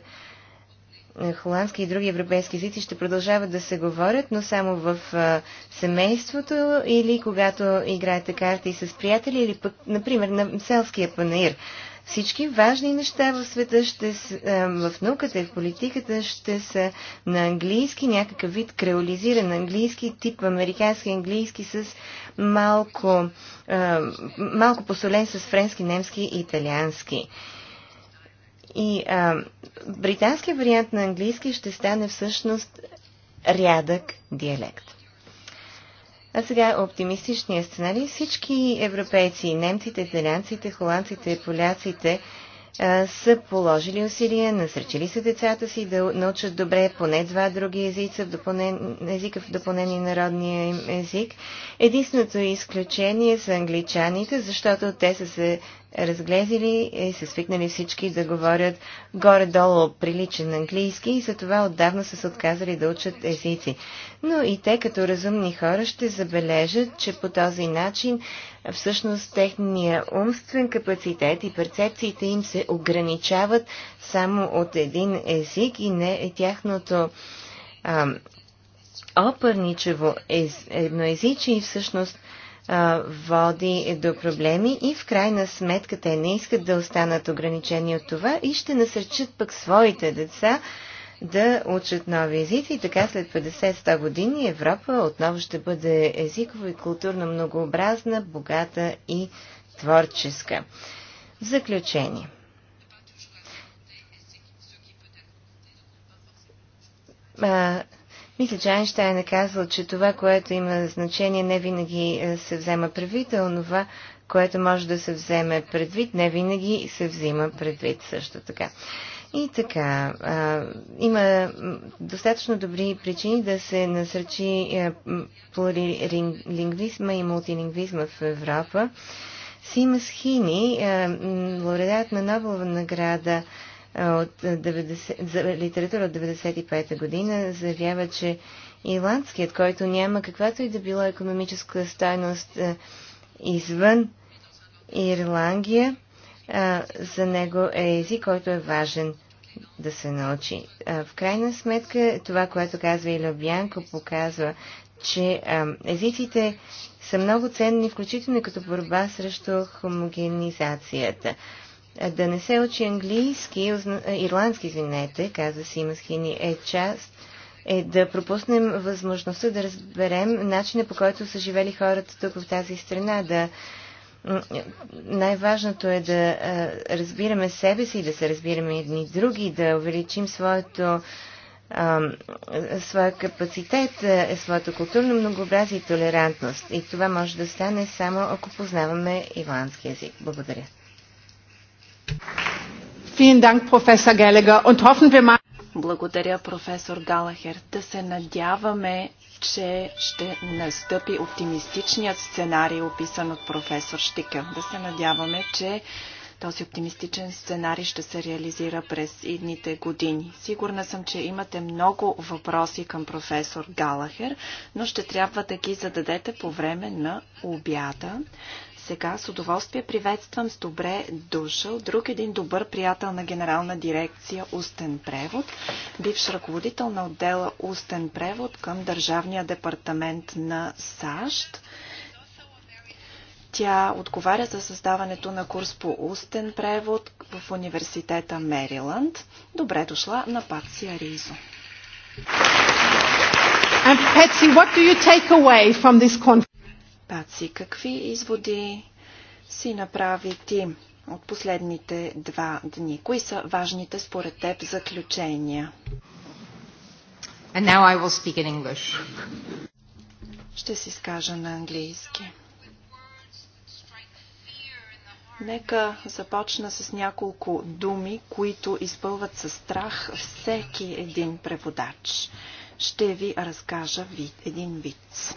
е, холандски и други европейски езици ще продължават да се говорят, но само в е, семейството или когато играете карта и с приятели, или пък, например, на селския панаир. Всички важни неща в света, ще, е, в науката и в политиката ще са на английски, някакъв вид креолизиран английски, тип американски английски с малко, малко посолен с френски, немски и италиански. И а, британския вариант на английски ще стане всъщност рядък диалект. А сега оптимистичният сценарий. Всички европейци, немците, италианците, холандците, поляците а, са положили усилия, насречили са децата си да научат добре поне два други езика в, допълнен, езика в допълнение народния им език. Единственото изключение са англичаните, защото те са се разглезили и са свикнали всички да говорят горе-долу приличен английски и затова отдавна са се отказали да учат езици. Но и те като разумни хора ще забележат, че по този начин всъщност техния умствен капацитет и перцепциите им се ограничават само от един език и не е тяхното ам, оперничево ез, едноезичие всъщност води до проблеми и в крайна сметка те не искат да останат ограничени от това и ще насърчат пък своите деца да учат нови езици и така след 50-100 години Европа отново ще бъде езиково и културно многообразна, богата и творческа. В заключение. А, мисля, че Айнштайн е казал, че това, което има значение, не винаги е, се взема предвид, а онова, което може да се вземе предвид, не винаги се взима предвид също така. И така, а, има достатъчно добри причини да се насърчи е, плурилингвизма и мултилингвизма в Европа. Симас Хини, е, лауреат на Нобелова награда от 90, за литература от 95 та година заявява, че ирландският, който няма каквато и да било економическа стойност извън Ирландия, за него е език, който е важен да се научи. В крайна сметка, това, което казва и Любянко, показва, че езиците са много ценни, включително като борба срещу хомогенизацията. Да не се учи английски, ирландски, извинете, каза си, Масхини, е част е да пропуснем възможността да разберем начина по който са живели хората тук в тази страна, да най-важното е да разбираме себе си, да се разбираме едни други, да увеличим своето своя капацитет, е, своето културно многообразие и толерантност. И това може да стане само ако познаваме ирландски язик. Благодаря. Благодаря, професор Галахер. Да се надяваме, че ще настъпи оптимистичният сценарий, описан от професор Штика. Да се надяваме, че този оптимистичен сценарий ще се реализира през идните години. Сигурна съм, че имате много въпроси към професор Галахер, но ще трябва да ги зададете по време на обяда. Сега с удоволствие приветствам с добре дошъл друг един добър приятел на генерална дирекция Устен превод, бивш ръководител на отдела Устен превод към Държавния департамент на САЩ. Тя отговаря за създаването на курс по устен превод в университета Мериланд. Добре дошла на Патсия Ризо. And Patsy, what do you take away from this conference? Паци, какви изводи си направи ти от последните два дни? Кои са важните според теб заключения? And now I will speak in English. Ще си скажа на английски. Нека започна с няколко думи, които изпълват със страх всеки един преводач. Ще ви разкажа вид, един вид.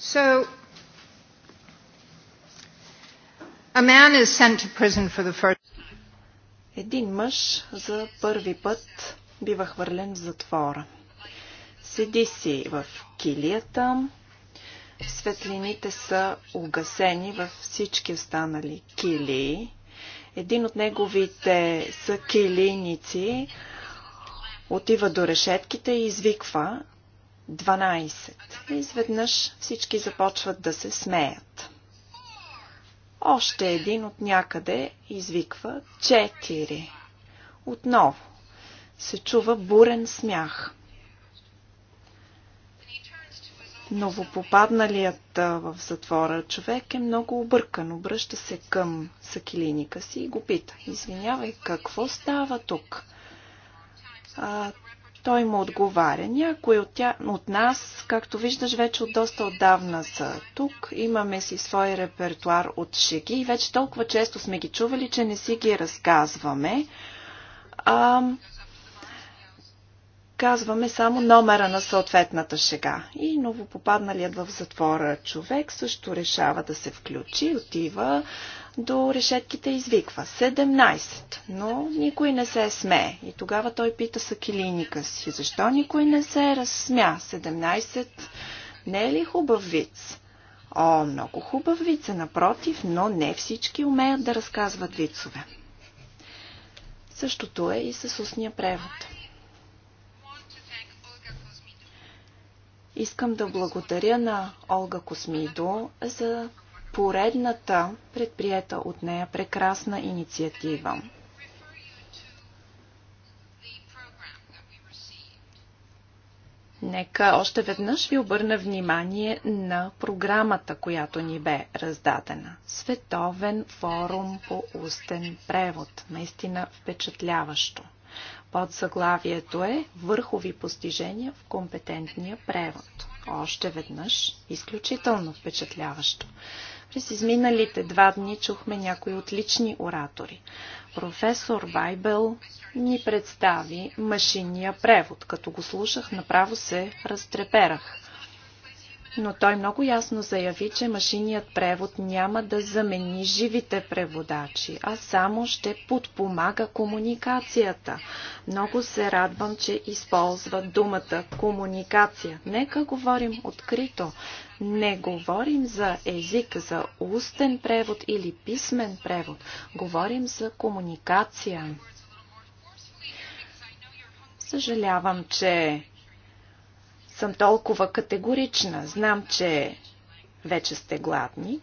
So, a man is sent to prison for the first един мъж за първи път бива хвърлен в затвора. Седи си в килията, светлините са угасени във всички останали килии. Един от неговите са килийници. отива до решетките и извиква 12. изведнъж всички започват да се смеят. Още един от някъде извиква 4. Отново се чува бурен смях. Новопопадналият в затвора човек е много объркан. Обръща се към сакилиника си и го пита. Извинявай, какво става тук? А, той му отговаря. Някои от, тя, от нас, както виждаш, вече от доста отдавна са тук. Имаме си свой репертуар от шеги и вече толкова често сме ги чували, че не си ги разказваме. А, казваме само номера на съответната шега. И новопопадналият в затвора човек също решава да се включи, отива до решетките извиква 17, но никой не се смее. И тогава той пита сакилийника си, защо никой не се разсмя? 17 не е ли хубав виц? О, много хубав виц е, напротив, но не всички умеят да разказват вицове. Същото е и с устния превод. Искам да благодаря на Олга Космидо за поредната предприета от нея прекрасна инициатива. Нека още веднъж ви обърна внимание на програмата, която ни бе раздадена. Световен форум по устен превод. Наистина впечатляващо. Под заглавието е Върхови постижения в компетентния превод. Още веднъж изключително впечатляващо. През изминалите два дни чухме някои отлични оратори. Професор Вайбел ни представи машинния превод. Като го слушах, направо се разтреперах. Но той много ясно заяви, че машинният превод няма да замени живите преводачи, а само ще подпомага комуникацията. Много се радвам, че използва думата комуникация. Нека говорим открито не говорим за език, за устен превод или писмен превод. Говорим за комуникация. Съжалявам, че съм толкова категорична. Знам, че вече сте гладни.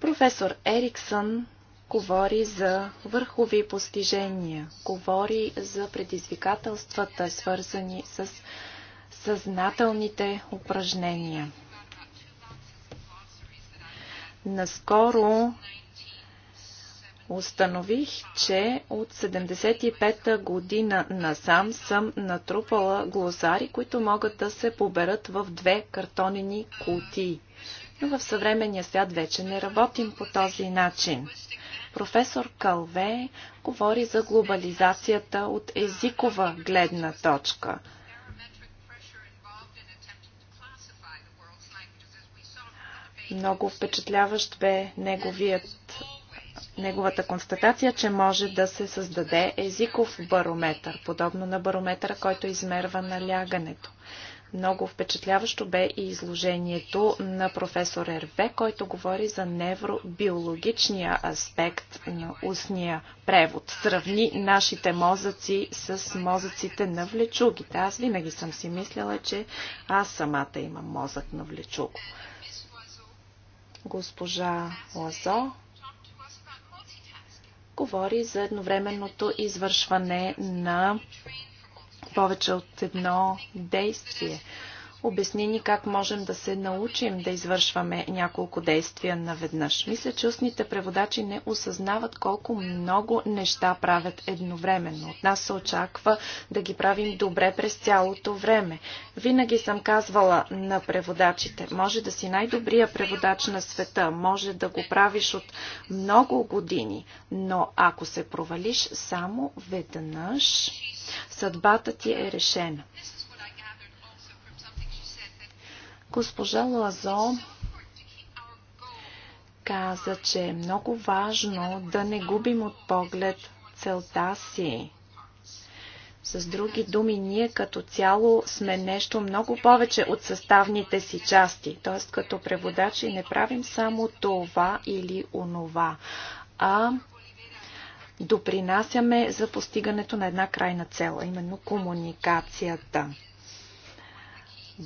Професор Ериксън говори за върхови постижения, говори за предизвикателствата, свързани с съзнателните упражнения. Наскоро установих, че от 75-та година насам съм натрупала глозари, които могат да се поберат в две картонени кутии. Но в съвременния свят вече не работим по този начин. Професор Калве говори за глобализацията от езикова гледна точка – Много впечатляващ бе неговият, неговата констатация, че може да се създаде езиков барометър, подобно на барометъра, който измерва налягането. Много впечатляващо бе и изложението на професор Ерве, който говори за невробиологичния аспект на устния превод. Сравни нашите мозъци с мозъците на влечугите. Аз винаги съм си мисляла, че аз самата имам мозък на влечуго. Госпожа Лазо говори за едновременното извършване на повече от едно действие обясни ни как можем да се научим да извършваме няколко действия наведнъж. Мисля, че устните преводачи не осъзнават колко много неща правят едновременно. От нас се очаква да ги правим добре през цялото време. Винаги съм казвала на преводачите, може да си най-добрия преводач на света, може да го правиш от много години, но ако се провалиш само веднъж, съдбата ти е решена. Госпожа Лазо каза, че е много важно да не губим от поглед целта си. С други думи, ние като цяло сме нещо много повече от съставните си части. Т.е. като преводачи не правим само това или онова, а допринасяме за постигането на една крайна цела, именно комуникацията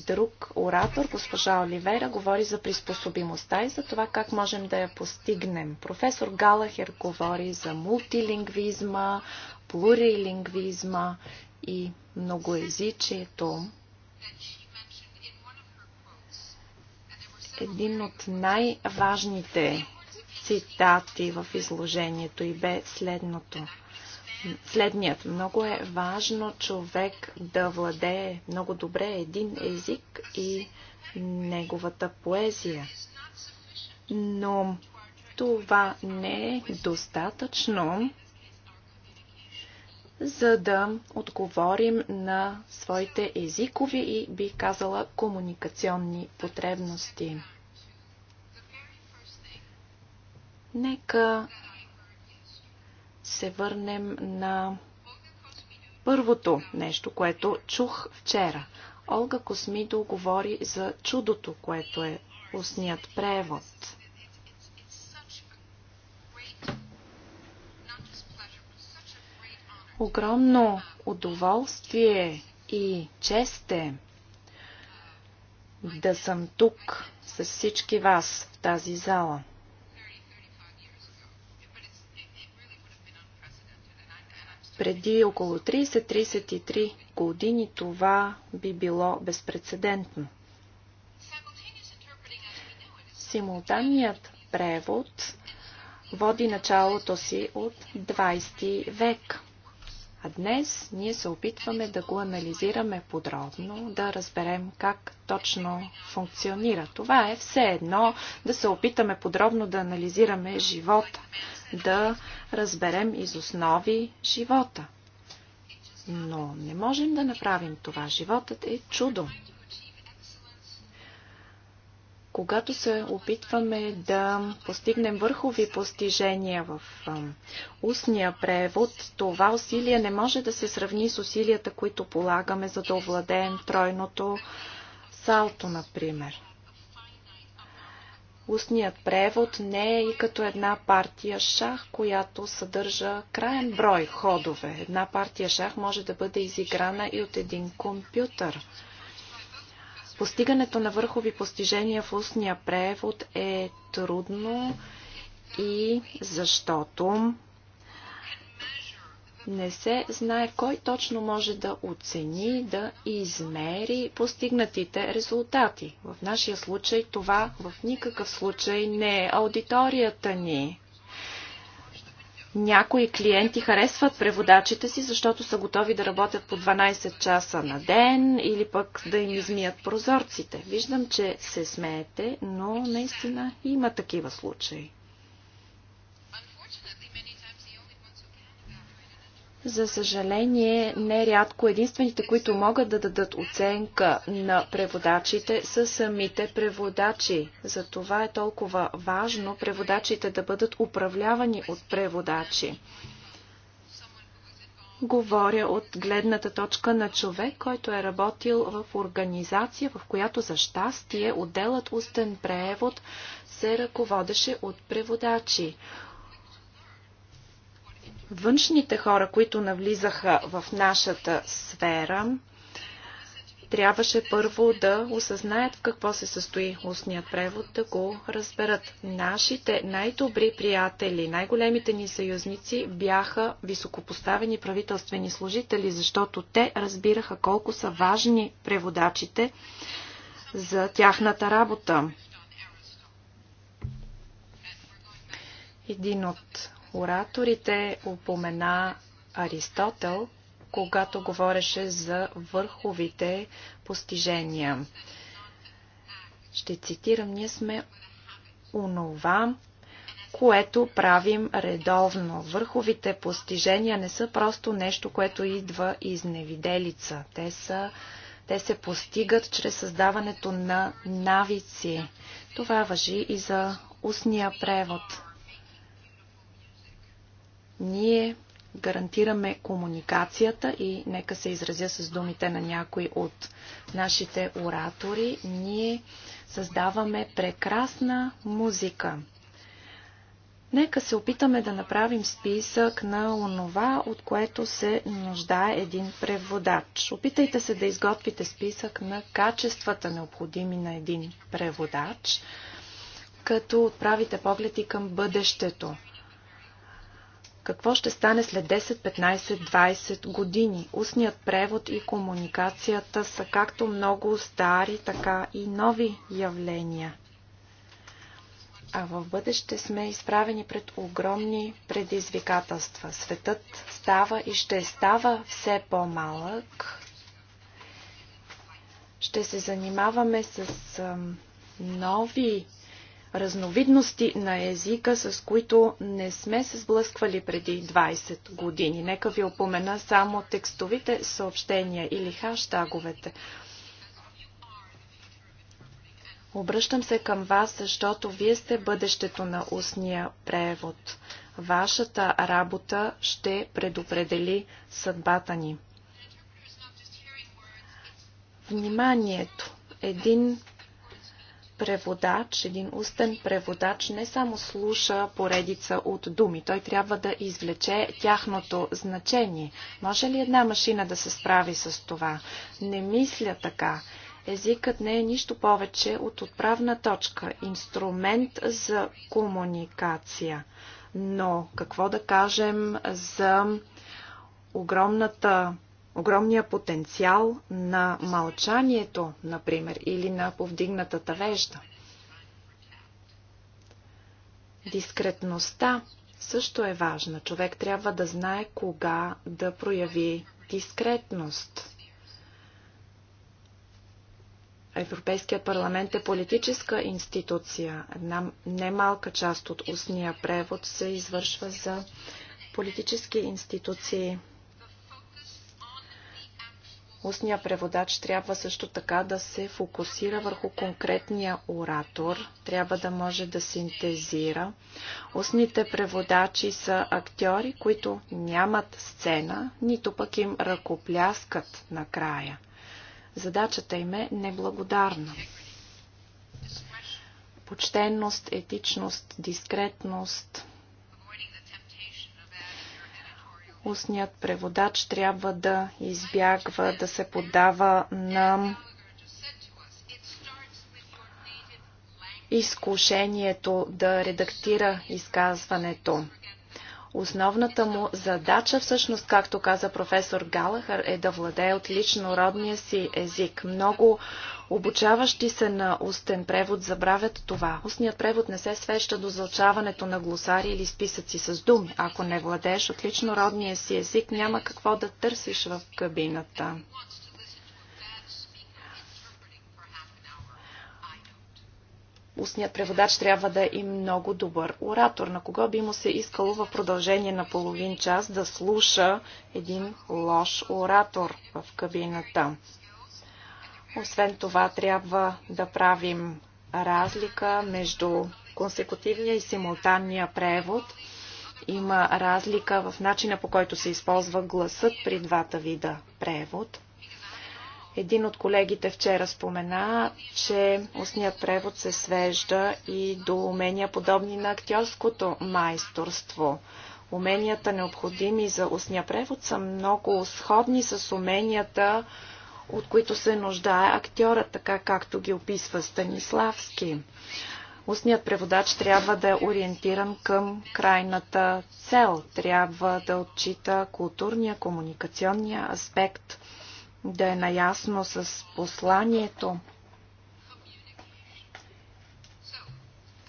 друг оратор, госпожа Оливера, говори за приспособимостта и за това как можем да я постигнем. Професор Галахер говори за мултилингвизма, плурилингвизма и многоязичието. Един от най-важните цитати в изложението и бе следното – следният. Много е важно човек да владее много добре един език и неговата поезия. Но това не е достатъчно, за да отговорим на своите езикови и, би казала, комуникационни потребности. Нека се върнем на първото нещо, което чух вчера. Олга Космидо говори за чудото, което е устният превод. Огромно удоволствие и чест е да съм тук с всички вас в тази зала. Преди около 30-33 години това би било безпредседентно. Симултанният превод води началото си от 20 век. А днес ние се опитваме да го анализираме подробно, да разберем как точно функционира. Това е все едно да се опитаме подробно да анализираме живота, да разберем из основи живота. Но не можем да направим това. Животът е чудо. Когато се опитваме да постигнем върхови постижения в устния превод, това усилие не може да се сравни с усилията, които полагаме за да овладеем тройното салто, например. Устният превод не е и като една партия шах, която съдържа краен брой ходове. Една партия шах може да бъде изиграна и от един компютър. Постигането на върхови постижения в устния превод е трудно и защото не се знае кой точно може да оцени, да измери постигнатите резултати. В нашия случай това в никакъв случай не е аудиторията ни. Някои клиенти харесват преводачите си, защото са готови да работят по 12 часа на ден или пък да им измият прозорците. Виждам, че се смеете, но наистина има такива случаи. За съжаление, нерядко единствените, които могат да дадат оценка на преводачите, са самите преводачи. Затова е толкова важно преводачите да бъдат управлявани от преводачи. Говоря от гледната точка на човек, който е работил в организация, в която за щастие отделът устен превод се ръководеше от преводачи външните хора, които навлизаха в нашата сфера, трябваше първо да осъзнаят в какво се състои устният превод, да го разберат. Нашите най-добри приятели, най-големите ни съюзници бяха високопоставени правителствени служители, защото те разбираха колко са важни преводачите за тяхната работа. Един от ораторите упомена Аристотел, когато говореше за върховите постижения. Ще цитирам, ние сме онова, което правим редовно. Върховите постижения не са просто нещо, което идва из невиделица. Те, са, те се постигат чрез създаването на навици. Това въжи и за устния превод. Ние гарантираме комуникацията и нека се изразя с думите на някои от нашите оратори. Ние създаваме прекрасна музика. Нека се опитаме да направим списък на онова, от което се нуждае един преводач. Опитайте се да изготвите списък на качествата необходими на един преводач, като отправите поглед и към бъдещето. Какво ще стане след 10, 15, 20 години? Устният превод и комуникацията са както много стари, така и нови явления. А в бъдеще сме изправени пред огромни предизвикателства. Светът става и ще става все по-малък. Ще се занимаваме с нови разновидности на езика, с които не сме се сблъсквали преди 20 години. Нека ви опомена само текстовите съобщения или хаштаговете. Обръщам се към вас, защото вие сте бъдещето на устния превод. Вашата работа ще предопредели съдбата ни. Вниманието. Един преводач, един устен преводач не само слуша поредица от думи, той трябва да извлече тяхното значение. Може ли една машина да се справи с това? Не мисля така. Езикът не е нищо повече от отправна точка, инструмент за комуникация. Но какво да кажем за огромната огромния потенциал на мълчанието, например, или на повдигнатата вежда. Дискретността също е важна. Човек трябва да знае кога да прояви дискретност. Европейският парламент е политическа институция. Една немалка част от устния превод се извършва за политически институции Устният преводач трябва също така да се фокусира върху конкретния оратор, трябва да може да синтезира. Устните преводачи са актьори, които нямат сцена, нито пък им ръкопляскат накрая. Задачата им е неблагодарна. Почтенност, етичност, дискретност – Устният преводач трябва да избягва да се подава на изкушението да редактира изказването. Основната му задача, всъщност, както каза професор Галахър, е да владее отлично родния си език. Много обучаващи се на устен превод забравят това. Устният превод не се свеща до заучаването на глосари или списъци с думи. Ако не владееш отлично родния си език, няма какво да търсиш в кабината. устният преводач трябва да е и много добър оратор, на кого би му се искало в продължение на половин час да слуша един лош оратор в кабината. Освен това, трябва да правим разлика между консекутивния и симултанния превод. Има разлика в начина по който се използва гласът при двата вида превод. Един от колегите вчера спомена, че устният превод се свежда и до умения подобни на актьорското майсторство. Уменията необходими за устния превод са много сходни с уменията, от които се нуждае актьорът, така както ги описва Станиславски. Устният преводач трябва да е ориентиран към крайната цел, трябва да отчита културния, комуникационния аспект, да е наясно с посланието.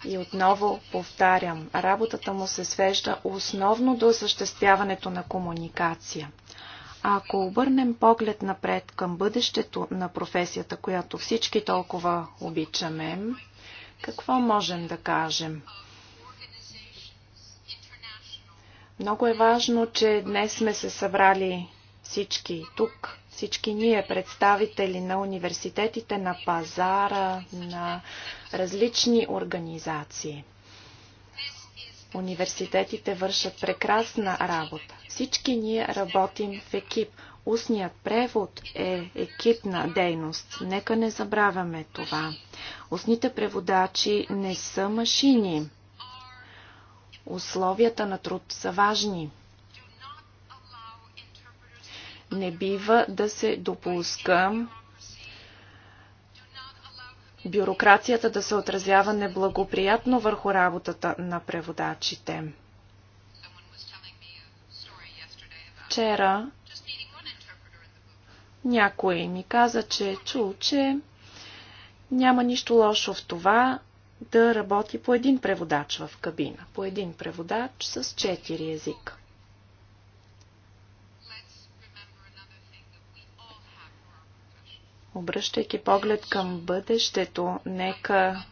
И отново повтарям, работата му се свежда основно до осъществяването на комуникация – ако обърнем поглед напред към бъдещето на професията, която всички толкова обичаме, какво можем да кажем? Много е важно, че днес сме се събрали всички тук, всички ние, представители на университетите, на пазара, на различни организации – Университетите вършат прекрасна работа. Всички ние работим в екип. Устният превод е екипна дейност. Нека не забравяме това. Устните преводачи не са машини. Условията на труд са важни. Не бива да се допускам бюрокрацията да се отразява неблагоприятно върху работата на преводачите. Вчера някой ми каза, че чул, че няма нищо лошо в това да работи по един преводач в кабина, по един преводач с четири езика. Обръщайки поглед към бъдещето, нека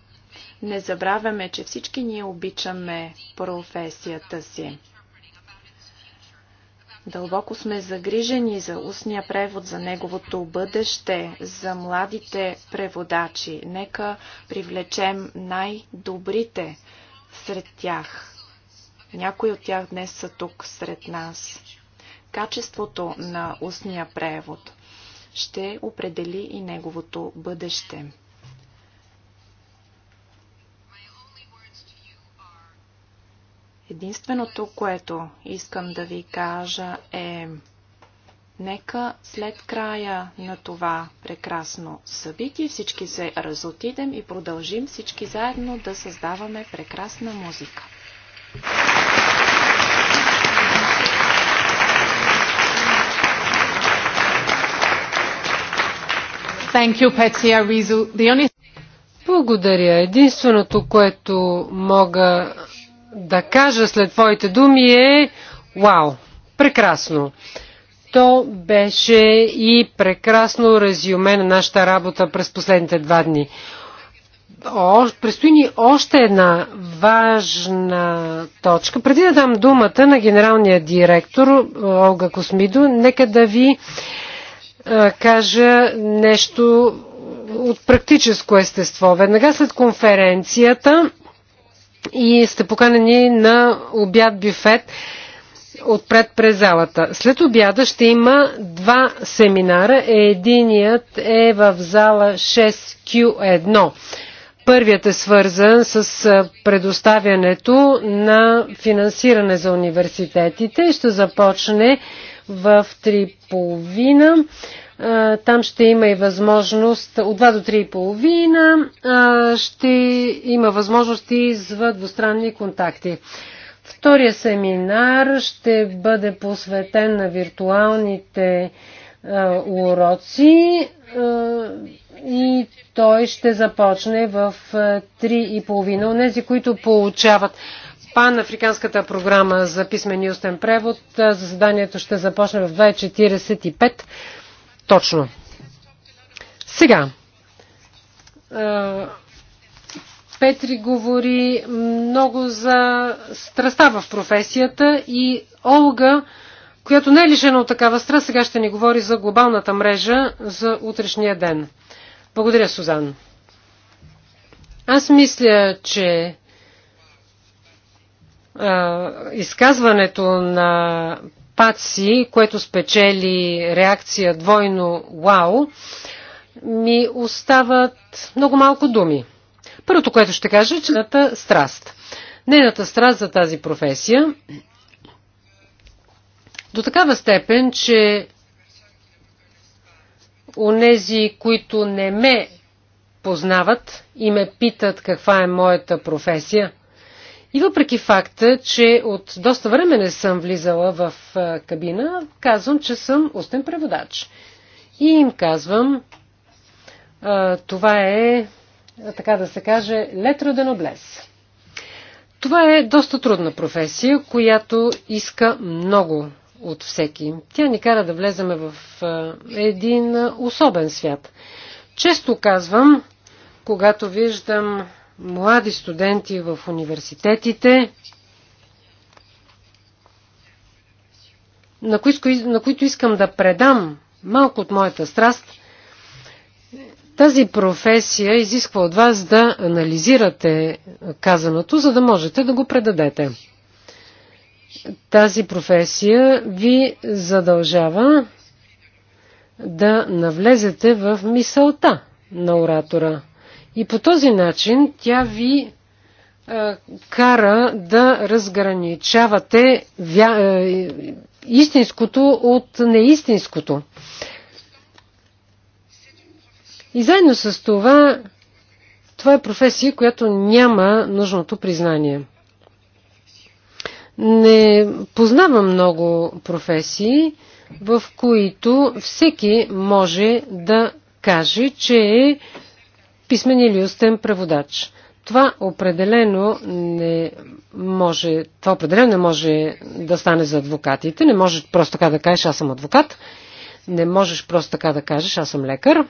не забравяме, че всички ние обичаме професията си. Дълбоко сме загрижени за устния превод, за неговото бъдеще, за младите преводачи. Нека привлечем най-добрите сред тях. Някои от тях днес са тук сред нас. Качеството на устния превод – ще определи и неговото бъдеще. Единственото, което искам да ви кажа е нека след края на това прекрасно събитие всички се разотидем и продължим всички заедно да създаваме прекрасна музика. Благодаря. Единственото, което мога да кажа след твоите думи е Вау! Прекрасно! То беше и прекрасно резюме на нашата работа през последните два дни. Престои предстои ни още една важна точка. Преди да дам думата на генералния директор е, Олга Космидо, нека да ви кажа нещо от практическо естество. Веднага след конференцията и сте поканени на обяд бюфет отпред през залата. След обяда ще има два семинара. Единият е в зала 6Q1. Първият е свързан с предоставянето на финансиране за университетите. и Ще започне в 3.30. Там ще има и възможност от 2 до 3.30 ще има възможности за двустранни контакти. Втория семинар ще бъде посветен на виртуалните уроци и той ще започне в 3.30. Онези, които получават Панафриканската програма за писмен и устен превод. Заседанието ще започне в 2.45 точно. Сега. Петри говори много за страста в професията и Олга, която не е лишена от такава страст, сега ще ни говори за глобалната мрежа за утрешния ден. Благодаря, Сузан. Аз мисля, че изказването на Паци, което спечели реакция двойно вау, ми остават много малко думи. Първото, което ще кажа, е чената страст. Нейната страст за тази професия до такава степен, че онези, които не ме познават и ме питат каква е моята професия – и въпреки факта, че от доста време не съм влизала в кабина, казвам, че съм устен преводач. И им казвам, това е, така да се каже, летро де ноблес. Това е доста трудна професия, която иска много от всеки. Тя ни кара да влеземе в един особен свят. Често казвам, когато виждам млади студенти в университетите, на, кои, на които искам да предам малко от моята страст. Тази професия изисква от вас да анализирате казаното, за да можете да го предадете. Тази професия ви задължава да навлезете в мисълта на оратора. И по този начин тя ви а, е, кара да разграничавате вя, а, е, истинското от неистинското. И заедно с това, това е професия, която няма нужното признание. Не познавам много професии, в които всеки може да каже, че е писмен или устен преводач. Това определено не може, това определено не може да стане за адвокатите. Не можеш просто така да кажеш, аз съм адвокат. Не можеш просто така да кажеш, аз съм лекар.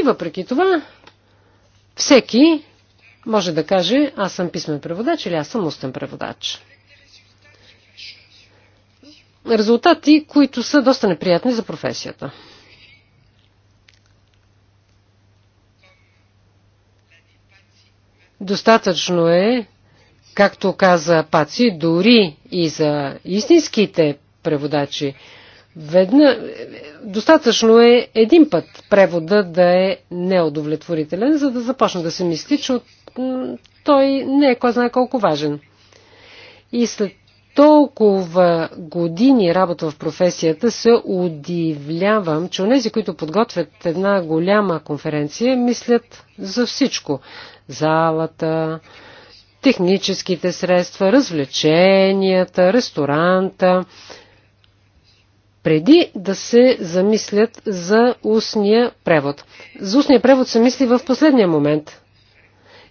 И въпреки това, всеки може да каже, аз съм писмен преводач или аз съм устен преводач. Резултати, които са доста неприятни за професията. Достатъчно е, както каза Паци, дори и за истинските преводачи, Ведна... Достатъчно е един път превода да е неудовлетворителен, за да започне да се мисли, че от... той не е кой знае колко важен. И след толкова години работа в професията се удивлявам, че онези, които подготвят една голяма конференция, мислят за всичко залата, техническите средства, развлеченията, ресторанта, преди да се замислят за устния превод. За устния превод се мисли в последния момент.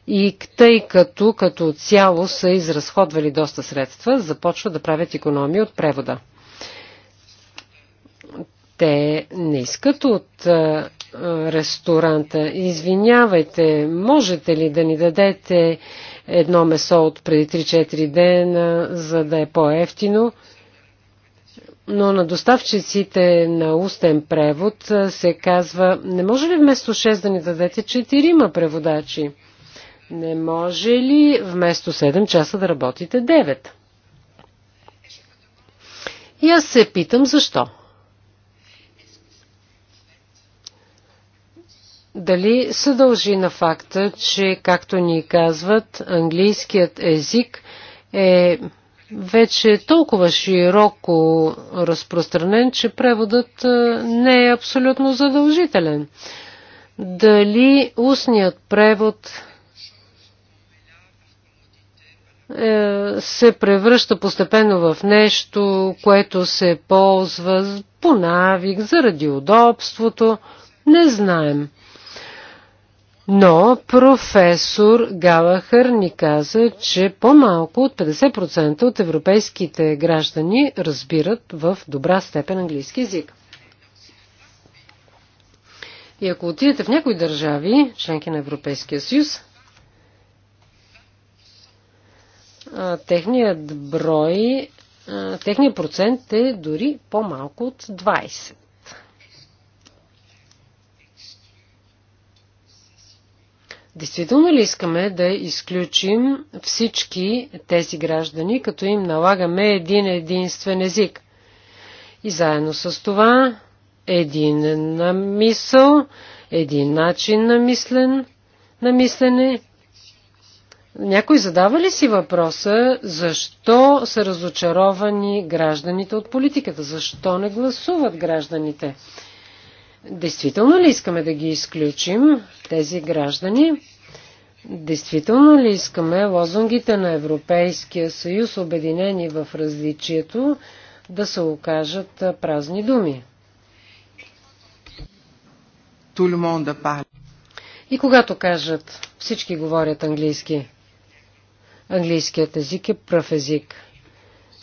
И тъй като като цяло са изразходвали доста средства, започват да правят економия от превода. Те не искат от а, ресторанта. Извинявайте, можете ли да ни дадете едно месо от преди 3-4 дена, за да е по-ефтино? но на доставчиците на устен превод се казва, не може ли вместо 6 да ни дадете 4 преводачи? Не може ли вместо 7 часа да работите 9? И аз се питам защо. Дали се дължи на факта, че, както ни казват, английският език е вече толкова широко разпространен, че преводът не е абсолютно задължителен. Дали устният превод е, се превръща постепенно в нещо, което се ползва по навик, заради удобството, не знаем. Но професор Галахър ни каза, че по-малко от 50% от европейските граждани разбират в добра степен английски язик. И ако отидете в някои държави, членки на Европейския съюз, техният брой, техният процент е дори по-малко от 20. Действително ли искаме да изключим всички тези граждани, като им налагаме един единствен език? И заедно с това един на мисъл, един начин на, мислен, на мислене. Някой задава ли си въпроса, защо са разочаровани гражданите от политиката? Защо не гласуват гражданите? Действително ли искаме да ги изключим, тези граждани? Действително ли искаме лозунгите на Европейския съюз, обединени в различието, да се окажат празни думи? И когато кажат, всички говорят английски. Английският език е пръв език.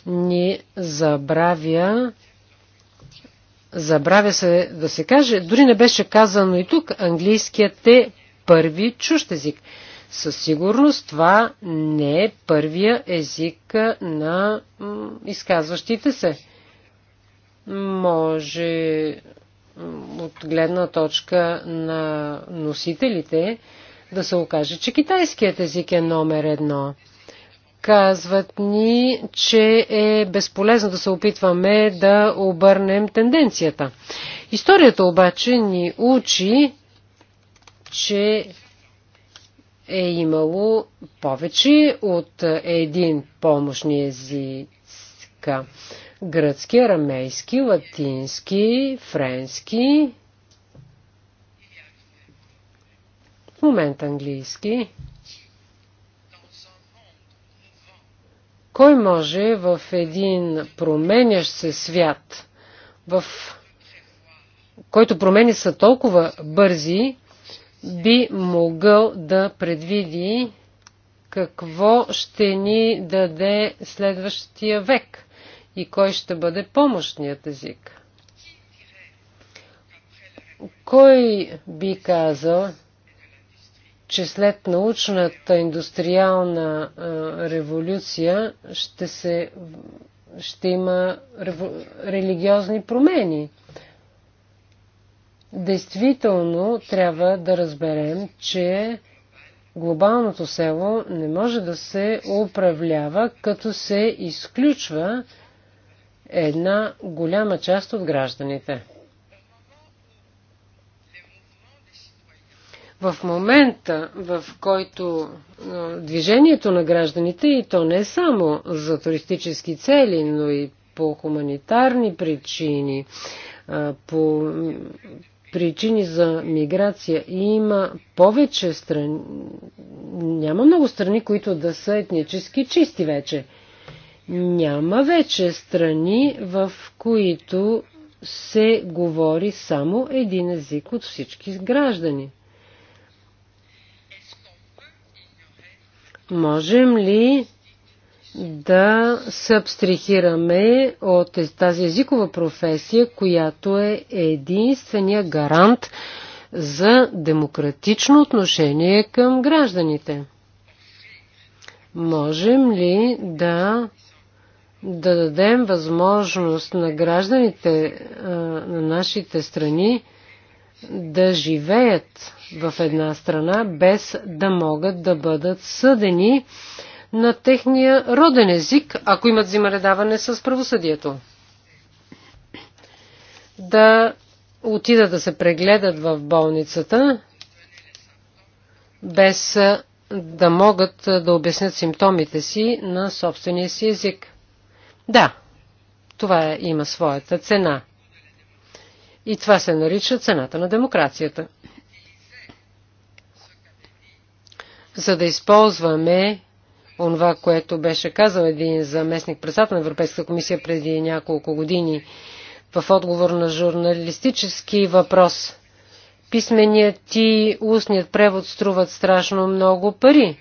Ни забравя Забравя се да се каже, дори не беше казано и тук, английският е първи чужд език. Със сигурност това не е първия език на изказващите се. Може от гледна точка на носителите да се окаже, че китайският език е номер едно – Казват ни, че е безполезно да се опитваме да обърнем тенденцията. Историята обаче ни учи, че е имало повече от един помощни език. Гръцки, арамейски, латински, френски, в момент английски. Кой може в един променящ се свят, в който промени са толкова бързи, би могъл да предвиди какво ще ни даде следващия век и кой ще бъде помощният език. Кой би казал, че след научната индустриална революция ще, се, ще има реву, религиозни промени. Действително трябва да разберем, че глобалното село не може да се управлява, като се изключва една голяма част от гражданите. В момента, в който движението на гражданите, и то не само за туристически цели, но и по хуманитарни причини, по причини за миграция има повече страни, няма много страни, които да са етнически чисти вече. Няма вече страни, в които се говори само един език от всички граждани. Можем ли да се абстрихираме от тази езикова професия, която е единствения гарант за демократично отношение към гражданите? Можем ли да, да дадем възможност на гражданите на нашите страни да живеят в една страна, без да могат да бъдат съдени на техния роден език, ако имат взимаредаване с правосъдието. Да отидат да се прегледат в болницата, без да могат да обяснят симптомите си на собствения си език. Да, това е, има своята цена. И това се нарича цената на демокрацията. за да използваме онова, което беше казал един заместник председател на Европейската комисия преди няколко години в отговор на журналистически въпрос. Писменият ти устният превод струват страшно много пари.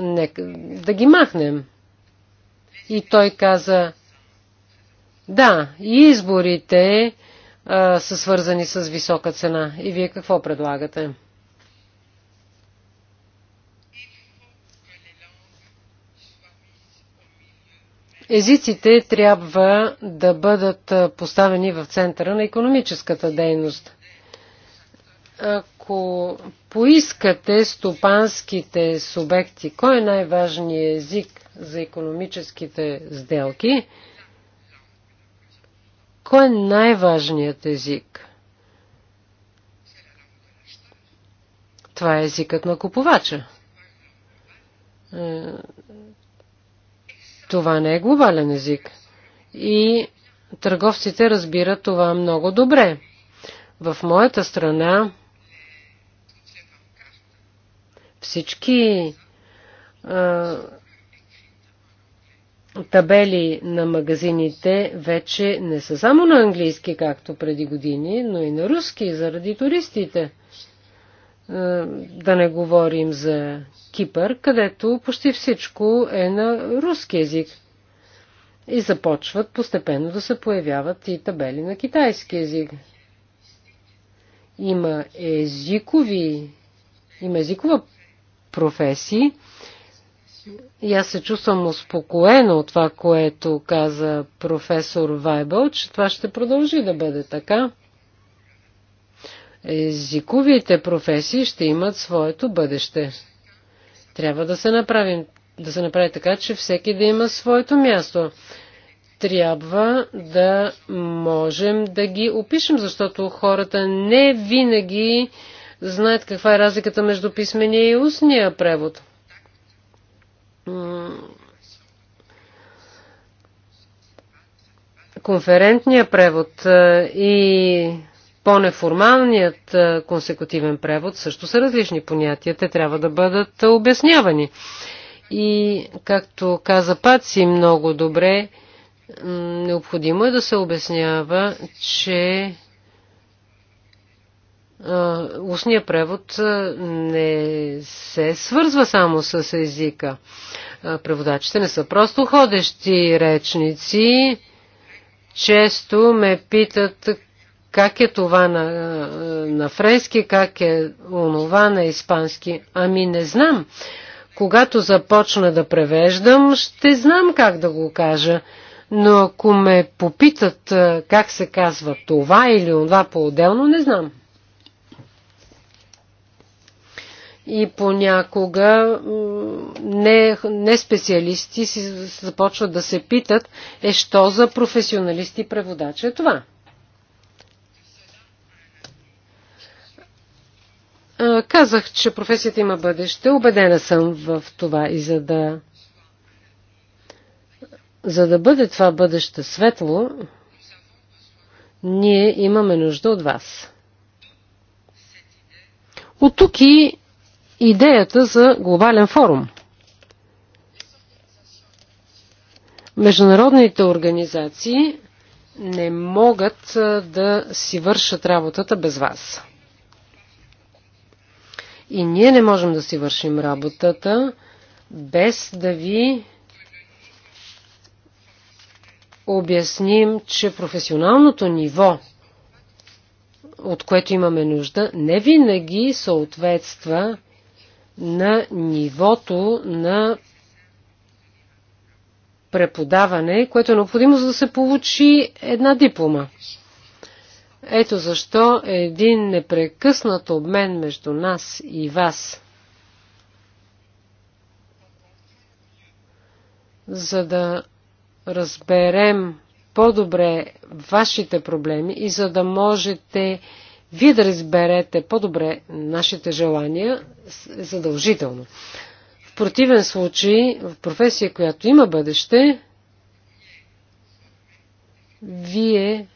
Нека да ги махнем. И той каза, да, и изборите а, са свързани с висока цена. И вие какво предлагате? Езиците трябва да бъдат поставени в центъра на економическата дейност. Ако поискате стопанските субекти, кой е най-важният език за економическите сделки, кой е най-важният език? Това е езикът на купувача. Е, това не е глобален език. И търговците разбират това много добре. В моята страна всички а, табели на магазините вече не са само на английски, както преди години, но и на руски, заради туристите. Е, да не говорим за Кипър, където почти всичко е на руски язик. И започват постепенно да се появяват и табели на китайски язик. Има езикови, има езикова професии. И аз се чувствам успокоена от това, което каза професор Вайбъл, че това ще продължи да бъде така езиковите професии ще имат своето бъдеще. Трябва да се, направим, да се направи така, че всеки да има своето място. Трябва да можем да ги опишем, защото хората не винаги знаят каква е разликата между писмения и устния превод. Конферентния превод и по-неформалният консекутивен превод също са различни понятия. Те трябва да бъдат обяснявани. И, както каза Паци много добре, необходимо е да се обяснява, че устния превод не се свързва само с езика. Преводачите не са просто ходещи речници. Често ме питат как е това на, на френски, как е онова на испански? Ами не знам. Когато започна да превеждам, ще знам как да го кажа. Но ако ме попитат как се казва това или онова по-отделно, не знам. И понякога не, не специалисти си започват да се питат, е що за професионалисти преводача е това. Казах, че професията има бъдеще. Обедена съм в това и за да за да бъде това бъдеще светло, ние имаме нужда от вас. От тук и идеята за глобален форум. Международните организации не могат да си вършат работата без вас. И ние не можем да си вършим работата без да ви обясним, че професионалното ниво, от което имаме нужда, не винаги съответства на нивото на преподаване, което е необходимо, за да се получи една диплома. Ето защо е един непрекъснат обмен между нас и вас. За да разберем по-добре вашите проблеми и за да можете вие да разберете по-добре нашите желания, задължително. В противен случай, в професия, която има бъдеще, вие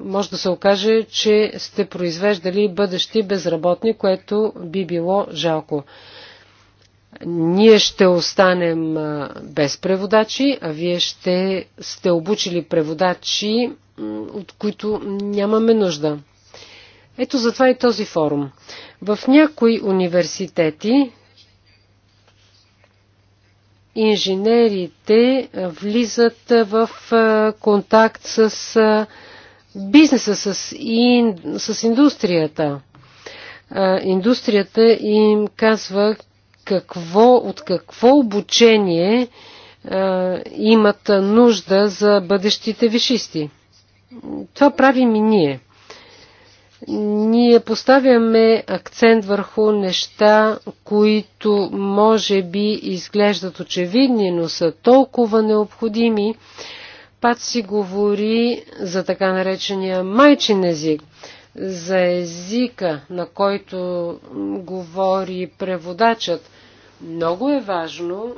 може да се окаже, че сте произвеждали бъдещи безработни, което би било жалко. Ние ще останем без преводачи, а вие ще сте обучили преводачи, от които нямаме нужда. Ето затова и този форум. В някои университети инженерите влизат в контакт с бизнеса, с, ин, с индустрията. Индустрията им казва какво, от какво обучение имат нужда за бъдещите вишисти. Това правим и ние ние поставяме акцент върху неща, които може би изглеждат очевидни, но са толкова необходими. Пат си говори за така наречения майчин език, за езика, на който говори преводачът. Много е важно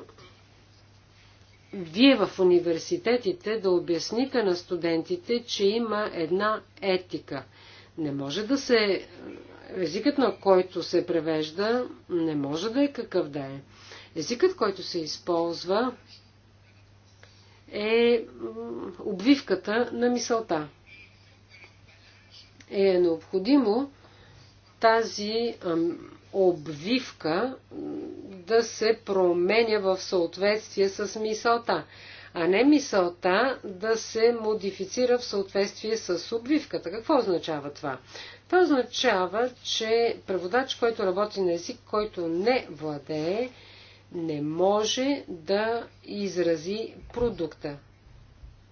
вие в университетите да обясните на студентите, че има една етика – не може да се... Езикът, на който се превежда, не може да е какъв да е. Езикът, който се използва, е обвивката на мисълта. Е необходимо тази обвивка да се променя в съответствие с мисълта а не мисълта да се модифицира в съответствие с обвивката. Какво означава това? Това означава, че преводач, който работи на език, който не владее, не може да изрази продукта.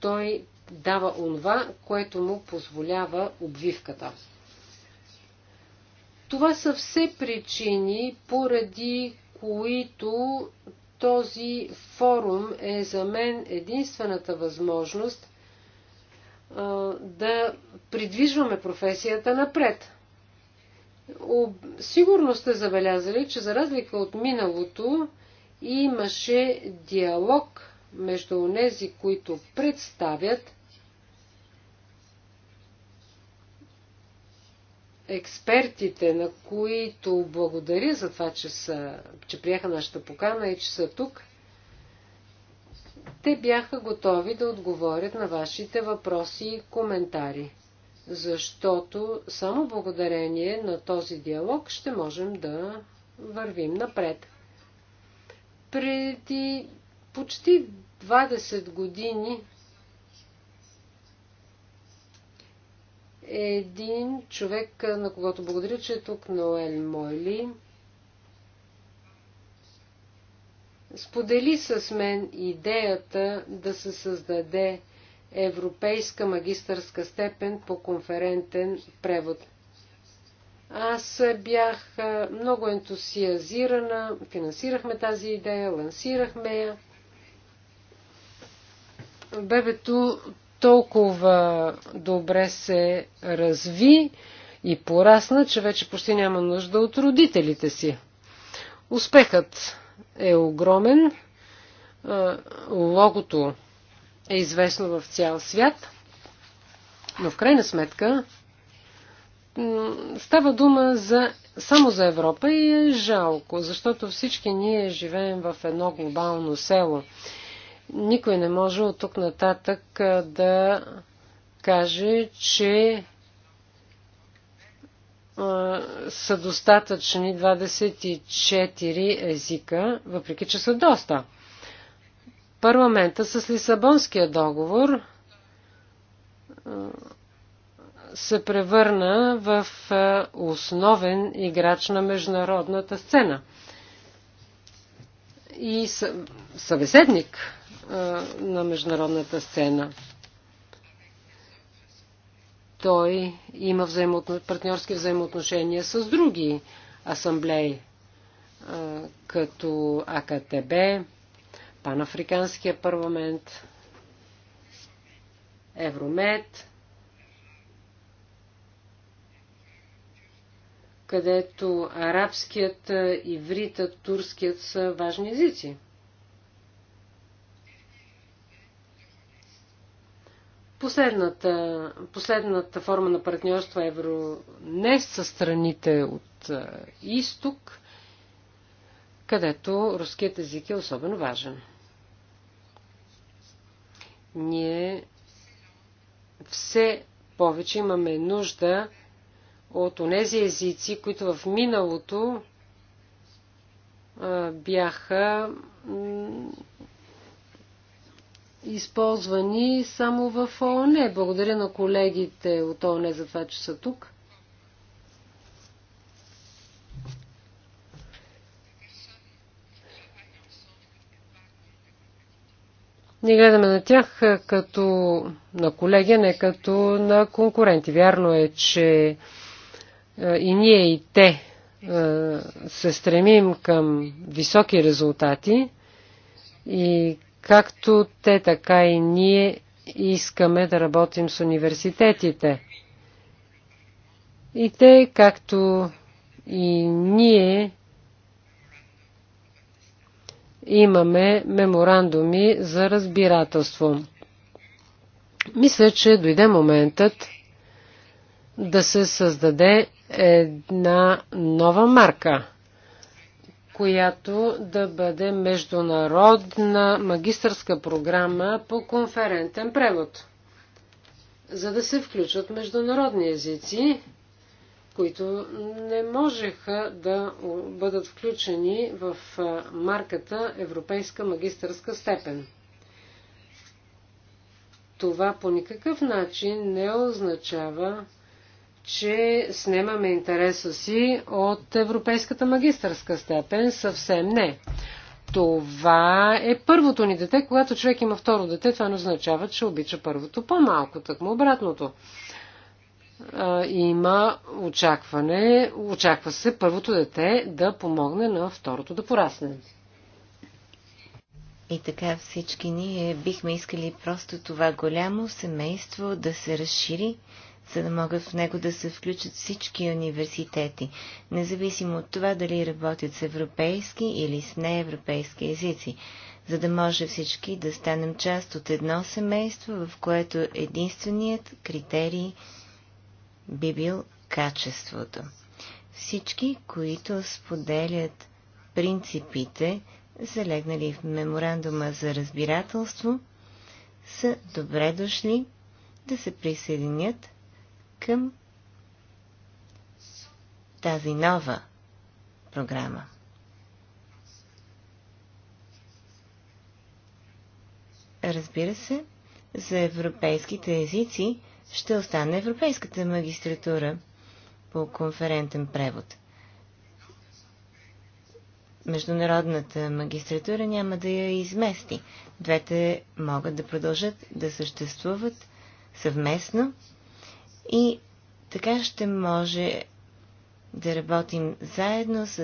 Той дава онова, което му позволява обвивката. Това са все причини, поради които този форум е за мен единствената възможност да придвижваме професията напред. Сигурно сте забелязали, че за разлика от миналото имаше диалог между онези, които представят експертите, на които благодаря за това, че, са, че приеха нашата покана и че са тук, те бяха готови да отговорят на вашите въпроси и коментари, защото само благодарение на този диалог ще можем да вървим напред. Преди почти 20 години един човек, на когото благодаря, че е тук, Ноел Мойли, сподели с мен идеята да се създаде европейска магистърска степен по конферентен превод. Аз бях много ентусиазирана, финансирахме тази идея, лансирахме я. Бебето толкова добре се разви и порасна, че вече почти няма нужда от родителите си. Успехът е огромен. Логото е известно в цял свят. Но в крайна сметка става дума за, само за Европа и е жалко, защото всички ние живеем в едно глобално село. Никой не може от тук нататък да каже, че са достатъчни 24 езика, въпреки че са доста. Парламента с Лисабонския договор се превърна в основен играч на международната сцена и събеседник на международната сцена. Той има взаимоотно... партньорски взаимоотношения с други асамблеи, като АКТБ, Панафриканския парламент, Евромед, където арабският, ивритът, турският са важни езици. Последната, последната форма на партньорство евро не е са страните от изток, където руският език е особено важен. Ние все повече имаме нужда от онези езици, които в миналото бяха използвани само в ООН. Благодаря на колегите от ООН за това, че са тук. Ние гледаме на тях като на колеги, не като на конкуренти. Вярно е, че и ние и те се стремим към високи резултати и Както те, така и ние искаме да работим с университетите. И те, както и ние, имаме меморандуми за разбирателство. Мисля, че дойде моментът да се създаде една нова марка – която да бъде международна магистърска програма по конферентен превод, за да се включат международни езици, които не можеха да бъдат включени в марката Европейска магистърска степен. Това по никакъв начин не означава, че снемаме интереса си от европейската магистърска степен. Съвсем не. Това е първото ни дете. Когато човек има второ дете, това не означава, че обича първото по-малко, му обратното. има очакване, очаква се първото дете да помогне на второто да порасне. И така всички ние бихме искали просто това голямо семейство да се разшири за да могат в него да се включат всички университети, независимо от това дали работят с европейски или с неевропейски езици, за да може всички да станем част от едно семейство, в което единственият критерий би бил качеството. Всички, които споделят принципите, залегнали в меморандума за разбирателство, са добре дошли да се присъединят към тази нова програма. Разбира се, за европейските езици ще остане Европейската магистратура по конферентен превод. Международната магистратура няма да я измести. Двете могат да продължат да съществуват съвместно и така ще може да работим заедно с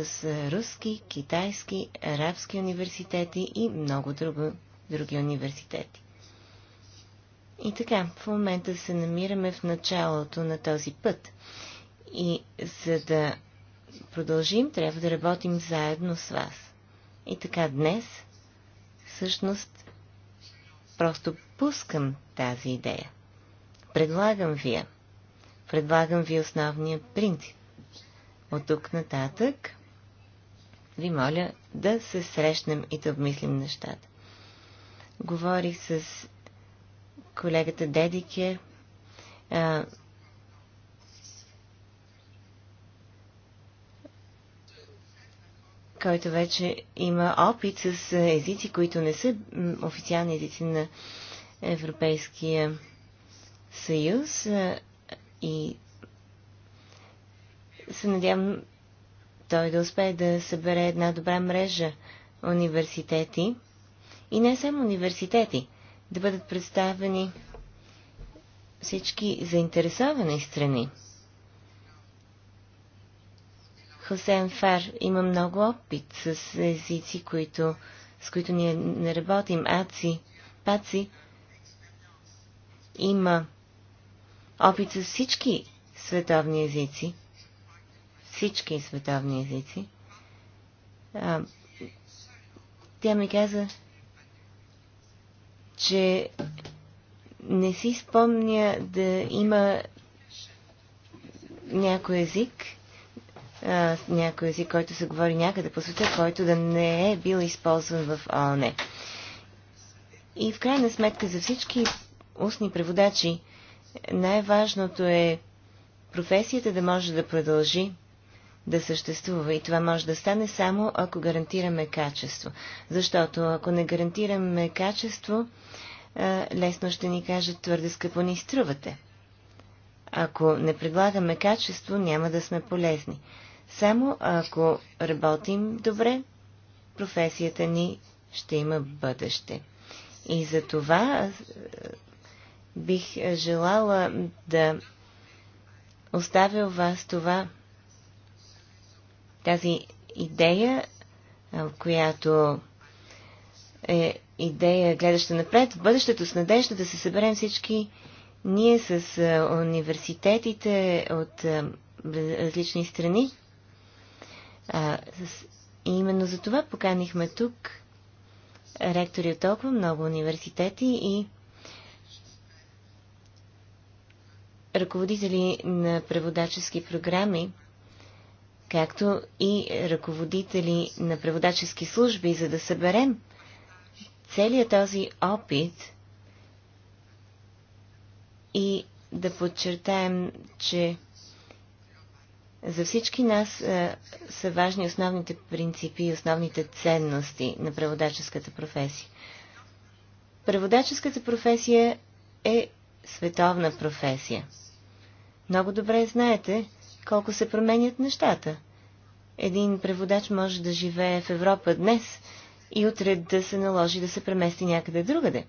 руски, китайски, арабски университети и много друго, други университети. И така, в момента се намираме в началото на този път. И за да продължим, трябва да работим заедно с вас. И така днес, всъщност, просто пускам тази идея. Предлагам вие Предлагам ви основния принцип. От тук нататък ви моля да се срещнем и да обмислим нещата. Говорих с колегата Дедике. А, който вече има опит с езици, които не са официални езици на Европейския съюз и се надявам той да успее да събере една добра мрежа университети и не само университети, да бъдат представени всички заинтересовани страни. Хосен Фар има много опит с езици, които, с които ние не работим. Аци, Паци има опит с всички световни езици. Всички световни езици. А, тя ми каза, че не си спомня да има някой език, а, някой език, който се говори някъде по света, който да не е бил използван в ООН. И в крайна сметка за всички устни преводачи най-важното е професията да може да продължи да съществува и това може да стане само ако гарантираме качество. Защото ако не гарантираме качество, лесно ще ни кажат твърде скъпо ни струвате. Ако не предлагаме качество, няма да сме полезни. Само ако работим добре, професията ни ще има бъдеще. И за това бих е, желала да оставя вас това, тази идея, е, която е идея, гледаща напред, в бъдещето с надежда да се съберем всички ние с е, университетите от различни страни. И именно за това поканихме тук ректори от толкова много университети и ръководители на преводачески програми, както и ръководители на преводачески служби, за да съберем целият този опит и да подчертаем, че за всички нас а, е, са важни основните принципи и основните ценности на преводаческата професия. Преводаческата професия е световна професия. Много добре знаете колко се променят нещата. Един преводач може да живее в Европа днес и утре да се наложи да се премести някъде другаде.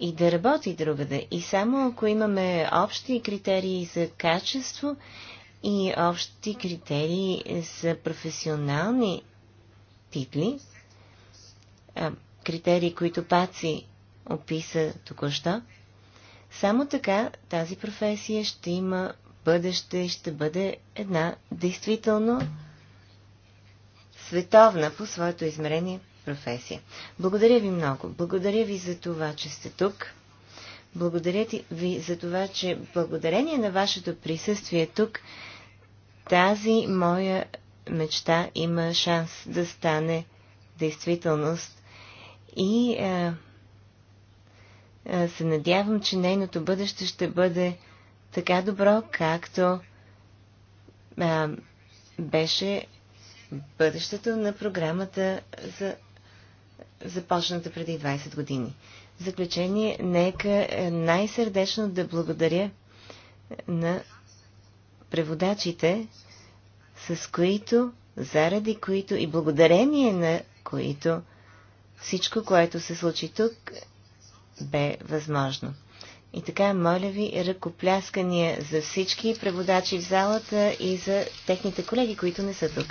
И да работи другаде. И само ако имаме общи критерии за качество и общи критерии за професионални титли, критерии, които Паци описа току-що, само така тази професия ще има бъдеще и ще бъде една действително световна по своето измерение професия. Благодаря ви много. Благодаря ви за това, че сте тук. Благодаря ви за това, че благодарение на вашето присъствие тук, тази моя мечта има шанс да стане действителност. И е, е, се надявам, че нейното бъдеще ще бъде така добро, както а, е, беше бъдещето на програмата за започната преди 20 години. В заключение, нека е, най-сърдечно да благодаря на преводачите, с които, заради които и благодарение на които всичко, което се случи тук, бе възможно. И така, моля ви, ръкопляскания за всички преводачи в залата и за техните колеги, които не са тук.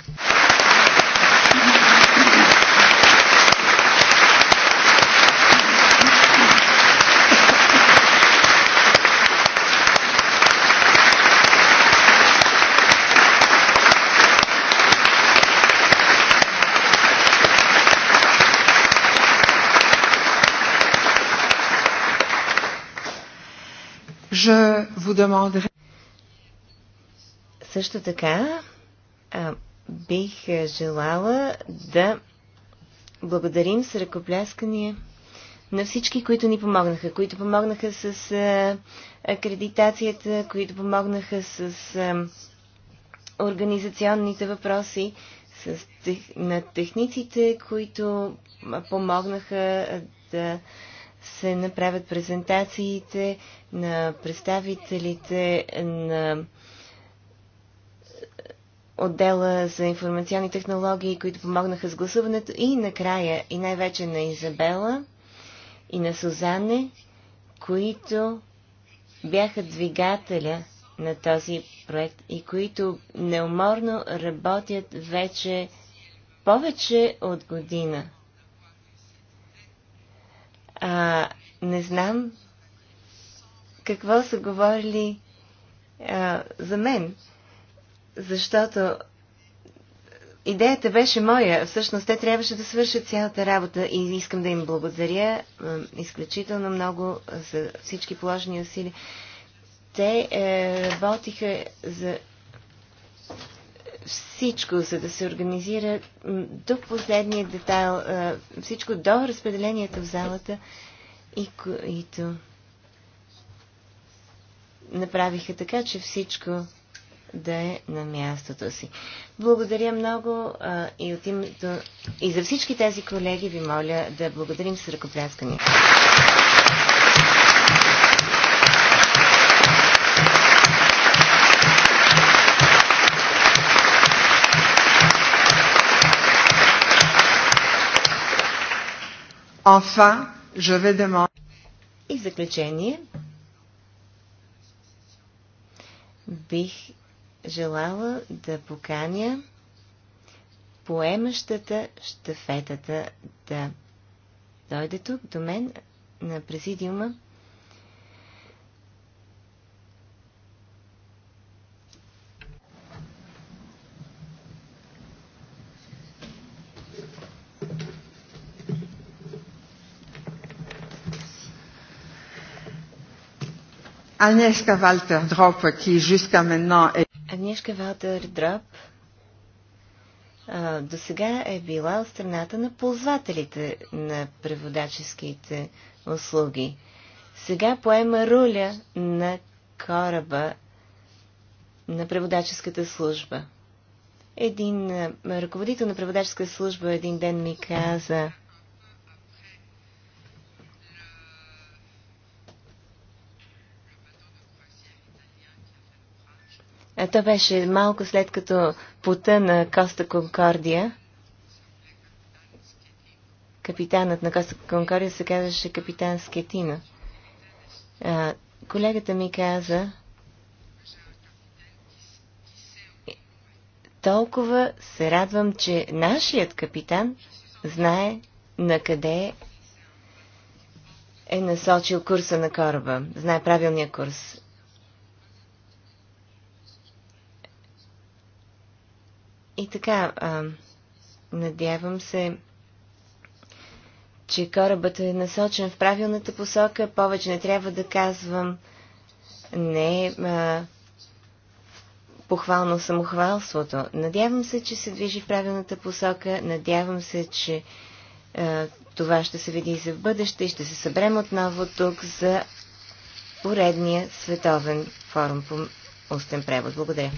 demanderai... Също така, а, бих желала да благодарим с ръкопляскания на всички, които ни помогнаха, които помогнаха с а, акредитацията, които помогнаха с а, организационните въпроси, с, тех, на техниците, които помогнаха да се направят презентациите на представителите на отдела за информационни технологии, които помогнаха с гласуването и накрая, и най-вече на Изабела и на Сузане, които бяха двигателя на този проект и които неуморно работят вече повече от година. А, не знам какво са говорили а, за мен, защото идеята беше моя. Всъщност те трябваше да свършат цялата работа и искам да им благодаря а, изключително много за всички положени усилия. Те е, работиха за всичко, за да се организира до последния детайл, всичко до разпределението в залата и които направиха така, че всичко да е на мястото си. Благодаря много и от името и за всички тези колеги ви моля да благодарим с ръкопляскания. Enfin, je vais demander... И в заключение, бих желала да поканя поемащата щафетата да дойде тук до мен на президиума Agnieszka Walter-Drop, qui jusqu'à maintenant est... Agnieszka Walter Drop, до сега е била от страната на ползвателите на преводаческите услуги. Сега поема руля на кораба на преводаческата служба. Един ръководител на преводаческа служба един ден ми каза – То беше малко след като пута на Коста Конкордия. Капитанът на Коста Конкордия се казваше капитан Скетина. А, колегата ми каза, толкова се радвам, че нашият капитан знае на къде е насочил курса на кораба. Знае правилния курс. И така, а, надявам се, че корабът е насочен в правилната посока. Повече не трябва да казвам не а, похвално самохвалството. Надявам се, че се движи в правилната посока. Надявам се, че а, това ще се види и за в бъдеще и ще се съберем отново тук за поредния световен форум по устен превод. Благодаря.